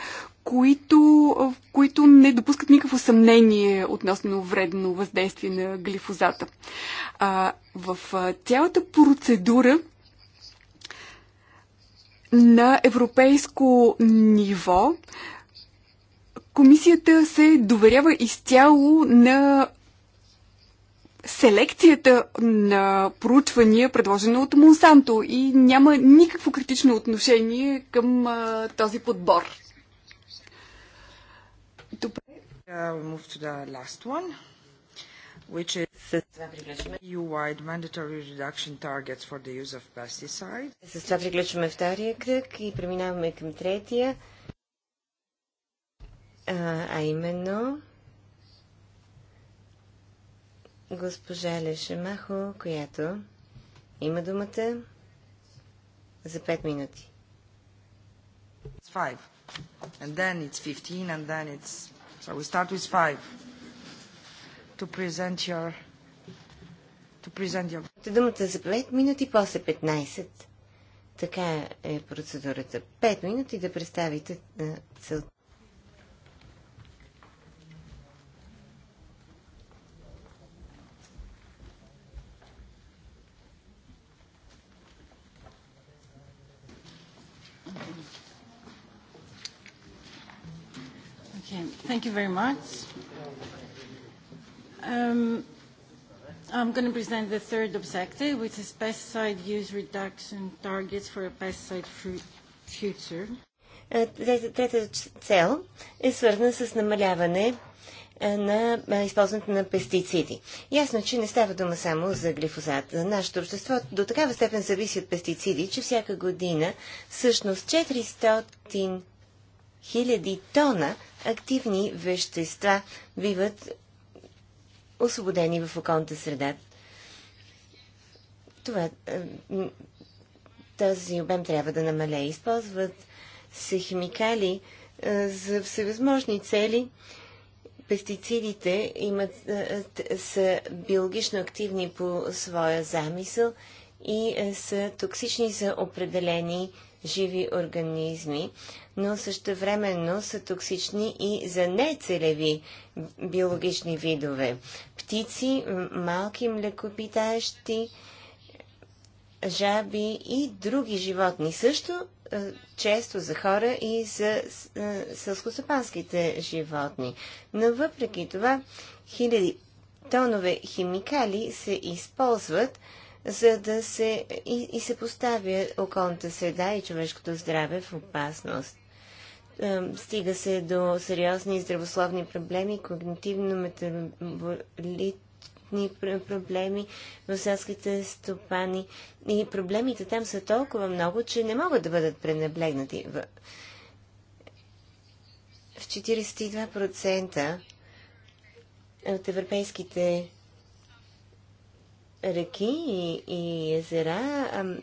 които, които не допускат никакво съмнение относно вредно въздействие на глифозата. А, в цялата процедура на европейско ниво комисията се доверява изцяло на селекцията на проучвания, предложена от Монсанто и няма никакво критично отношение към а, този подбор.
Добре. Uh, which is EU-wide mandatory reduction targets for the use of pesticides. С това приключваме втория кръг и преминаваме към третия а, а именно госпожа Махо, която има думата за 5 минути. It's And then it's 15, and then it's... So we start with To present your... To present your... Думата за 5 минути, после 15. Така е процедурата. 5 минути да представите целта.
Thank you very much. Um, I'm going to present the third objective, which is pesticide use reduction targets for a pesticide
free future. Е, Третата цел е свързана с намаляване е, на е, използването на пестициди. Ясно, че не става дума само за глифозат. Нашето общество до такава степен зависи от пестициди, че всяка година всъщност 400 Хиляди тона активни вещества биват освободени в околната среда. Това, е, този обем трябва да намалее. Използват се химикали е, за всевъзможни цели. Пестицидите имат, е, са биологично активни по своя замисъл и са токсични за определени живи организми но същевременно са токсични и за нецелеви биологични видове. Птици, малки млекопитаещи, жаби и други животни. Също често за хора и за сълскостопанските животни. Но въпреки това, хиляди тонове химикали се използват, за да се и, и се поставя околната среда и човешкото здраве в опасност стига се до сериозни здравословни проблеми, когнитивно-метаболитни проблеми в селските стопани. И проблемите там са толкова много, че не могат да бъдат пренеблегнати. В 42% от европейските реки и, и езера а,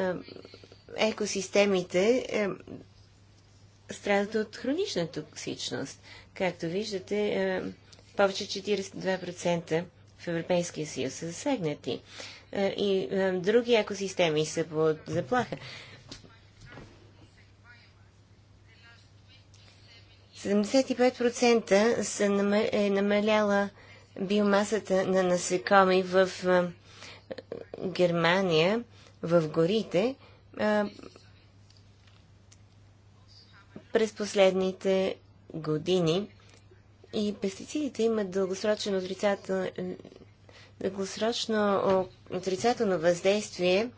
а, екосистемите страдат от хронична токсичност. Както виждате, е, повече 42% в Европейския съюз са засегнати. Е, и е, други екосистеми са под заплаха. 75% са е намаляла биомасата на насекоми в Германия, в горите, през последните години и пестицидите имат дългосрочно отрицателно, дългосрочно отрицателно въздействие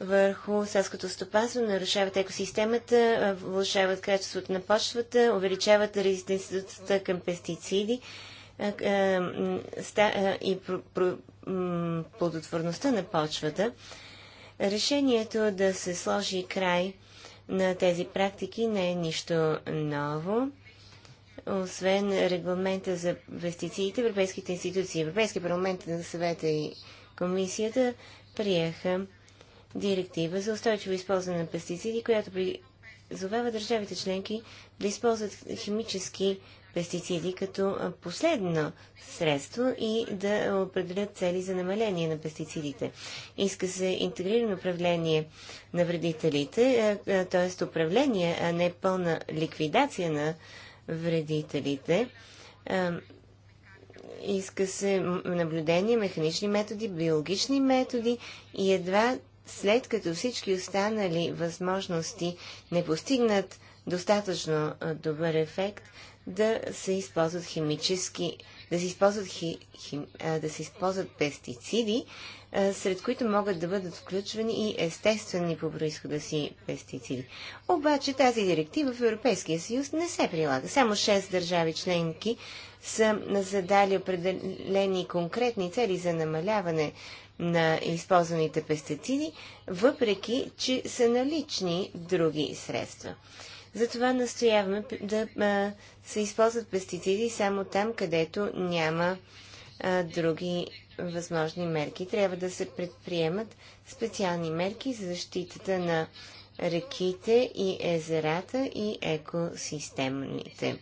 върху селското стопанство, нарушават екосистемата, влушават качеството на почвата, увеличават резистентността към пестициди и плодотворността на почвата. Решението е да се сложи край на тези практики не е нищо ново. Освен регламента за пестицидите, европейските институции, Европейския парламент, на съвета и комисията приеха директива за устойчиво използване на пестициди, която призовава държавите членки да използват химически пестициди като последно средство и да определят цели за намаление на пестицидите. Иска се интегрирано управление на вредителите, т.е. управление, а не пълна ликвидация на вредителите. Иска се наблюдение, механични методи, биологични методи и едва след като всички останали възможности не постигнат достатъчно добър ефект, да се използват химически, да се използват, хи, хим, а, да се използват пестициди, а, сред които могат да бъдат включвани и естествени по происхода си пестициди. Обаче тази директива в Европейския съюз не се прилага. Само 6 държави членки са задали определени конкретни цели за намаляване на използваните пестициди, въпреки че са налични други средства. Затова настояваме да а, се използват пестициди само там, където няма а, други възможни мерки. Трябва да се предприемат специални мерки за защитата на реките и езерата и екосистемните.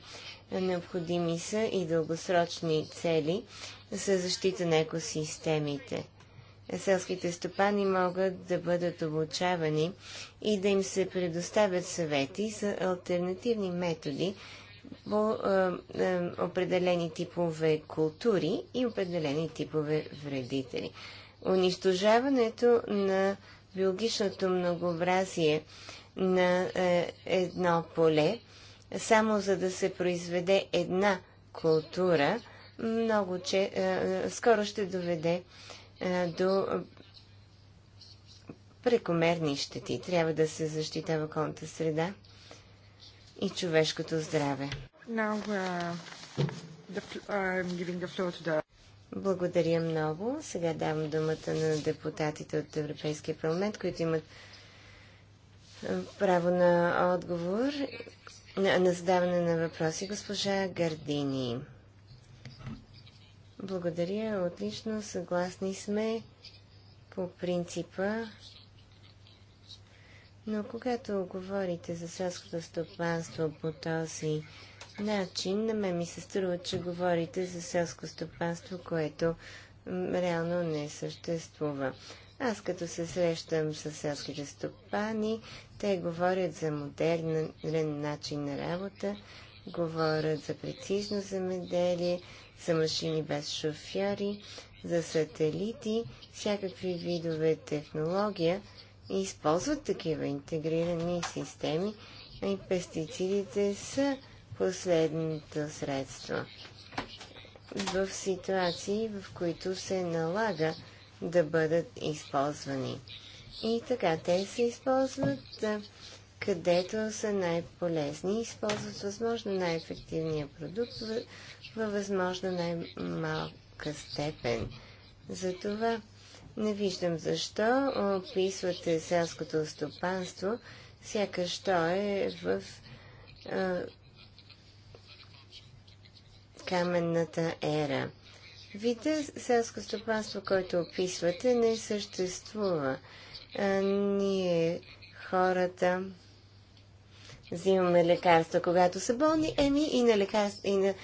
Необходими са и дългосрочни цели за защита на екосистемите селските стопани могат да бъдат обучавани и да им се предоставят съвети за альтернативни методи по е, е, определени типове култури и определени типове вредители. Унищожаването на биологичното многообразие на е, едно поле, само за да се произведе една култура, много че, скоро ще доведе е, до е, прекомерни щети. Трябва да се защитава околната среда и човешкото здраве. Now, uh, the, uh, the... Благодаря много. Сега давам думата на депутатите от Европейския парламент, които имат е, право на отговор, на, на задаване на въпроси. Госпожа Гардини. Благодаря, отлично, съгласни сме по принципа. Но когато говорите за селското стопанство по този начин, на мен ми се струва, че говорите за селско стопанство, което реално не съществува. Аз като се срещам с селските стопани, те говорят за модерен начин на работа, говорят за прецизно земеделие, за машини без шофьори, за сателити, всякакви видове технология и използват такива интегрирани системи, и пестицидите са последното средство. В ситуации, в които се налага да бъдат използвани. И така те се използват. Да където са най-полезни и използват възможно най-ефективния продукт във възможно най-малка степен. Затова не виждам защо описвате селското стопанство, сякаш то е в каменната ера. Вида селско стопанство, който описвате, не съществува. А, ние хората взимаме лекарства, когато са болни, еми и на, лекарства, и на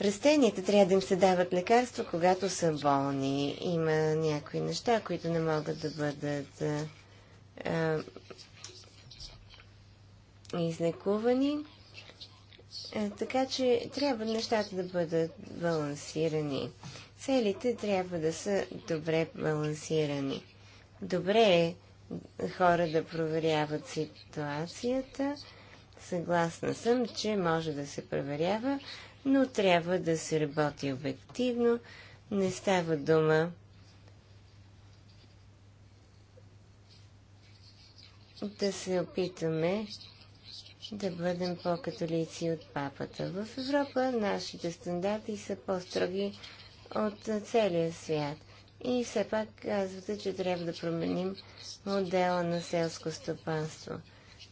растенията трябва да им се дават лекарства, когато са болни. Има някои неща, които не могат да бъдат а, излекувани. А, така че трябва нещата да бъдат балансирани. Целите трябва да са добре балансирани. Добре е хора да проверяват ситуацията. Съгласна съм, че може да се проверява, но трябва да се работи обективно. Не става дума да се опитаме да бъдем по-католици от папата. В Европа нашите стандарти са по-строги от целия свят. И все пак казвате, че трябва да променим модела на селско стопанство.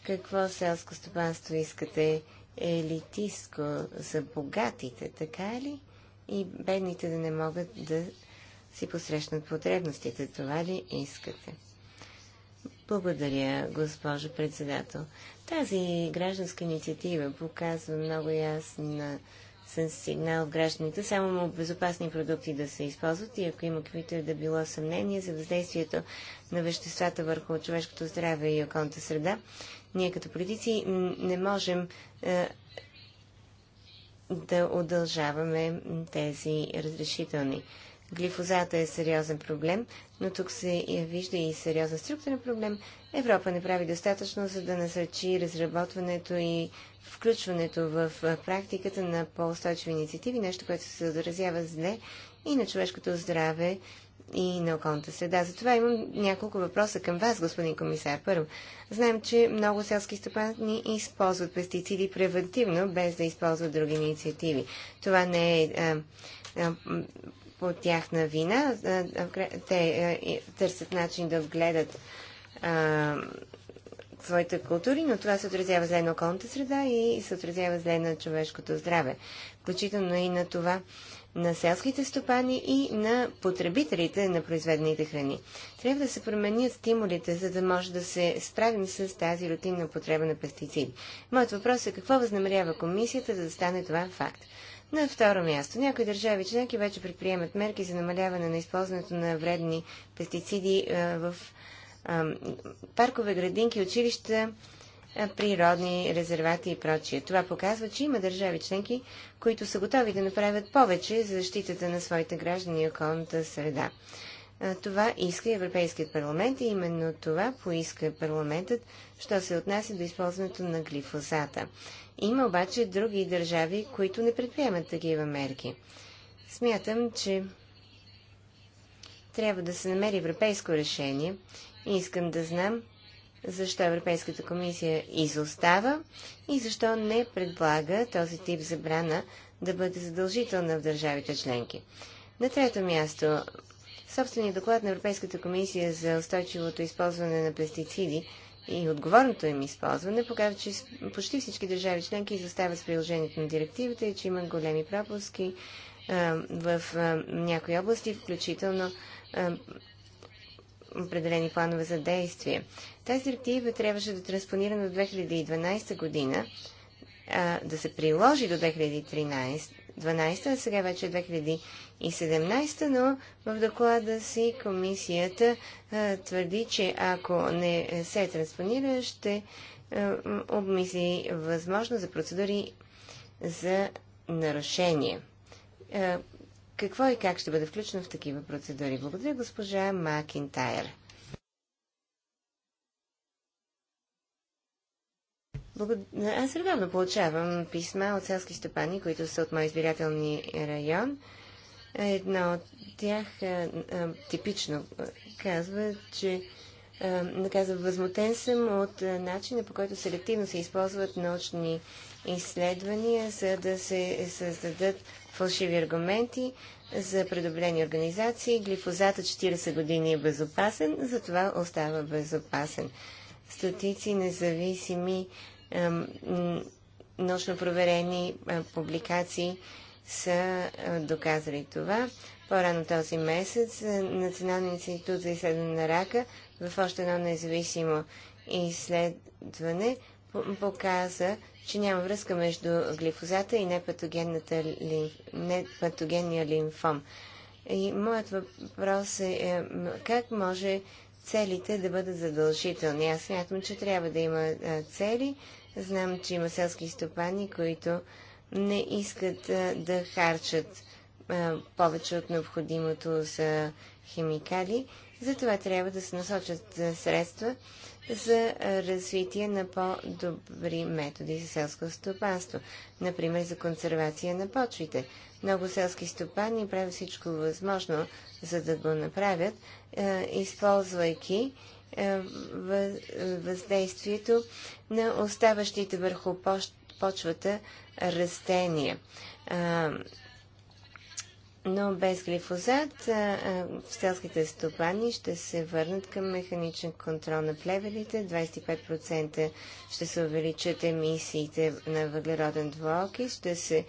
Какво селско стопанство искате? Елитистко за богатите, така ли? И бедните да не могат да си посрещнат потребностите. Това ли искате? Благодаря, госпожо председател. Тази гражданска инициатива показва много ясна ясен сигнал от гражданите, само му безопасни продукти да се използват и ако има каквито и е да било съмнение за въздействието на веществата върху човешкото здраве и околната среда, ние като политици не можем е, да удължаваме тези разрешителни глифозата е сериозен проблем, но тук се вижда и сериозен структурен проблем. Европа не прави достатъчно, за да насърчи разработването и включването в практиката на по-устойчиви инициативи, нещо, което се отразява зле и на човешкото здраве и на околната среда. Затова имам няколко въпроса към вас, господин комисар. Първо, знаем, че много селски стопани използват пестициди превентивно, без да използват други инициативи. Това не е а, а, по тяхна вина. Те търсят начин да вгледат своите култури, но това се отразява зле на околната среда и се отразява зле на човешкото здраве. Включително и на това на селските стопани и на потребителите на произведените храни. Трябва да се променят стимулите, за да може да се справим с тази рутинна употреба на пестициди. Моят въпрос е какво възнамерява комисията, за да стане това факт. На второ място, някои държави членки вече предприемат мерки за намаляване на използването на вредни пестициди в паркове, градинки, училища, природни резервати и прочие. Това показва, че има държави членки, които са готови да направят повече за защитата на своите граждани и околната среда. Това иска Европейският парламент и именно това поиска парламентът, що се отнася до използването на глифозата. Има обаче други държави, които не предприемат такива мерки. Смятам, че трябва да се намери европейско решение и искам да знам защо Европейската комисия изостава и защо не предлага този тип забрана да бъде задължителна в държавите членки. На трето място, Собственият доклад на Европейската комисия за устойчивото използване на пестициди и отговорното им използване показва, че почти всички държави членки изоставят с приложението на директивата и че има големи пропуски в някои области, включително определени планове за действие. Тази директива трябваше да е транспонира до 2012 година, да се приложи до 2013, 2012, сега вече 2017, е но в доклада си комисията твърди, че ако не се транспонира, ще обмисли възможност за процедури за нарушение. какво и как ще бъде включено в такива процедури? Благодаря, госпожа Макинтайр. Аз редовно получавам писма от селски стопани, които са от мой избирателни район. Едно от тях а, е, а, е, типично е, казва, че а, казва, възмутен съм от начина по който селективно се използват научни изследвания, за да се създадат фалшиви аргументи за предобрени организации. Глифозата 40 години е безопасен, затова остава безопасен. Стотици независими научно проверени е, публикации са е, доказали това. По-рано този месец е, Националния институт за изследване на рака в още едно независимо изследване показа, че няма връзка между глифозата и непатогенния лимфом. И моят въпрос е как може целите да бъдат задължителни. Аз смятам, че трябва да има цели. Знам, че има селски стопани, които не искат а, да харчат а, повече от необходимото за химикали. Затова трябва да се насочат а, средства за развитие на по-добри методи за селско стопанство, например за консервация на почвите. Много селски стопани правят всичко възможно, за да го направят, е, използвайки е, въздействието на оставащите върху почвата растения. но без глифозат селските стопани ще се върнат към механичен контрол на плевелите. 25% ще се увеличат емисиите на въглероден двуокис, ще се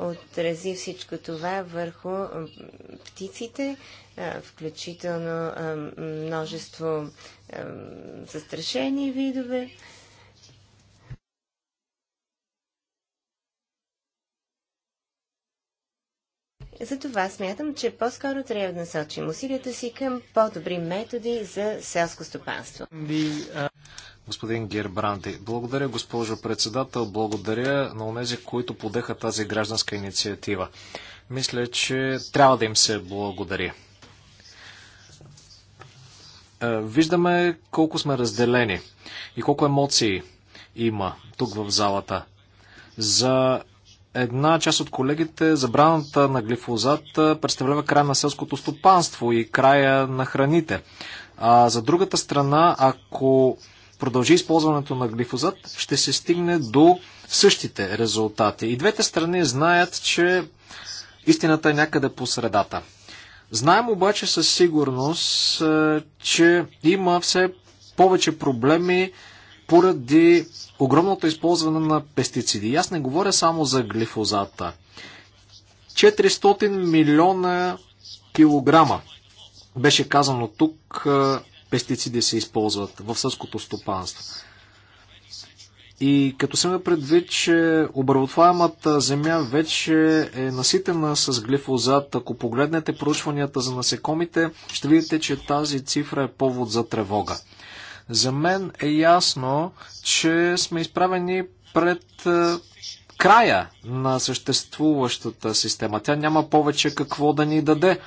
отрази всичко това върху птиците, включително множество застрашени видове. Затова смятам, че по-скоро трябва да насочим усилията си към по-добри методи за селско стопанство.
Господин Гербранди, благодаря госпожо председател, благодаря на онези, които подеха тази гражданска инициатива. Мисля, че трябва да им се благодари. Виждаме колко сме разделени и колко емоции има тук в залата за една част от колегите, забраната на глифозат представлява края на селското стопанство и края на храните. А за другата страна, ако продължи използването на глифозат, ще се стигне до същите резултати. И двете страни знаят, че истината е някъде по средата. Знаем обаче със сигурност, че има все повече проблеми поради огромното използване на пестициди. И аз не говоря само за глифозата. 400 милиона килограма беше казано тук пестициди се използват в сърското стопанство. И като се ме предвид, че обработваемата земя вече е наситена с глифозат, ако погледнете проучванията за насекомите, ще видите, че тази цифра е повод за тревога. За мен е ясно, че сме изправени пред е, края на съществуващата система. Тя няма повече какво да ни даде.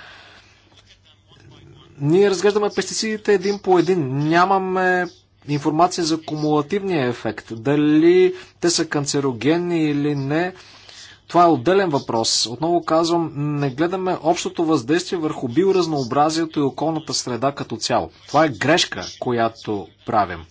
Ние разглеждаме пестицидите един по един. Нямаме информация за кумулативния ефект. Дали те са канцерогенни или не. Това е отделен въпрос. Отново казвам, не гледаме общото въздействие върху биоразнообразието и околната среда като цяло. Това е грешка, която правим.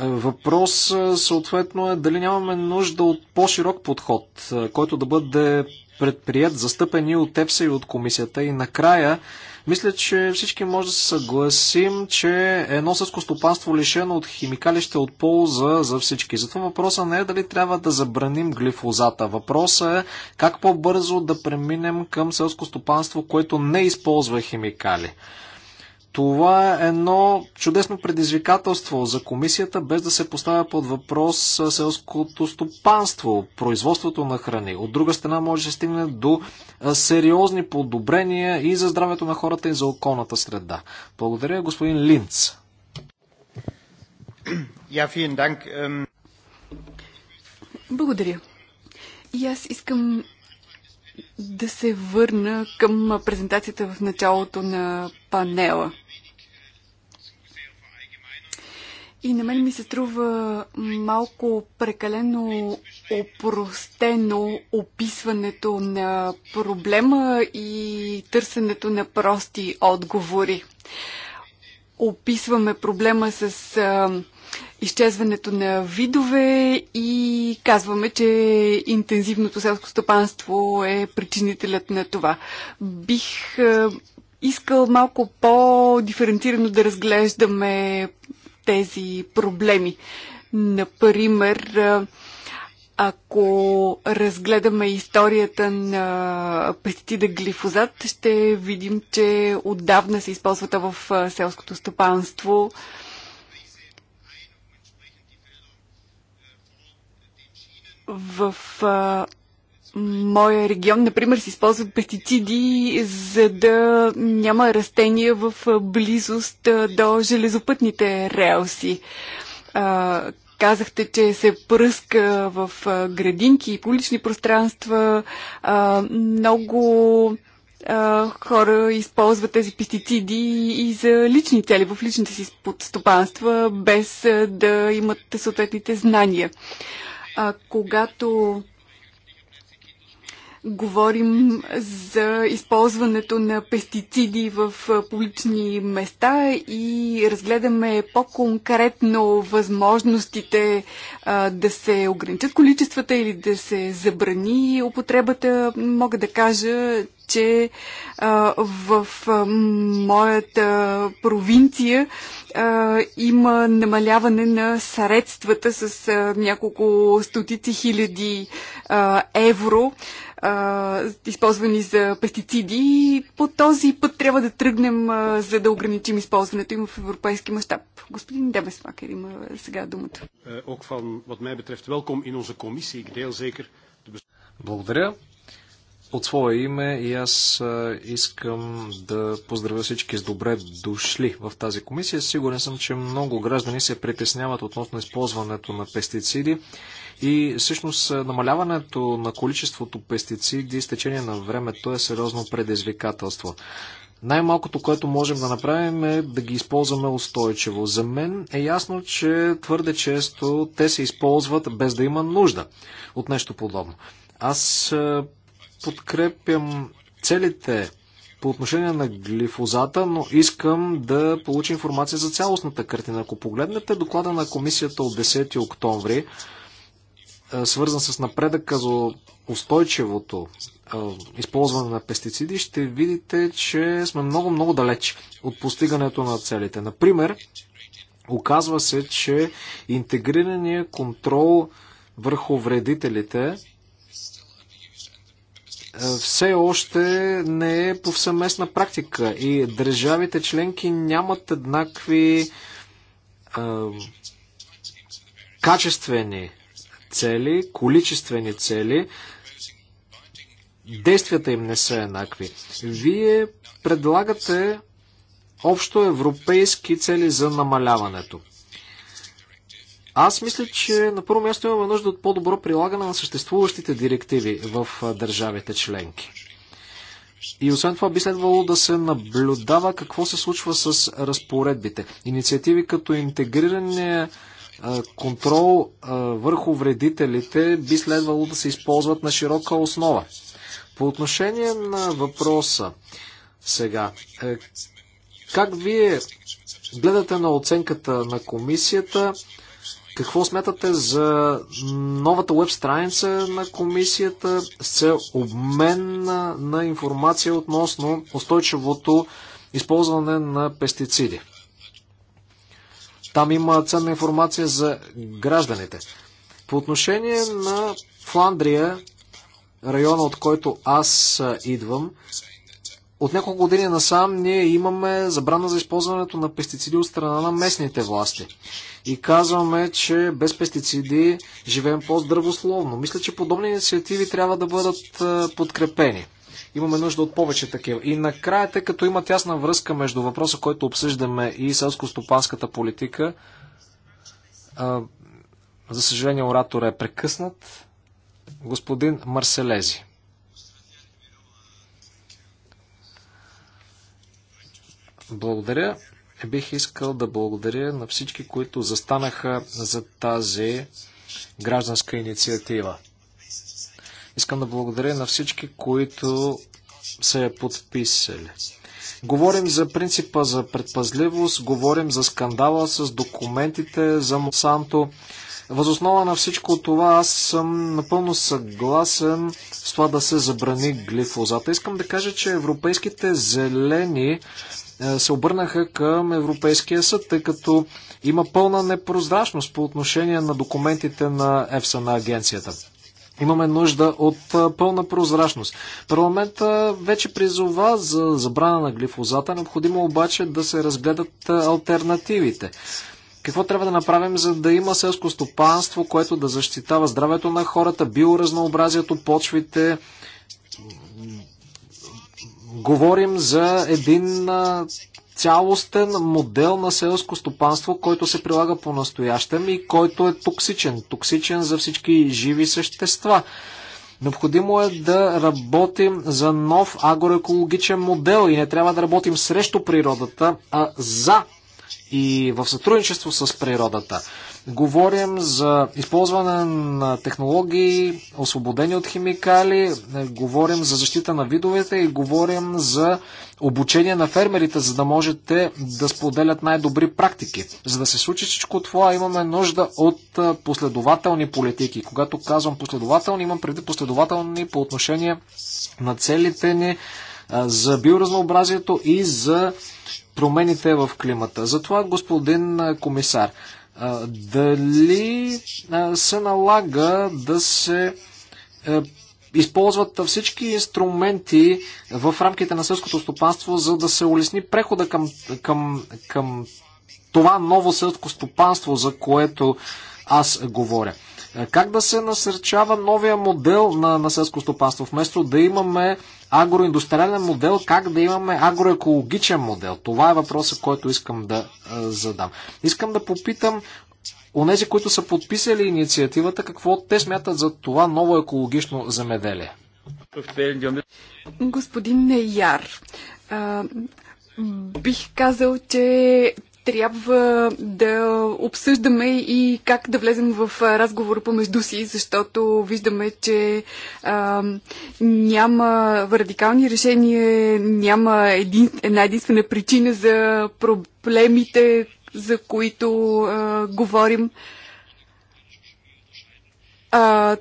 Въпрос съответно е дали нямаме нужда от по-широк подход, който да бъде предприят, застъпен и от ЕПСА и от комисията. И накрая мисля, че всички може да се съгласим, че едно съско стопанство лишено от химикали ще е от полза за всички. Затова въпросът не е дали трябва да забраним глифозата. Въпросът е как по-бързо да преминем към селско стопанство, което не използва химикали. Това е едно чудесно предизвикателство за комисията, без да се поставя под въпрос селското стопанство, производството на храни. От друга страна може да се стигне до сериозни подобрения и за здравето на хората и за околната среда. Благодаря, господин Линц.
Благодаря. И аз искам да се върна към презентацията в началото на панела. И на мен ми се струва малко прекалено опростено описването на проблема и търсенето на прости отговори. Описваме проблема с а, изчезването на видове и казваме, че интензивното селско стопанство е причинителят на това. Бих искал малко по-диференцирано да разглеждаме тези проблеми. Например, ако разгледаме историята на пестицида глифозат, ще видим, че отдавна се използвата в селското стопанство. В моя регион, например, се използват пестициди, за да няма растения в близост до железопътните релси. казахте, че се пръска в градинки и публични пространства. много хора използват тези пестициди и за лични цели в личните си стопанства, без да имат съответните знания. А, когато Говорим за използването на пестициди в публични места и разгледаме по-конкретно възможностите а, да се ограничат количествата или да се забрани употребата. Мога да кажа, че а, в а, моята провинция а, има намаляване на средствата с а, няколко стотици хиляди а, евро. А, а, използвани за пестициди по този път трябва да тръгнем, а, за да ограничим използването им в европейски мащаб. Господин Дебесмакер има сега думата.
Благодаря. От своя име и аз искам да поздравя всички с добре дошли в тази комисия. Сигурен съм, че много граждани се притесняват относно използването на пестициди и всъщност намаляването на количеството пестициди с течение на времето е сериозно предизвикателство. Най-малкото, което можем да направим е да ги използваме устойчиво. За мен е ясно, че твърде често те се използват без да има нужда от нещо подобно. Аз подкрепям целите по отношение на глифозата, но искам да получа информация за цялостната картина. Ако погледнете доклада на комисията от 10 октомври, е, свързан с напредъка за устойчивото е, използване на пестициди, ще видите, че сме много-много далеч от постигането на целите. Например, оказва се, че интегрирания контрол върху вредителите е, все още не е повсеместна практика и държавите членки нямат еднакви качествени цели, количествени цели, действията им не са еднакви. Вие предлагате общо европейски цели за намаляването. Аз мисля, че на първо място имаме нужда от по-добро прилагане на съществуващите директиви в държавите членки. И освен това би следвало да се наблюдава какво се случва с разпоредбите. Инициативи като интегриране контрол върху вредителите би следвало да се използват на широка основа. По отношение на въпроса сега, е, как вие гледате на оценката на комисията? Какво смятате за новата веб страница на комисията с цел обмен на, на информация относно устойчивото използване на пестициди? Там има ценна информация за гражданите. По отношение на Фландрия, района от който аз идвам, от няколко години насам ние имаме забрана за използването на пестициди от страна на местните власти. И казваме, че без пестициди живеем по-здравословно. Мисля, че подобни инициативи трябва да бъдат подкрепени. Имаме нужда от повече такива. И накрая, тъй като има тясна връзка между въпроса, който обсъждаме и селско-стопанската политика, а, за съжаление оратора е прекъснат. Господин Марселези. Благодаря. Е, бих искал да благодаря на всички, които застанаха за тази гражданска инициатива. Искам да благодаря на всички, които се е подписали. Говорим за принципа за предпазливост, говорим за скандала с документите за Монсанто. Възоснова на всичко това аз съм напълно съгласен с това да се забрани глифозата. Искам да кажа, че европейските зелени е, се обърнаха към Европейския съд, тъй като има пълна непрозрачност по отношение на документите на ЕФСА на агенцията. Имаме нужда от пълна прозрачност. Парламента вече призова за забрана на глифозата, необходимо обаче да се разгледат альтернативите. Какво трябва да направим, за да има селско стопанство, което да защитава здравето на хората, биоразнообразието, почвите? Говорим за един цялостен модел на селско стопанство, който се прилага по настоящем и който е токсичен. Токсичен за всички живи същества. Необходимо е да работим за нов агроекологичен модел и не трябва да работим срещу природата, а за и в сътрудничество с природата. Говорим за използване на технологии, освободени от химикали, говорим за защита на видовете и говорим за обучение на фермерите, за да можете да споделят най-добри практики. За да се случи всичко това, имаме нужда от последователни политики. Когато казвам последователни, имам преди последователни по отношение на целите ни за биоразнообразието и за промените в климата. Затова, господин комисар, дали се налага да се е, използват всички инструменти в рамките на сълското стопанство, за да се улесни прехода към, към, към това ново сълско стопанство, за което аз говоря. Е, как да се насърчава новия модел на, на сълско стопанство, вместо да имаме агроиндустриален модел, как да имаме агроекологичен модел. Това е въпросът, който искам да е, задам. Искам да попитам онези, които са подписали инициативата, какво те смятат за това ново екологично земеделие.
Господин Неяр, бих казал, че трябва да обсъждаме и как да влезем в разговор помежду си, защото виждаме, че а, няма радикални решения, няма един, една единствена причина за проблемите, за които а, говорим. А,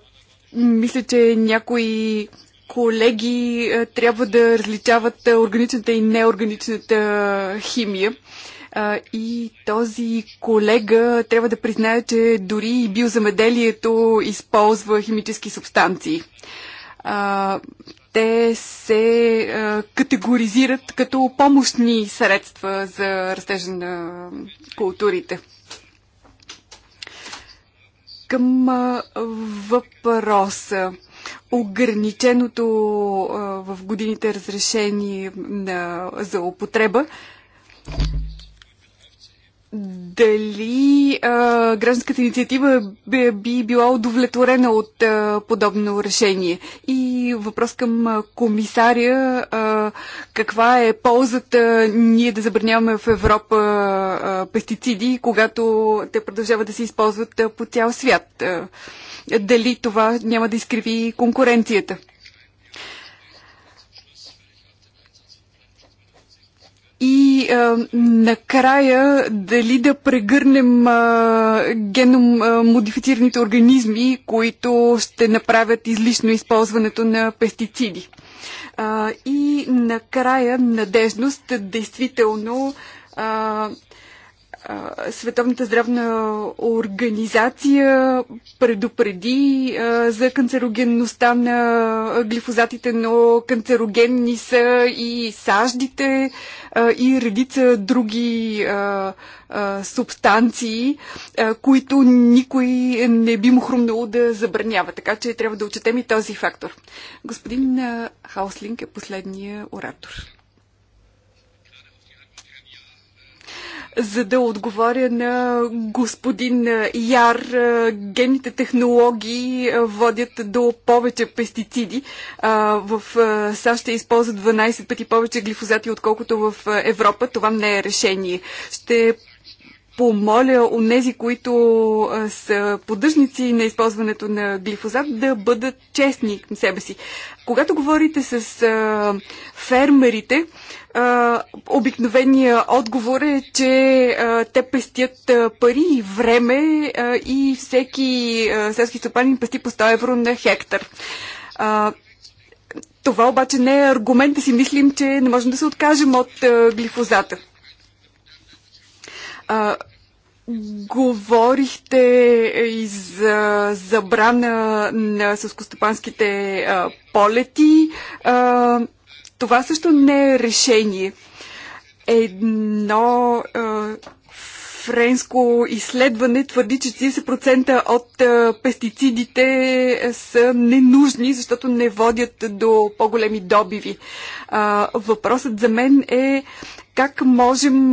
мисля, че някои колеги а, трябва да различават органичната и неорганичната химия. А, и този колега трябва да признае, че дори и биоземеделието използва химически субстанции. А, те се а, категоризират като помощни средства за растежа на културите. Към а, въпроса ограниченото а, в годините разрешение на, за употреба дали а, гражданската инициатива би, би била удовлетворена от а, подобно решение. И въпрос към комисаря, а, каква е ползата ние да забраняваме в Европа а, пестициди, когато те продължават да се използват а, по цял свят? А, дали това няма да изкриви конкуренцията? И а, накрая дали да прегърнем а, геном а, модифицираните организми, които ще направят излишно използването на пестициди. А, и накрая надежност, действително а, Световната здравна организация предупреди за канцерогенността на глифозатите, но канцерогенни са и саждите и редица други субстанции, които никой не би му хрумнало да забранява. Така че трябва да отчетем и този фактор. Господин Хауслинг е последния оратор. за да отговоря на господин Яр. Генните технологии водят до повече пестициди. В САЩ ще използват 12 пъти повече глифозати, отколкото в Европа. Това не е решение. Ще помоля нези, които са поддъжници на използването на глифозат, да бъдат честни към себе си. Когато говорите с а, фермерите, а, обикновения отговор е, че а, те пестят а, пари и време а, и всеки а, селски стопанин пести по 100 евро на хектар. А, това обаче не е аргумент да си мислим, че не можем да се откажем от а, глифозата. А, говорихте и за забрана на съскостопанските а, полети. А, това също не е решение. Едно а, френско изследване твърди, че 40% от пестицидите са ненужни, защото не водят до по-големи добиви. Въпросът за мен е как можем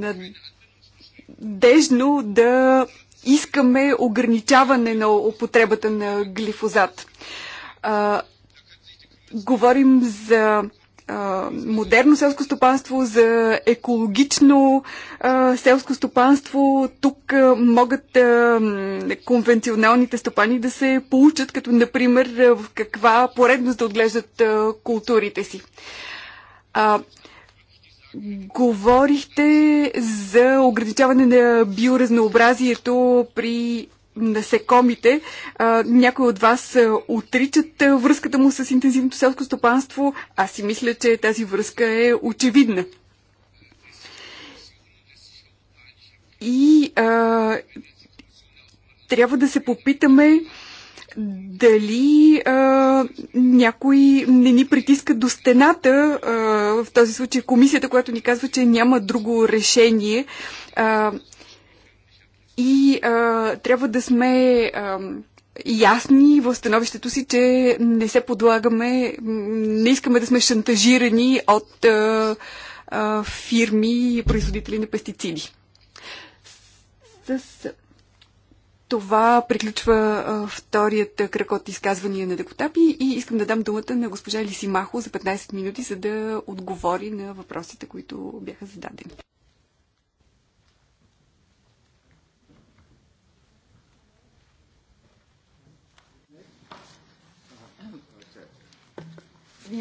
надежно да искаме ограничаване на употребата на глифозат? Говорим за модерно селско стопанство, за екологично селско стопанство. Тук могат конвенционалните стопани да се получат, като например в каква поредност да отглеждат културите си. Говорихте за ограничаване на биоразнообразието при насекомите. Някои от вас отричат връзката му с интензивното селско стопанство. Аз си мисля, че тази връзка е очевидна. И а, трябва да се попитаме дали а, някой не ни притиска до стената, а, в този случай комисията, която ни казва, че няма друго решение. А, и а, трябва да сме а, ясни в становището си, че не се подлагаме, не искаме да сме шантажирани от а, а, фирми и производители на пестициди. С това приключва а, вторият кръг от изказвания на депутати и искам да дам думата на госпожа Лисимахо за 15 минути, за да отговори на въпросите, които бяха зададени.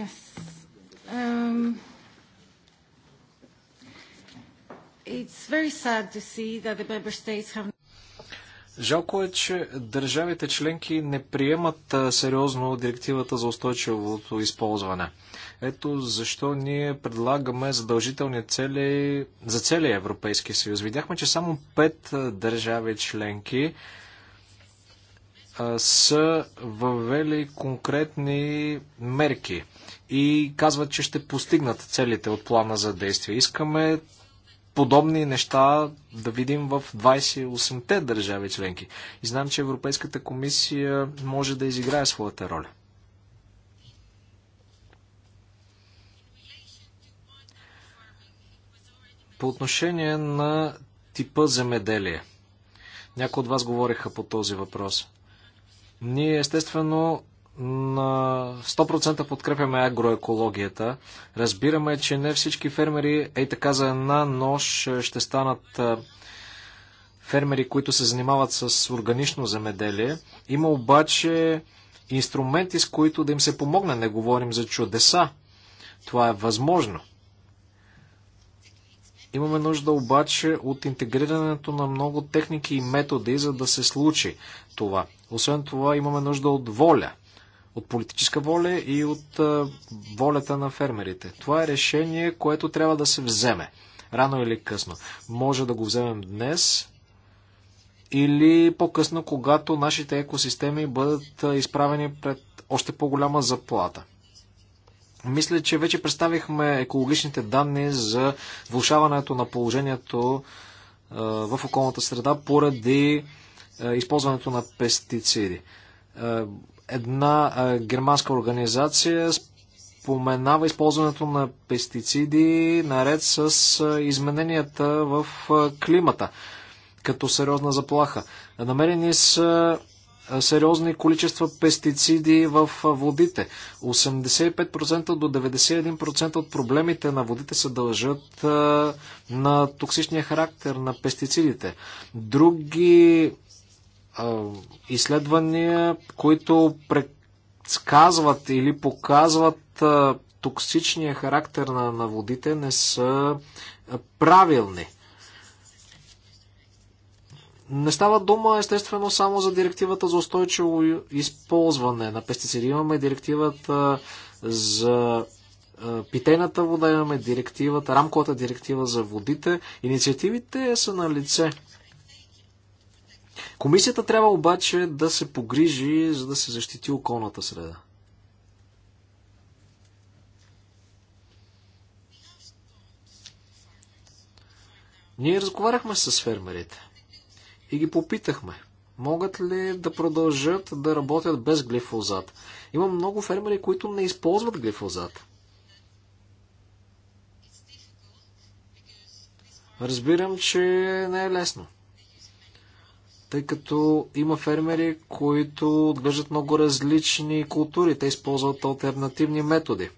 Yes. Um, it's very sad to see that the member states have
Жалко е, че държавите членки не приемат сериозно директивата за устойчивото използване. Ето защо ние предлагаме задължителни цели за целия Европейски съюз. Видяхме, че само пет държави членки са въвели конкретни мерки и казват, че ще постигнат целите от плана за действие. Искаме подобни неща да видим в 28-те държави членки. И знам, че Европейската комисия може да изиграе своята роля. По отношение на типа земеделие. Някои от вас говориха по този въпрос. Ние естествено на 100% подкрепяме агроекологията. Разбираме, че не всички фермери, ей така за една нощ, е, ще станат е, фермери, които се занимават с органично земеделие. Има обаче инструменти, с които да им се помогне. Не говорим за чудеса. Това е възможно. Имаме нужда обаче от интегрирането на много техники и методи, за да се случи това. Освен това, имаме нужда от воля от политическа воля и от волята на фермерите. Това е решение, което трябва да се вземе, рано или късно. Може да го вземем днес или по-късно, когато нашите екосистеми бъдат изправени пред още по-голяма заплата. Мисля, че вече представихме екологичните данни за влушаването на положението в околната среда поради използването на пестициди. Една германска организация споменава използването на пестициди наред с измененията в климата като сериозна заплаха. Намерени са сериозни количества пестициди в водите. 85% до 91% от проблемите на водите се дължат на токсичния характер на пестицидите. Други изследвания, които предсказват или показват токсичния характер на, на водите, не са правилни. Не става дума, естествено, само за директивата за устойчиво използване на пестициди. Имаме директивата за питейната вода, имаме директивата, рамковата директива за водите. Инициативите са на лице Комисията трябва обаче да се погрижи, за да се защити околната среда. Ние разговаряхме с фермерите и ги попитахме, могат ли да продължат да работят без глифозат. Има много фермери, които не използват глифозат. Разбирам, че не е лесно тъй като има фермери, които отглеждат много различни култури. Те използват альтернативни методи.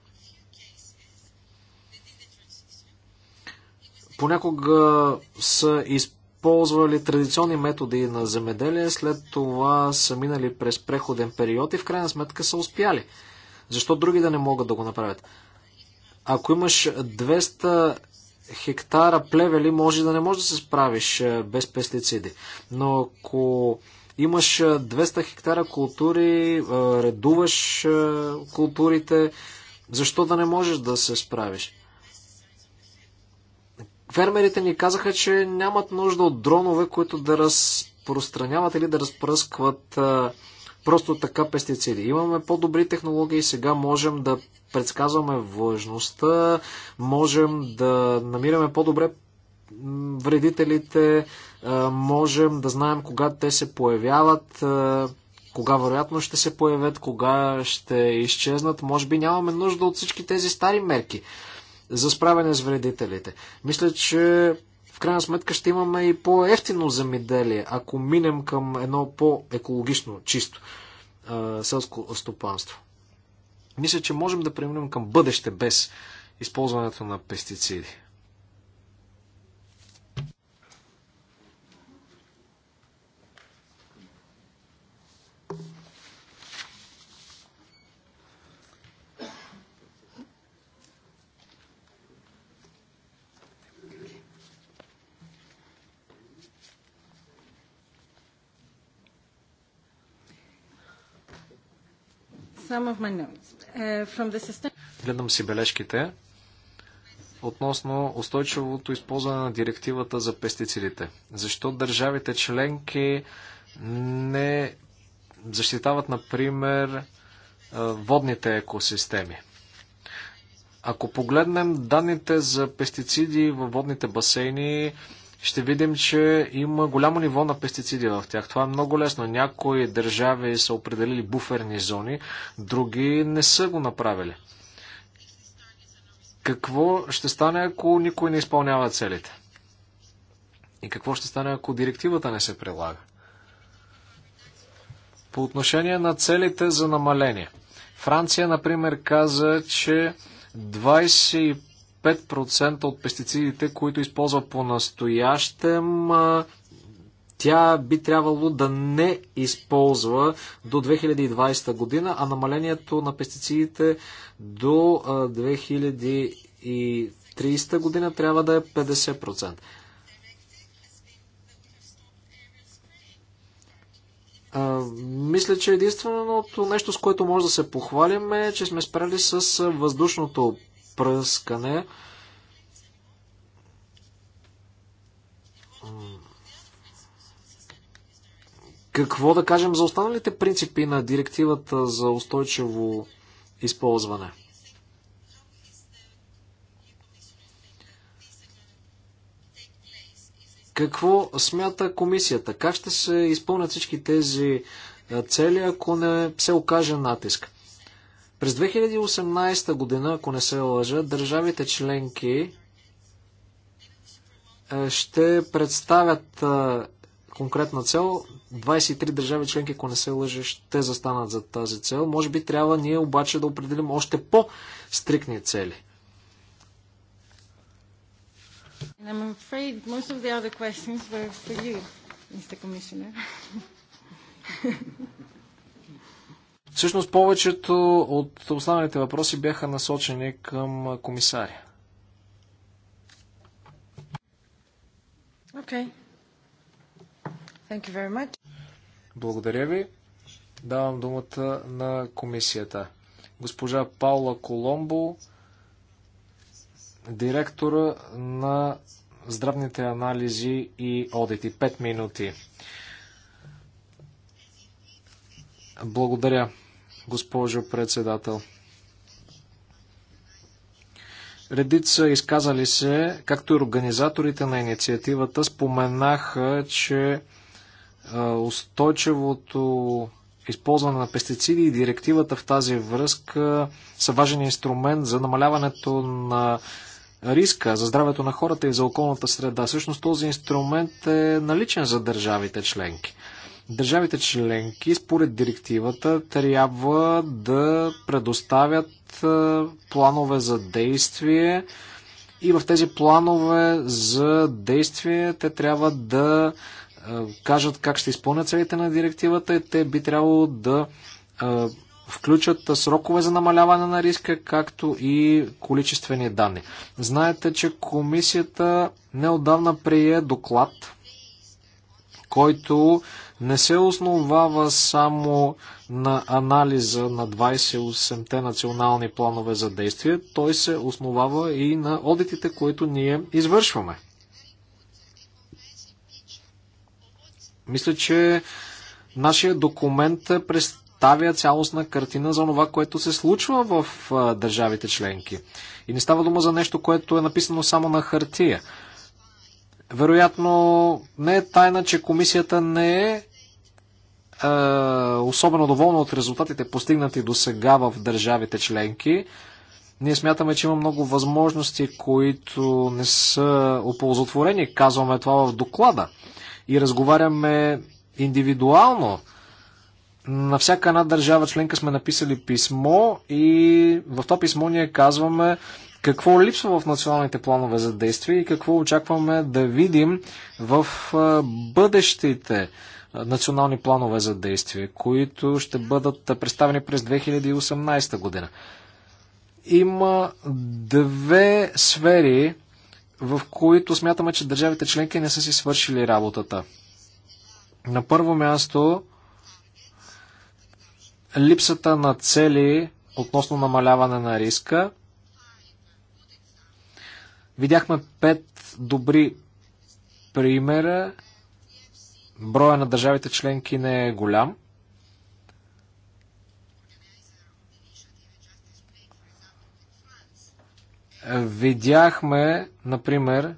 Понякога са използвали традиционни методи на земеделие, след това са минали през преходен период и в крайна сметка са успяли. Защо други да не могат да го направят? Ако имаш 200 хектара плевели може да не можеш да се справиш е, без пестициди. Но ако имаш 200 е, хектара култури, е, редуваш културите, защо да не можеш да се справиш? Фермерите ни казаха, че нямат нужда от дронове, които да разпространяват или да разпръскват просто така пестициди. Имаме по-добри технологии, сега можем да предсказваме влажността, можем да намираме по-добре вредителите, можем да знаем кога те се появяват, кога вероятно ще се появят, кога ще изчезнат. Може би нямаме нужда от всички тези стари мерки за справяне с вредителите. Мисля, че крайна сметка ще имаме и по-ефтино земеделие, ако минем към едно по-екологично, чисто а, селско стопанство. Мисля, че можем да преминем към бъдеще без използването на пестициди.
Uh,
Гледам си бележките относно устойчивото използване на директивата за пестицидите. Защо държавите членки не защитават, например, водните екосистеми? Ако погледнем данните за пестициди във водните басейни, ще видим, че има голямо ниво на пестициди в тях. Това е много лесно. Някои държави са определили буферни зони, други не са го направили. Какво ще стане, ако никой не изпълнява целите? И какво ще стане, ако директивата не се прилага? По отношение на целите за намаление. Франция, например, каза, че 25 5% от пестицидите, които използва по-настоящем, тя би трябвало да не използва до 2020 година, а намалението на пестицидите до 2030 година трябва да е 50%. мисля, че единственото нещо, с което може да се похвалим е, че сме спрели с въздушното пръскане. Какво да кажем за останалите принципи на директивата за устойчиво използване? Какво смята комисията? Как ще се изпълнят всички тези цели, ако не се окаже натиск? През 2018 година, ако не се лъжа, държавите членки е, ще представят е, конкретна цел. 23 държави членки, ако не се лъжа, ще застанат за тази цел. Може би трябва ние обаче да определим още по-стрикни цели.
And
I'm *laughs*
Всъщност повечето от останалите въпроси бяха насочени към комисаря.
Okay. Thank you very much.
Благодаря ви. Давам думата на комисията. Госпожа Паула Коломбо, директора на здравните анализи и одити. Пет минути. Благодаря госпожо председател. Редица изказали се, както и организаторите на инициативата, споменаха, че устойчивото използване на пестициди и директивата в тази връзка са важен инструмент за намаляването на риска за здравето на хората и за околната среда. Всъщност този инструмент е наличен за държавите членки. Държавите членки, според директивата, трябва да предоставят е, планове за действие и в тези планове за действие те трябва да е, кажат как ще изпълнят целите на директивата и те би трябвало да е, включат срокове за намаляване на риска, както и количествени данни. Знаете, че комисията неодавна прие доклад, който не се основава само на анализа на 28-те национални планове за действие, той се основава и на одитите, които ние извършваме. Мисля, че нашия документ представя цялостна картина за това, което се случва в държавите членки. И не става дума за нещо, което е написано само на хартия. Вероятно не е тайна, че комисията не е е, особено доволна от резултатите постигнати до сега в държавите членки. Ние смятаме, че има много възможности, които не са оползотворени. Казваме това в доклада и разговаряме индивидуално. На всяка една държава членка сме написали писмо и в това писмо ние казваме какво липсва в националните планове за действие и какво очакваме да видим в е, бъдещите национални планове за действие, които ще бъдат представени през 2018 година. Има две сфери, в които смятаме, че държавите членки не са си свършили работата. На първо място, липсата на цели относно намаляване на риска. Видяхме пет добри примера Броя на държавите членки не е голям. Видяхме, например,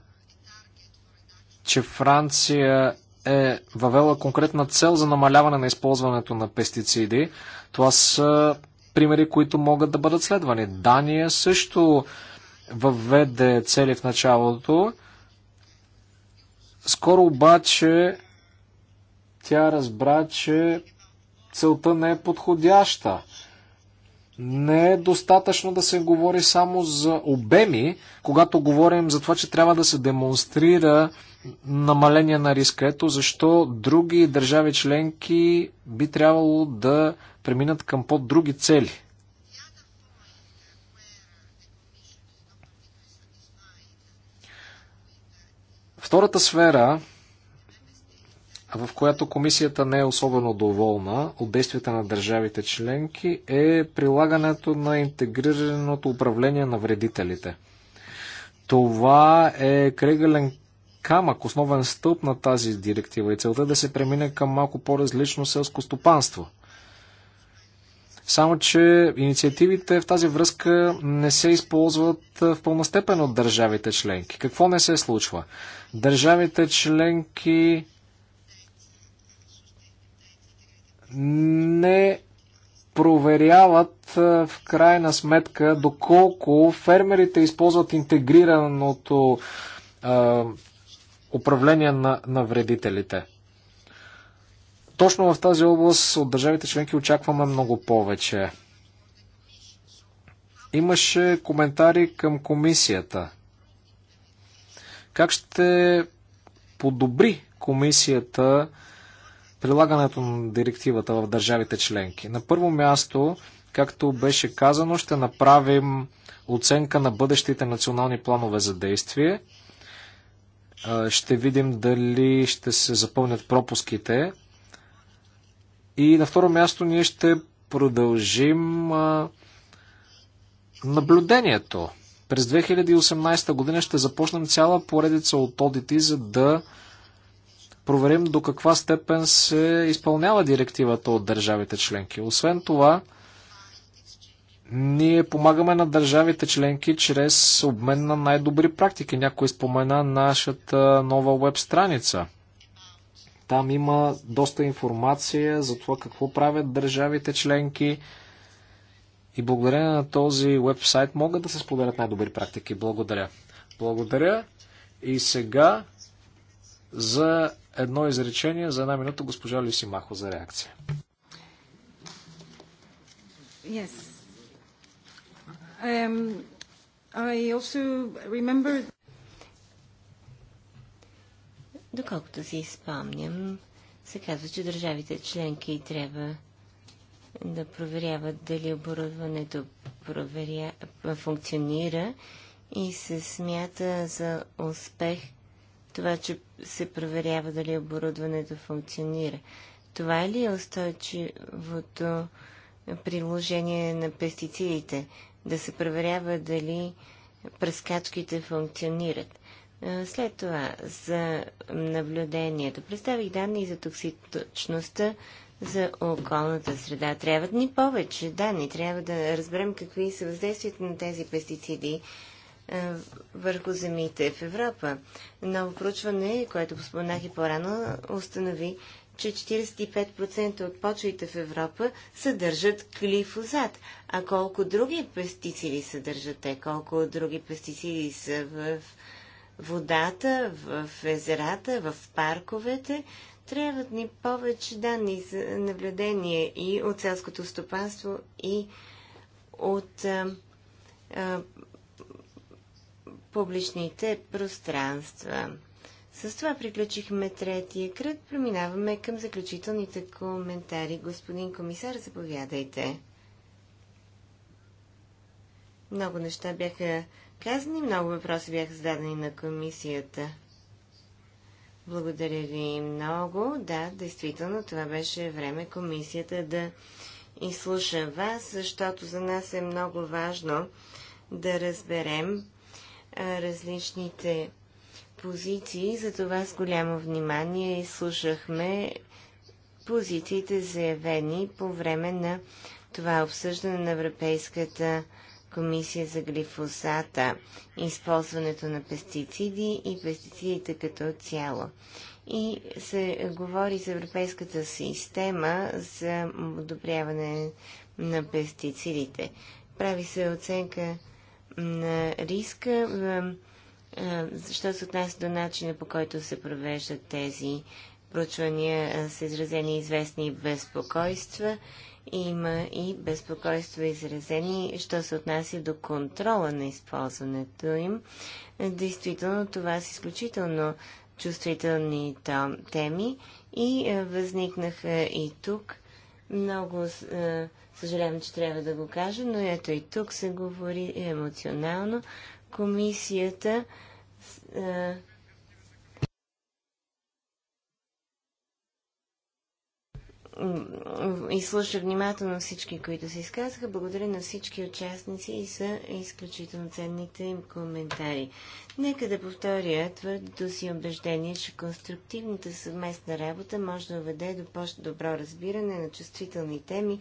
че Франция е въвела конкретна цел за намаляване на използването на пестициди. Това са примери, които могат да бъдат следвани. Дания също въведе цели в началото. Скоро обаче тя разбра, че целта не е подходяща. Не е достатъчно да се говори само за обеми, когато говорим за това, че трябва да се демонстрира намаление на риска. Ето защо други държави членки би трябвало да преминат към по-други цели. Втората сфера, в която комисията не е особено доволна от действията на държавите членки, е прилагането на интегрираното управление на вредителите. Това е кръгълен камък, основен стълб на тази директива и целта е да се премине към малко по-различно селско стопанство. Само, че инициативите в тази връзка не се използват в пълна степен от държавите членки. Какво не се случва? Държавите членки не проверяват в крайна сметка доколко фермерите използват интегрираното е, управление на, на вредителите. Точно в тази област от държавите членки очакваме много повече. Имаше коментари към комисията. Как ще подобри комисията? прилагането на директивата в държавите членки. На първо място, както беше казано, ще направим оценка на бъдещите национални планове за действие. Ще видим дали ще се запълнят пропуските. И на второ място ние ще продължим наблюдението. През 2018 година ще започнем цяла поредица от одити, за да проверим до каква степен се изпълнява директивата от държавите членки. Освен това, ние помагаме на държавите членки чрез обмен на най-добри практики. Някой спомена нашата нова веб страница. Там има доста информация за това какво правят държавите членки. И благодарение на този вебсайт могат да се споделят най-добри практики. Благодаря. Благодаря. И сега за едно изречение, за една минута госпожа Махо за реакция.
Yes. Um, I also remember... Доколкото си спомням, се казва, че държавите членки трябва да проверяват дали оборудването проверя... функционира и се смята за успех това, че се проверява дали оборудването функционира. Това ли е устойчивото приложение на пестицидите? Да се проверява дали пръскачките функционират. След това за наблюдението. Представих данни за токсичността за околната среда. Трябват ни повече данни. Трябва да разберем какви са въздействията на тези пестициди е, върху земите в Европа. Ново проучване, което споменах и по-рано, установи, че 45% от почвите в Европа съдържат глифозат. А колко други пестициди съдържат те? Колко други пестициди са в водата, в езерата, в парковете? Трябват ни повече данни за наблюдение и от селското стопанство, и от публичните пространства. С това приключихме третия кръг. Преминаваме към заключителните коментари. Господин комисар, заповядайте. Много неща бяха казани, много въпроси бяха зададени на комисията. Благодаря ви много. Да, действително, това беше време комисията да изслуша вас, защото за нас е много важно да разберем различните позиции, затова с голямо внимание изслушахме позициите заявени по време на това обсъждане на Европейската комисия за глифосата, използването на пестициди и пестицидите като цяло. И се говори за европейската система за одобряване на пестицидите. Прави се оценка на риска, що се отнася до начина по който се провеждат тези проучвания, са изразени известни безпокойства. Има и безпокойства изразени, що се отнася до контрола на използването им. Действително, това са изключително чувствителни теми и възникнаха и тук много Съжалявам, че трябва да го кажа, но ето и тук се говори емоционално. Комисията слуша внимателно всички, които се изказаха. Благодаря на всички участници и са изключително ценните им коментари. Нека да повторя твърдото си убеждение, че конструктивната съвместна работа може да доведе до по-добро разбиране на чувствителни теми,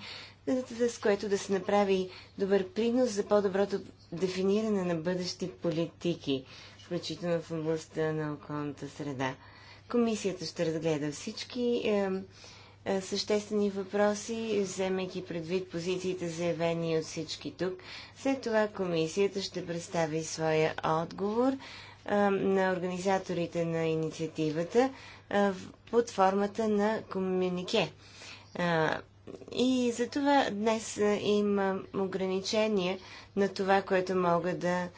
с което да се направи добър принос за по-доброто дефиниране на бъдещи политики, включително в областта на околната среда. Комисията ще разгледа всички е, е, съществени въпроси, вземайки предвид позициите заявени от всички тук. След това комисията ще представи своя отговор е, на организаторите на инициативата е, под формата на комюнике. и за това днес има ограничения на това, което мога да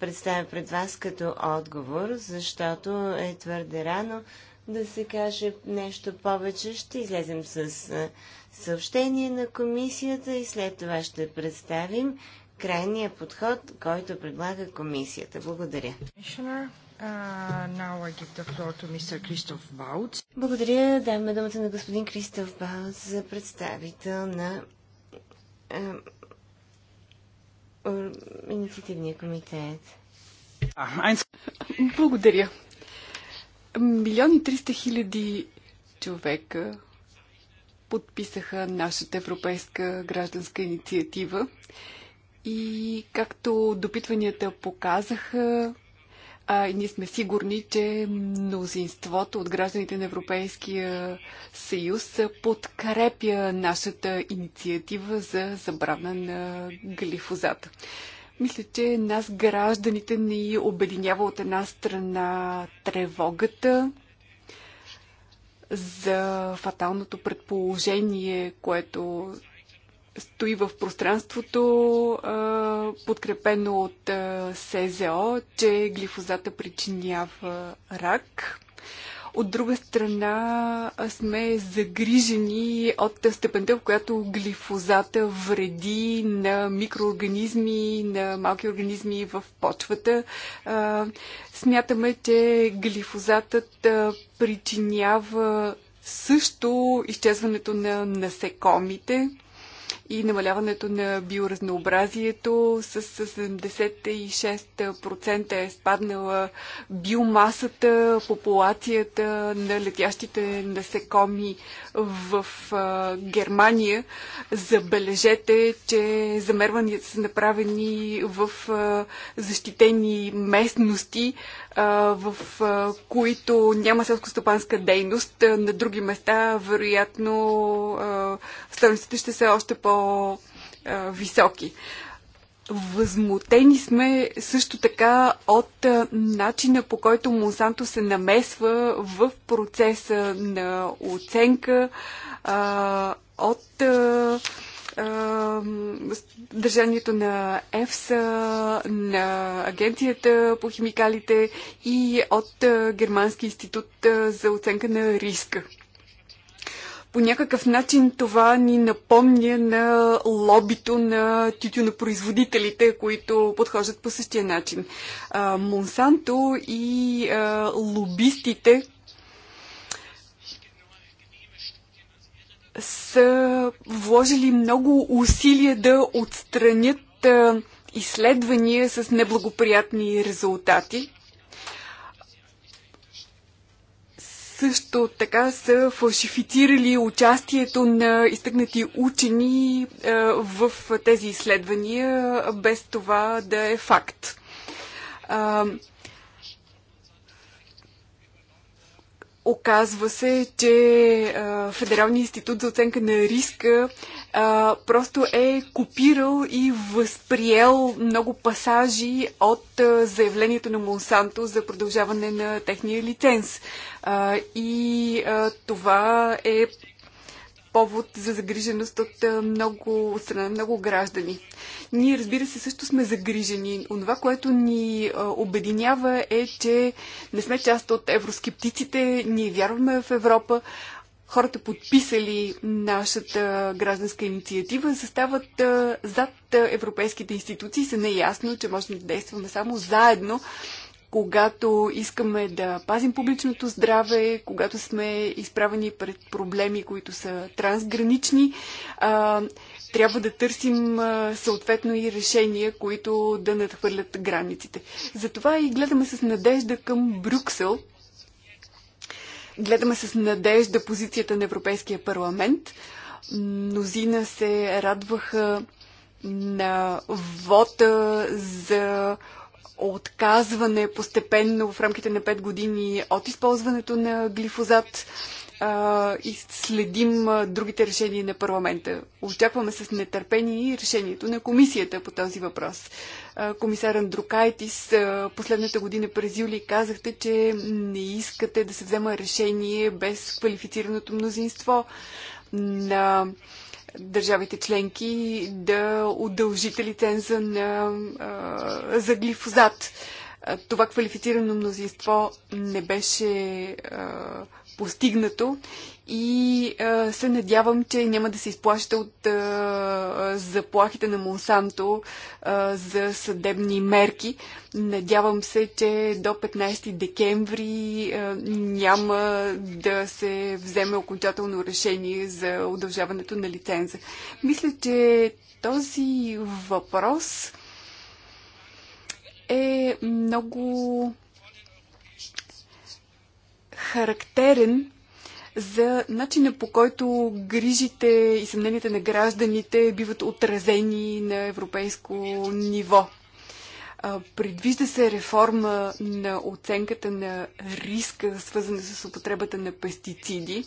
представя пред вас като отговор, защото е твърде рано да се каже нещо повече. Ще излезем с съобщение на комисията и след това ще представим крайния подход, който предлага комисията. Благодаря. Uh, Благодаря. Даваме думата на господин Кристоф Баут за представител на инициативния комитет. Благодаря. Милион и 300
хиляди човека подписаха нашата европейска гражданска инициатива и както допитванията показаха, а, и ние сме сигурни, че мнозинството от гражданите на Европейския съюз подкрепя нашата инициатива за забрана на глифозата. Мисля, че нас гражданите ни обединява от една страна тревогата за фаталното предположение, което стои в пространството, подкрепено от СЗО, че глифозата причинява рак. От друга страна сме загрижени от степента, в която глифозата вреди на микроорганизми, на малки организми в почвата. Смятаме, че глифозатът причинява също изчезването на насекомите и намаляването на биоразнообразието с 76% е спаднала биомасата, популацията на летящите насекоми в Германия. Забележете, че замерванията са направени в защитени местности, в които няма селскостопанска дейност. На други места, вероятно, стойностите ще са още по-високи. Възмутени сме също така от начина по който Монсанто се намесва в процеса на оценка от държанието на ЕФСА, на Агенцията по химикалите и от Германски институт за оценка на риска. По някакъв начин това ни напомня на лобито на тютюнопроизводителите, които подхождат по същия начин. Монсанто и лобистите, са вложили много усилия да отстранят изследвания с неблагоприятни резултати. Също така са фалшифицирали участието на изтъкнати учени в тези изследвания, без това да е факт Оказва се, че Федералния институт за оценка на риска а, просто е копирал и възприел много пасажи от а, заявлението на Монсанто за продължаване на техния лиценз. А, и а, това е повод за загриженост от е, много страна, много граждани. Ние, разбира се, също сме загрижени. Онова, което ни е, обединява е, че не сме част от евроскептиците, ние вярваме в Европа. Хората, подписали нашата гражданска инициатива, застават е, зад европейските институции са неясно, че можем да действаме само заедно когато искаме да пазим публичното здраве, когато сме изправени пред проблеми, които са трансгранични, а, трябва да търсим а, съответно и решения, които да надхвърлят границите. Затова и гледаме с надежда към Брюксел. Гледаме с надежда позицията на Европейския парламент. Мнозина се радваха на вота за отказване постепенно в рамките на 5 години от използването на глифозат а, и следим а, другите решения на парламента. Очакваме с нетърпение решението на комисията по този въпрос. А, комисар Андрукайтис, а, последната година през юли казахте, че не искате да се взема решение без квалифицираното мнозинство на държавите членки да удължите лиценза на, а, за глифозат. Това квалифицирано мнозинство не беше а, постигнато и а, се надявам, че няма да се изплаща от а, заплахите на Монсанто а, за съдебни мерки. Надявам се, че до 15 декември а, няма да се вземе окончателно решение за удължаването на лиценза. Мисля, че този въпрос е много характерен за начина по който грижите и съмненията на гражданите биват отразени на европейско ниво. Предвижда се реформа на оценката на риска, свързана с употребата на пестициди.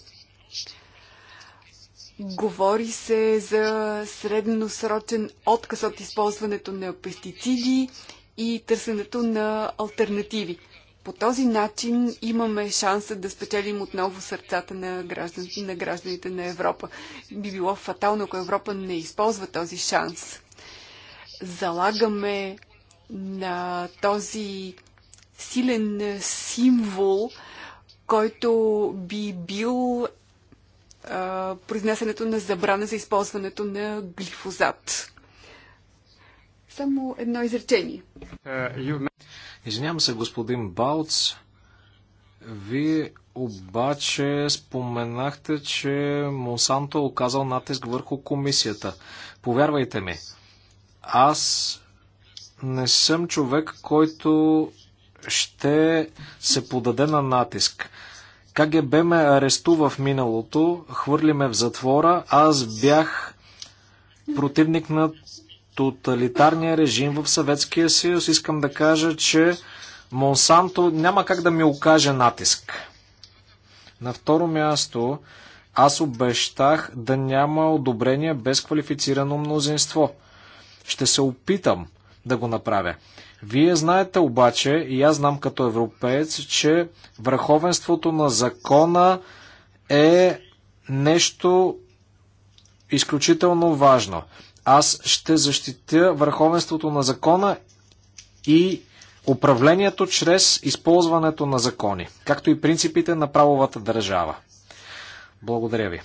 Говори се за средносрочен отказ от използването на пестициди и търсенето на альтернативи. По този начин имаме шанса да спечелим отново сърцата на, граждан, на гражданите на Европа. Би било фатално, ако Европа не използва този шанс. Залагаме на този силен символ, който би бил а, произнесенето на забрана за използването на
глифозат.
Само едно изречение.
Uh, Извинявам се, господин Балц. Вие обаче споменахте, че Монсанто е оказал натиск върху комисията. Повярвайте ми, аз не съм човек, който ще се подаде на натиск. КГБ ме арестува в миналото, хвърли ме в затвора, аз бях противник на тоталитарния режим в Съветския съюз, искам да кажа, че Монсанто няма как да ми окаже натиск. На второ място, аз обещах да няма одобрение без квалифицирано мнозинство. Ще се опитам да го направя. Вие знаете обаче, и аз знам като европеец, че върховенството на закона е нещо изключително важно. Аз ще защитя върховенството на закона и управлението чрез използването на закони, както и принципите на правовата държава. Благодаря ви.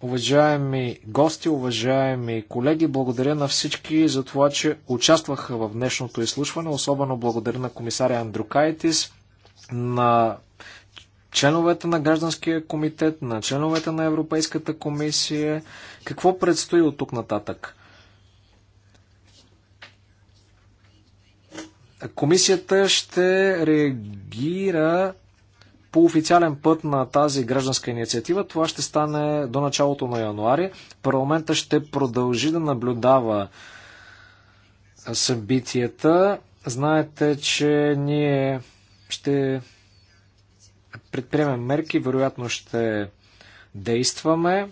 Уважаеми гости, уважаеми колеги, благодаря на всички за това, че участваха в днешното изслушване. Особено благодаря на комисаря Андрюкайтис, на членовете на гражданския комитет, на членовете на Европейската комисия. Какво предстои от тук нататък? Комисията ще реагира по официален път на тази гражданска инициатива. Това ще стане до началото на януари. Парламента ще продължи да наблюдава събитията. Знаете, че ние ще предприемем мерки, вероятно ще действаме.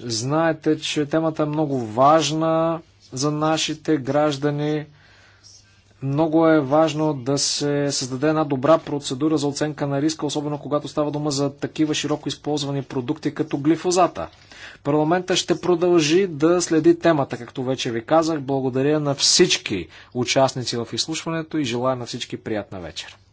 Знаете, че темата е много важна за нашите граждани. Много е важно да се създаде една добра процедура за оценка на риска, особено когато става дума за такива широко използвани продукти като глифозата. Парламента ще продължи да следи темата, както вече ви казах. Благодаря на всички участници в изслушването и желая на всички приятна вечер.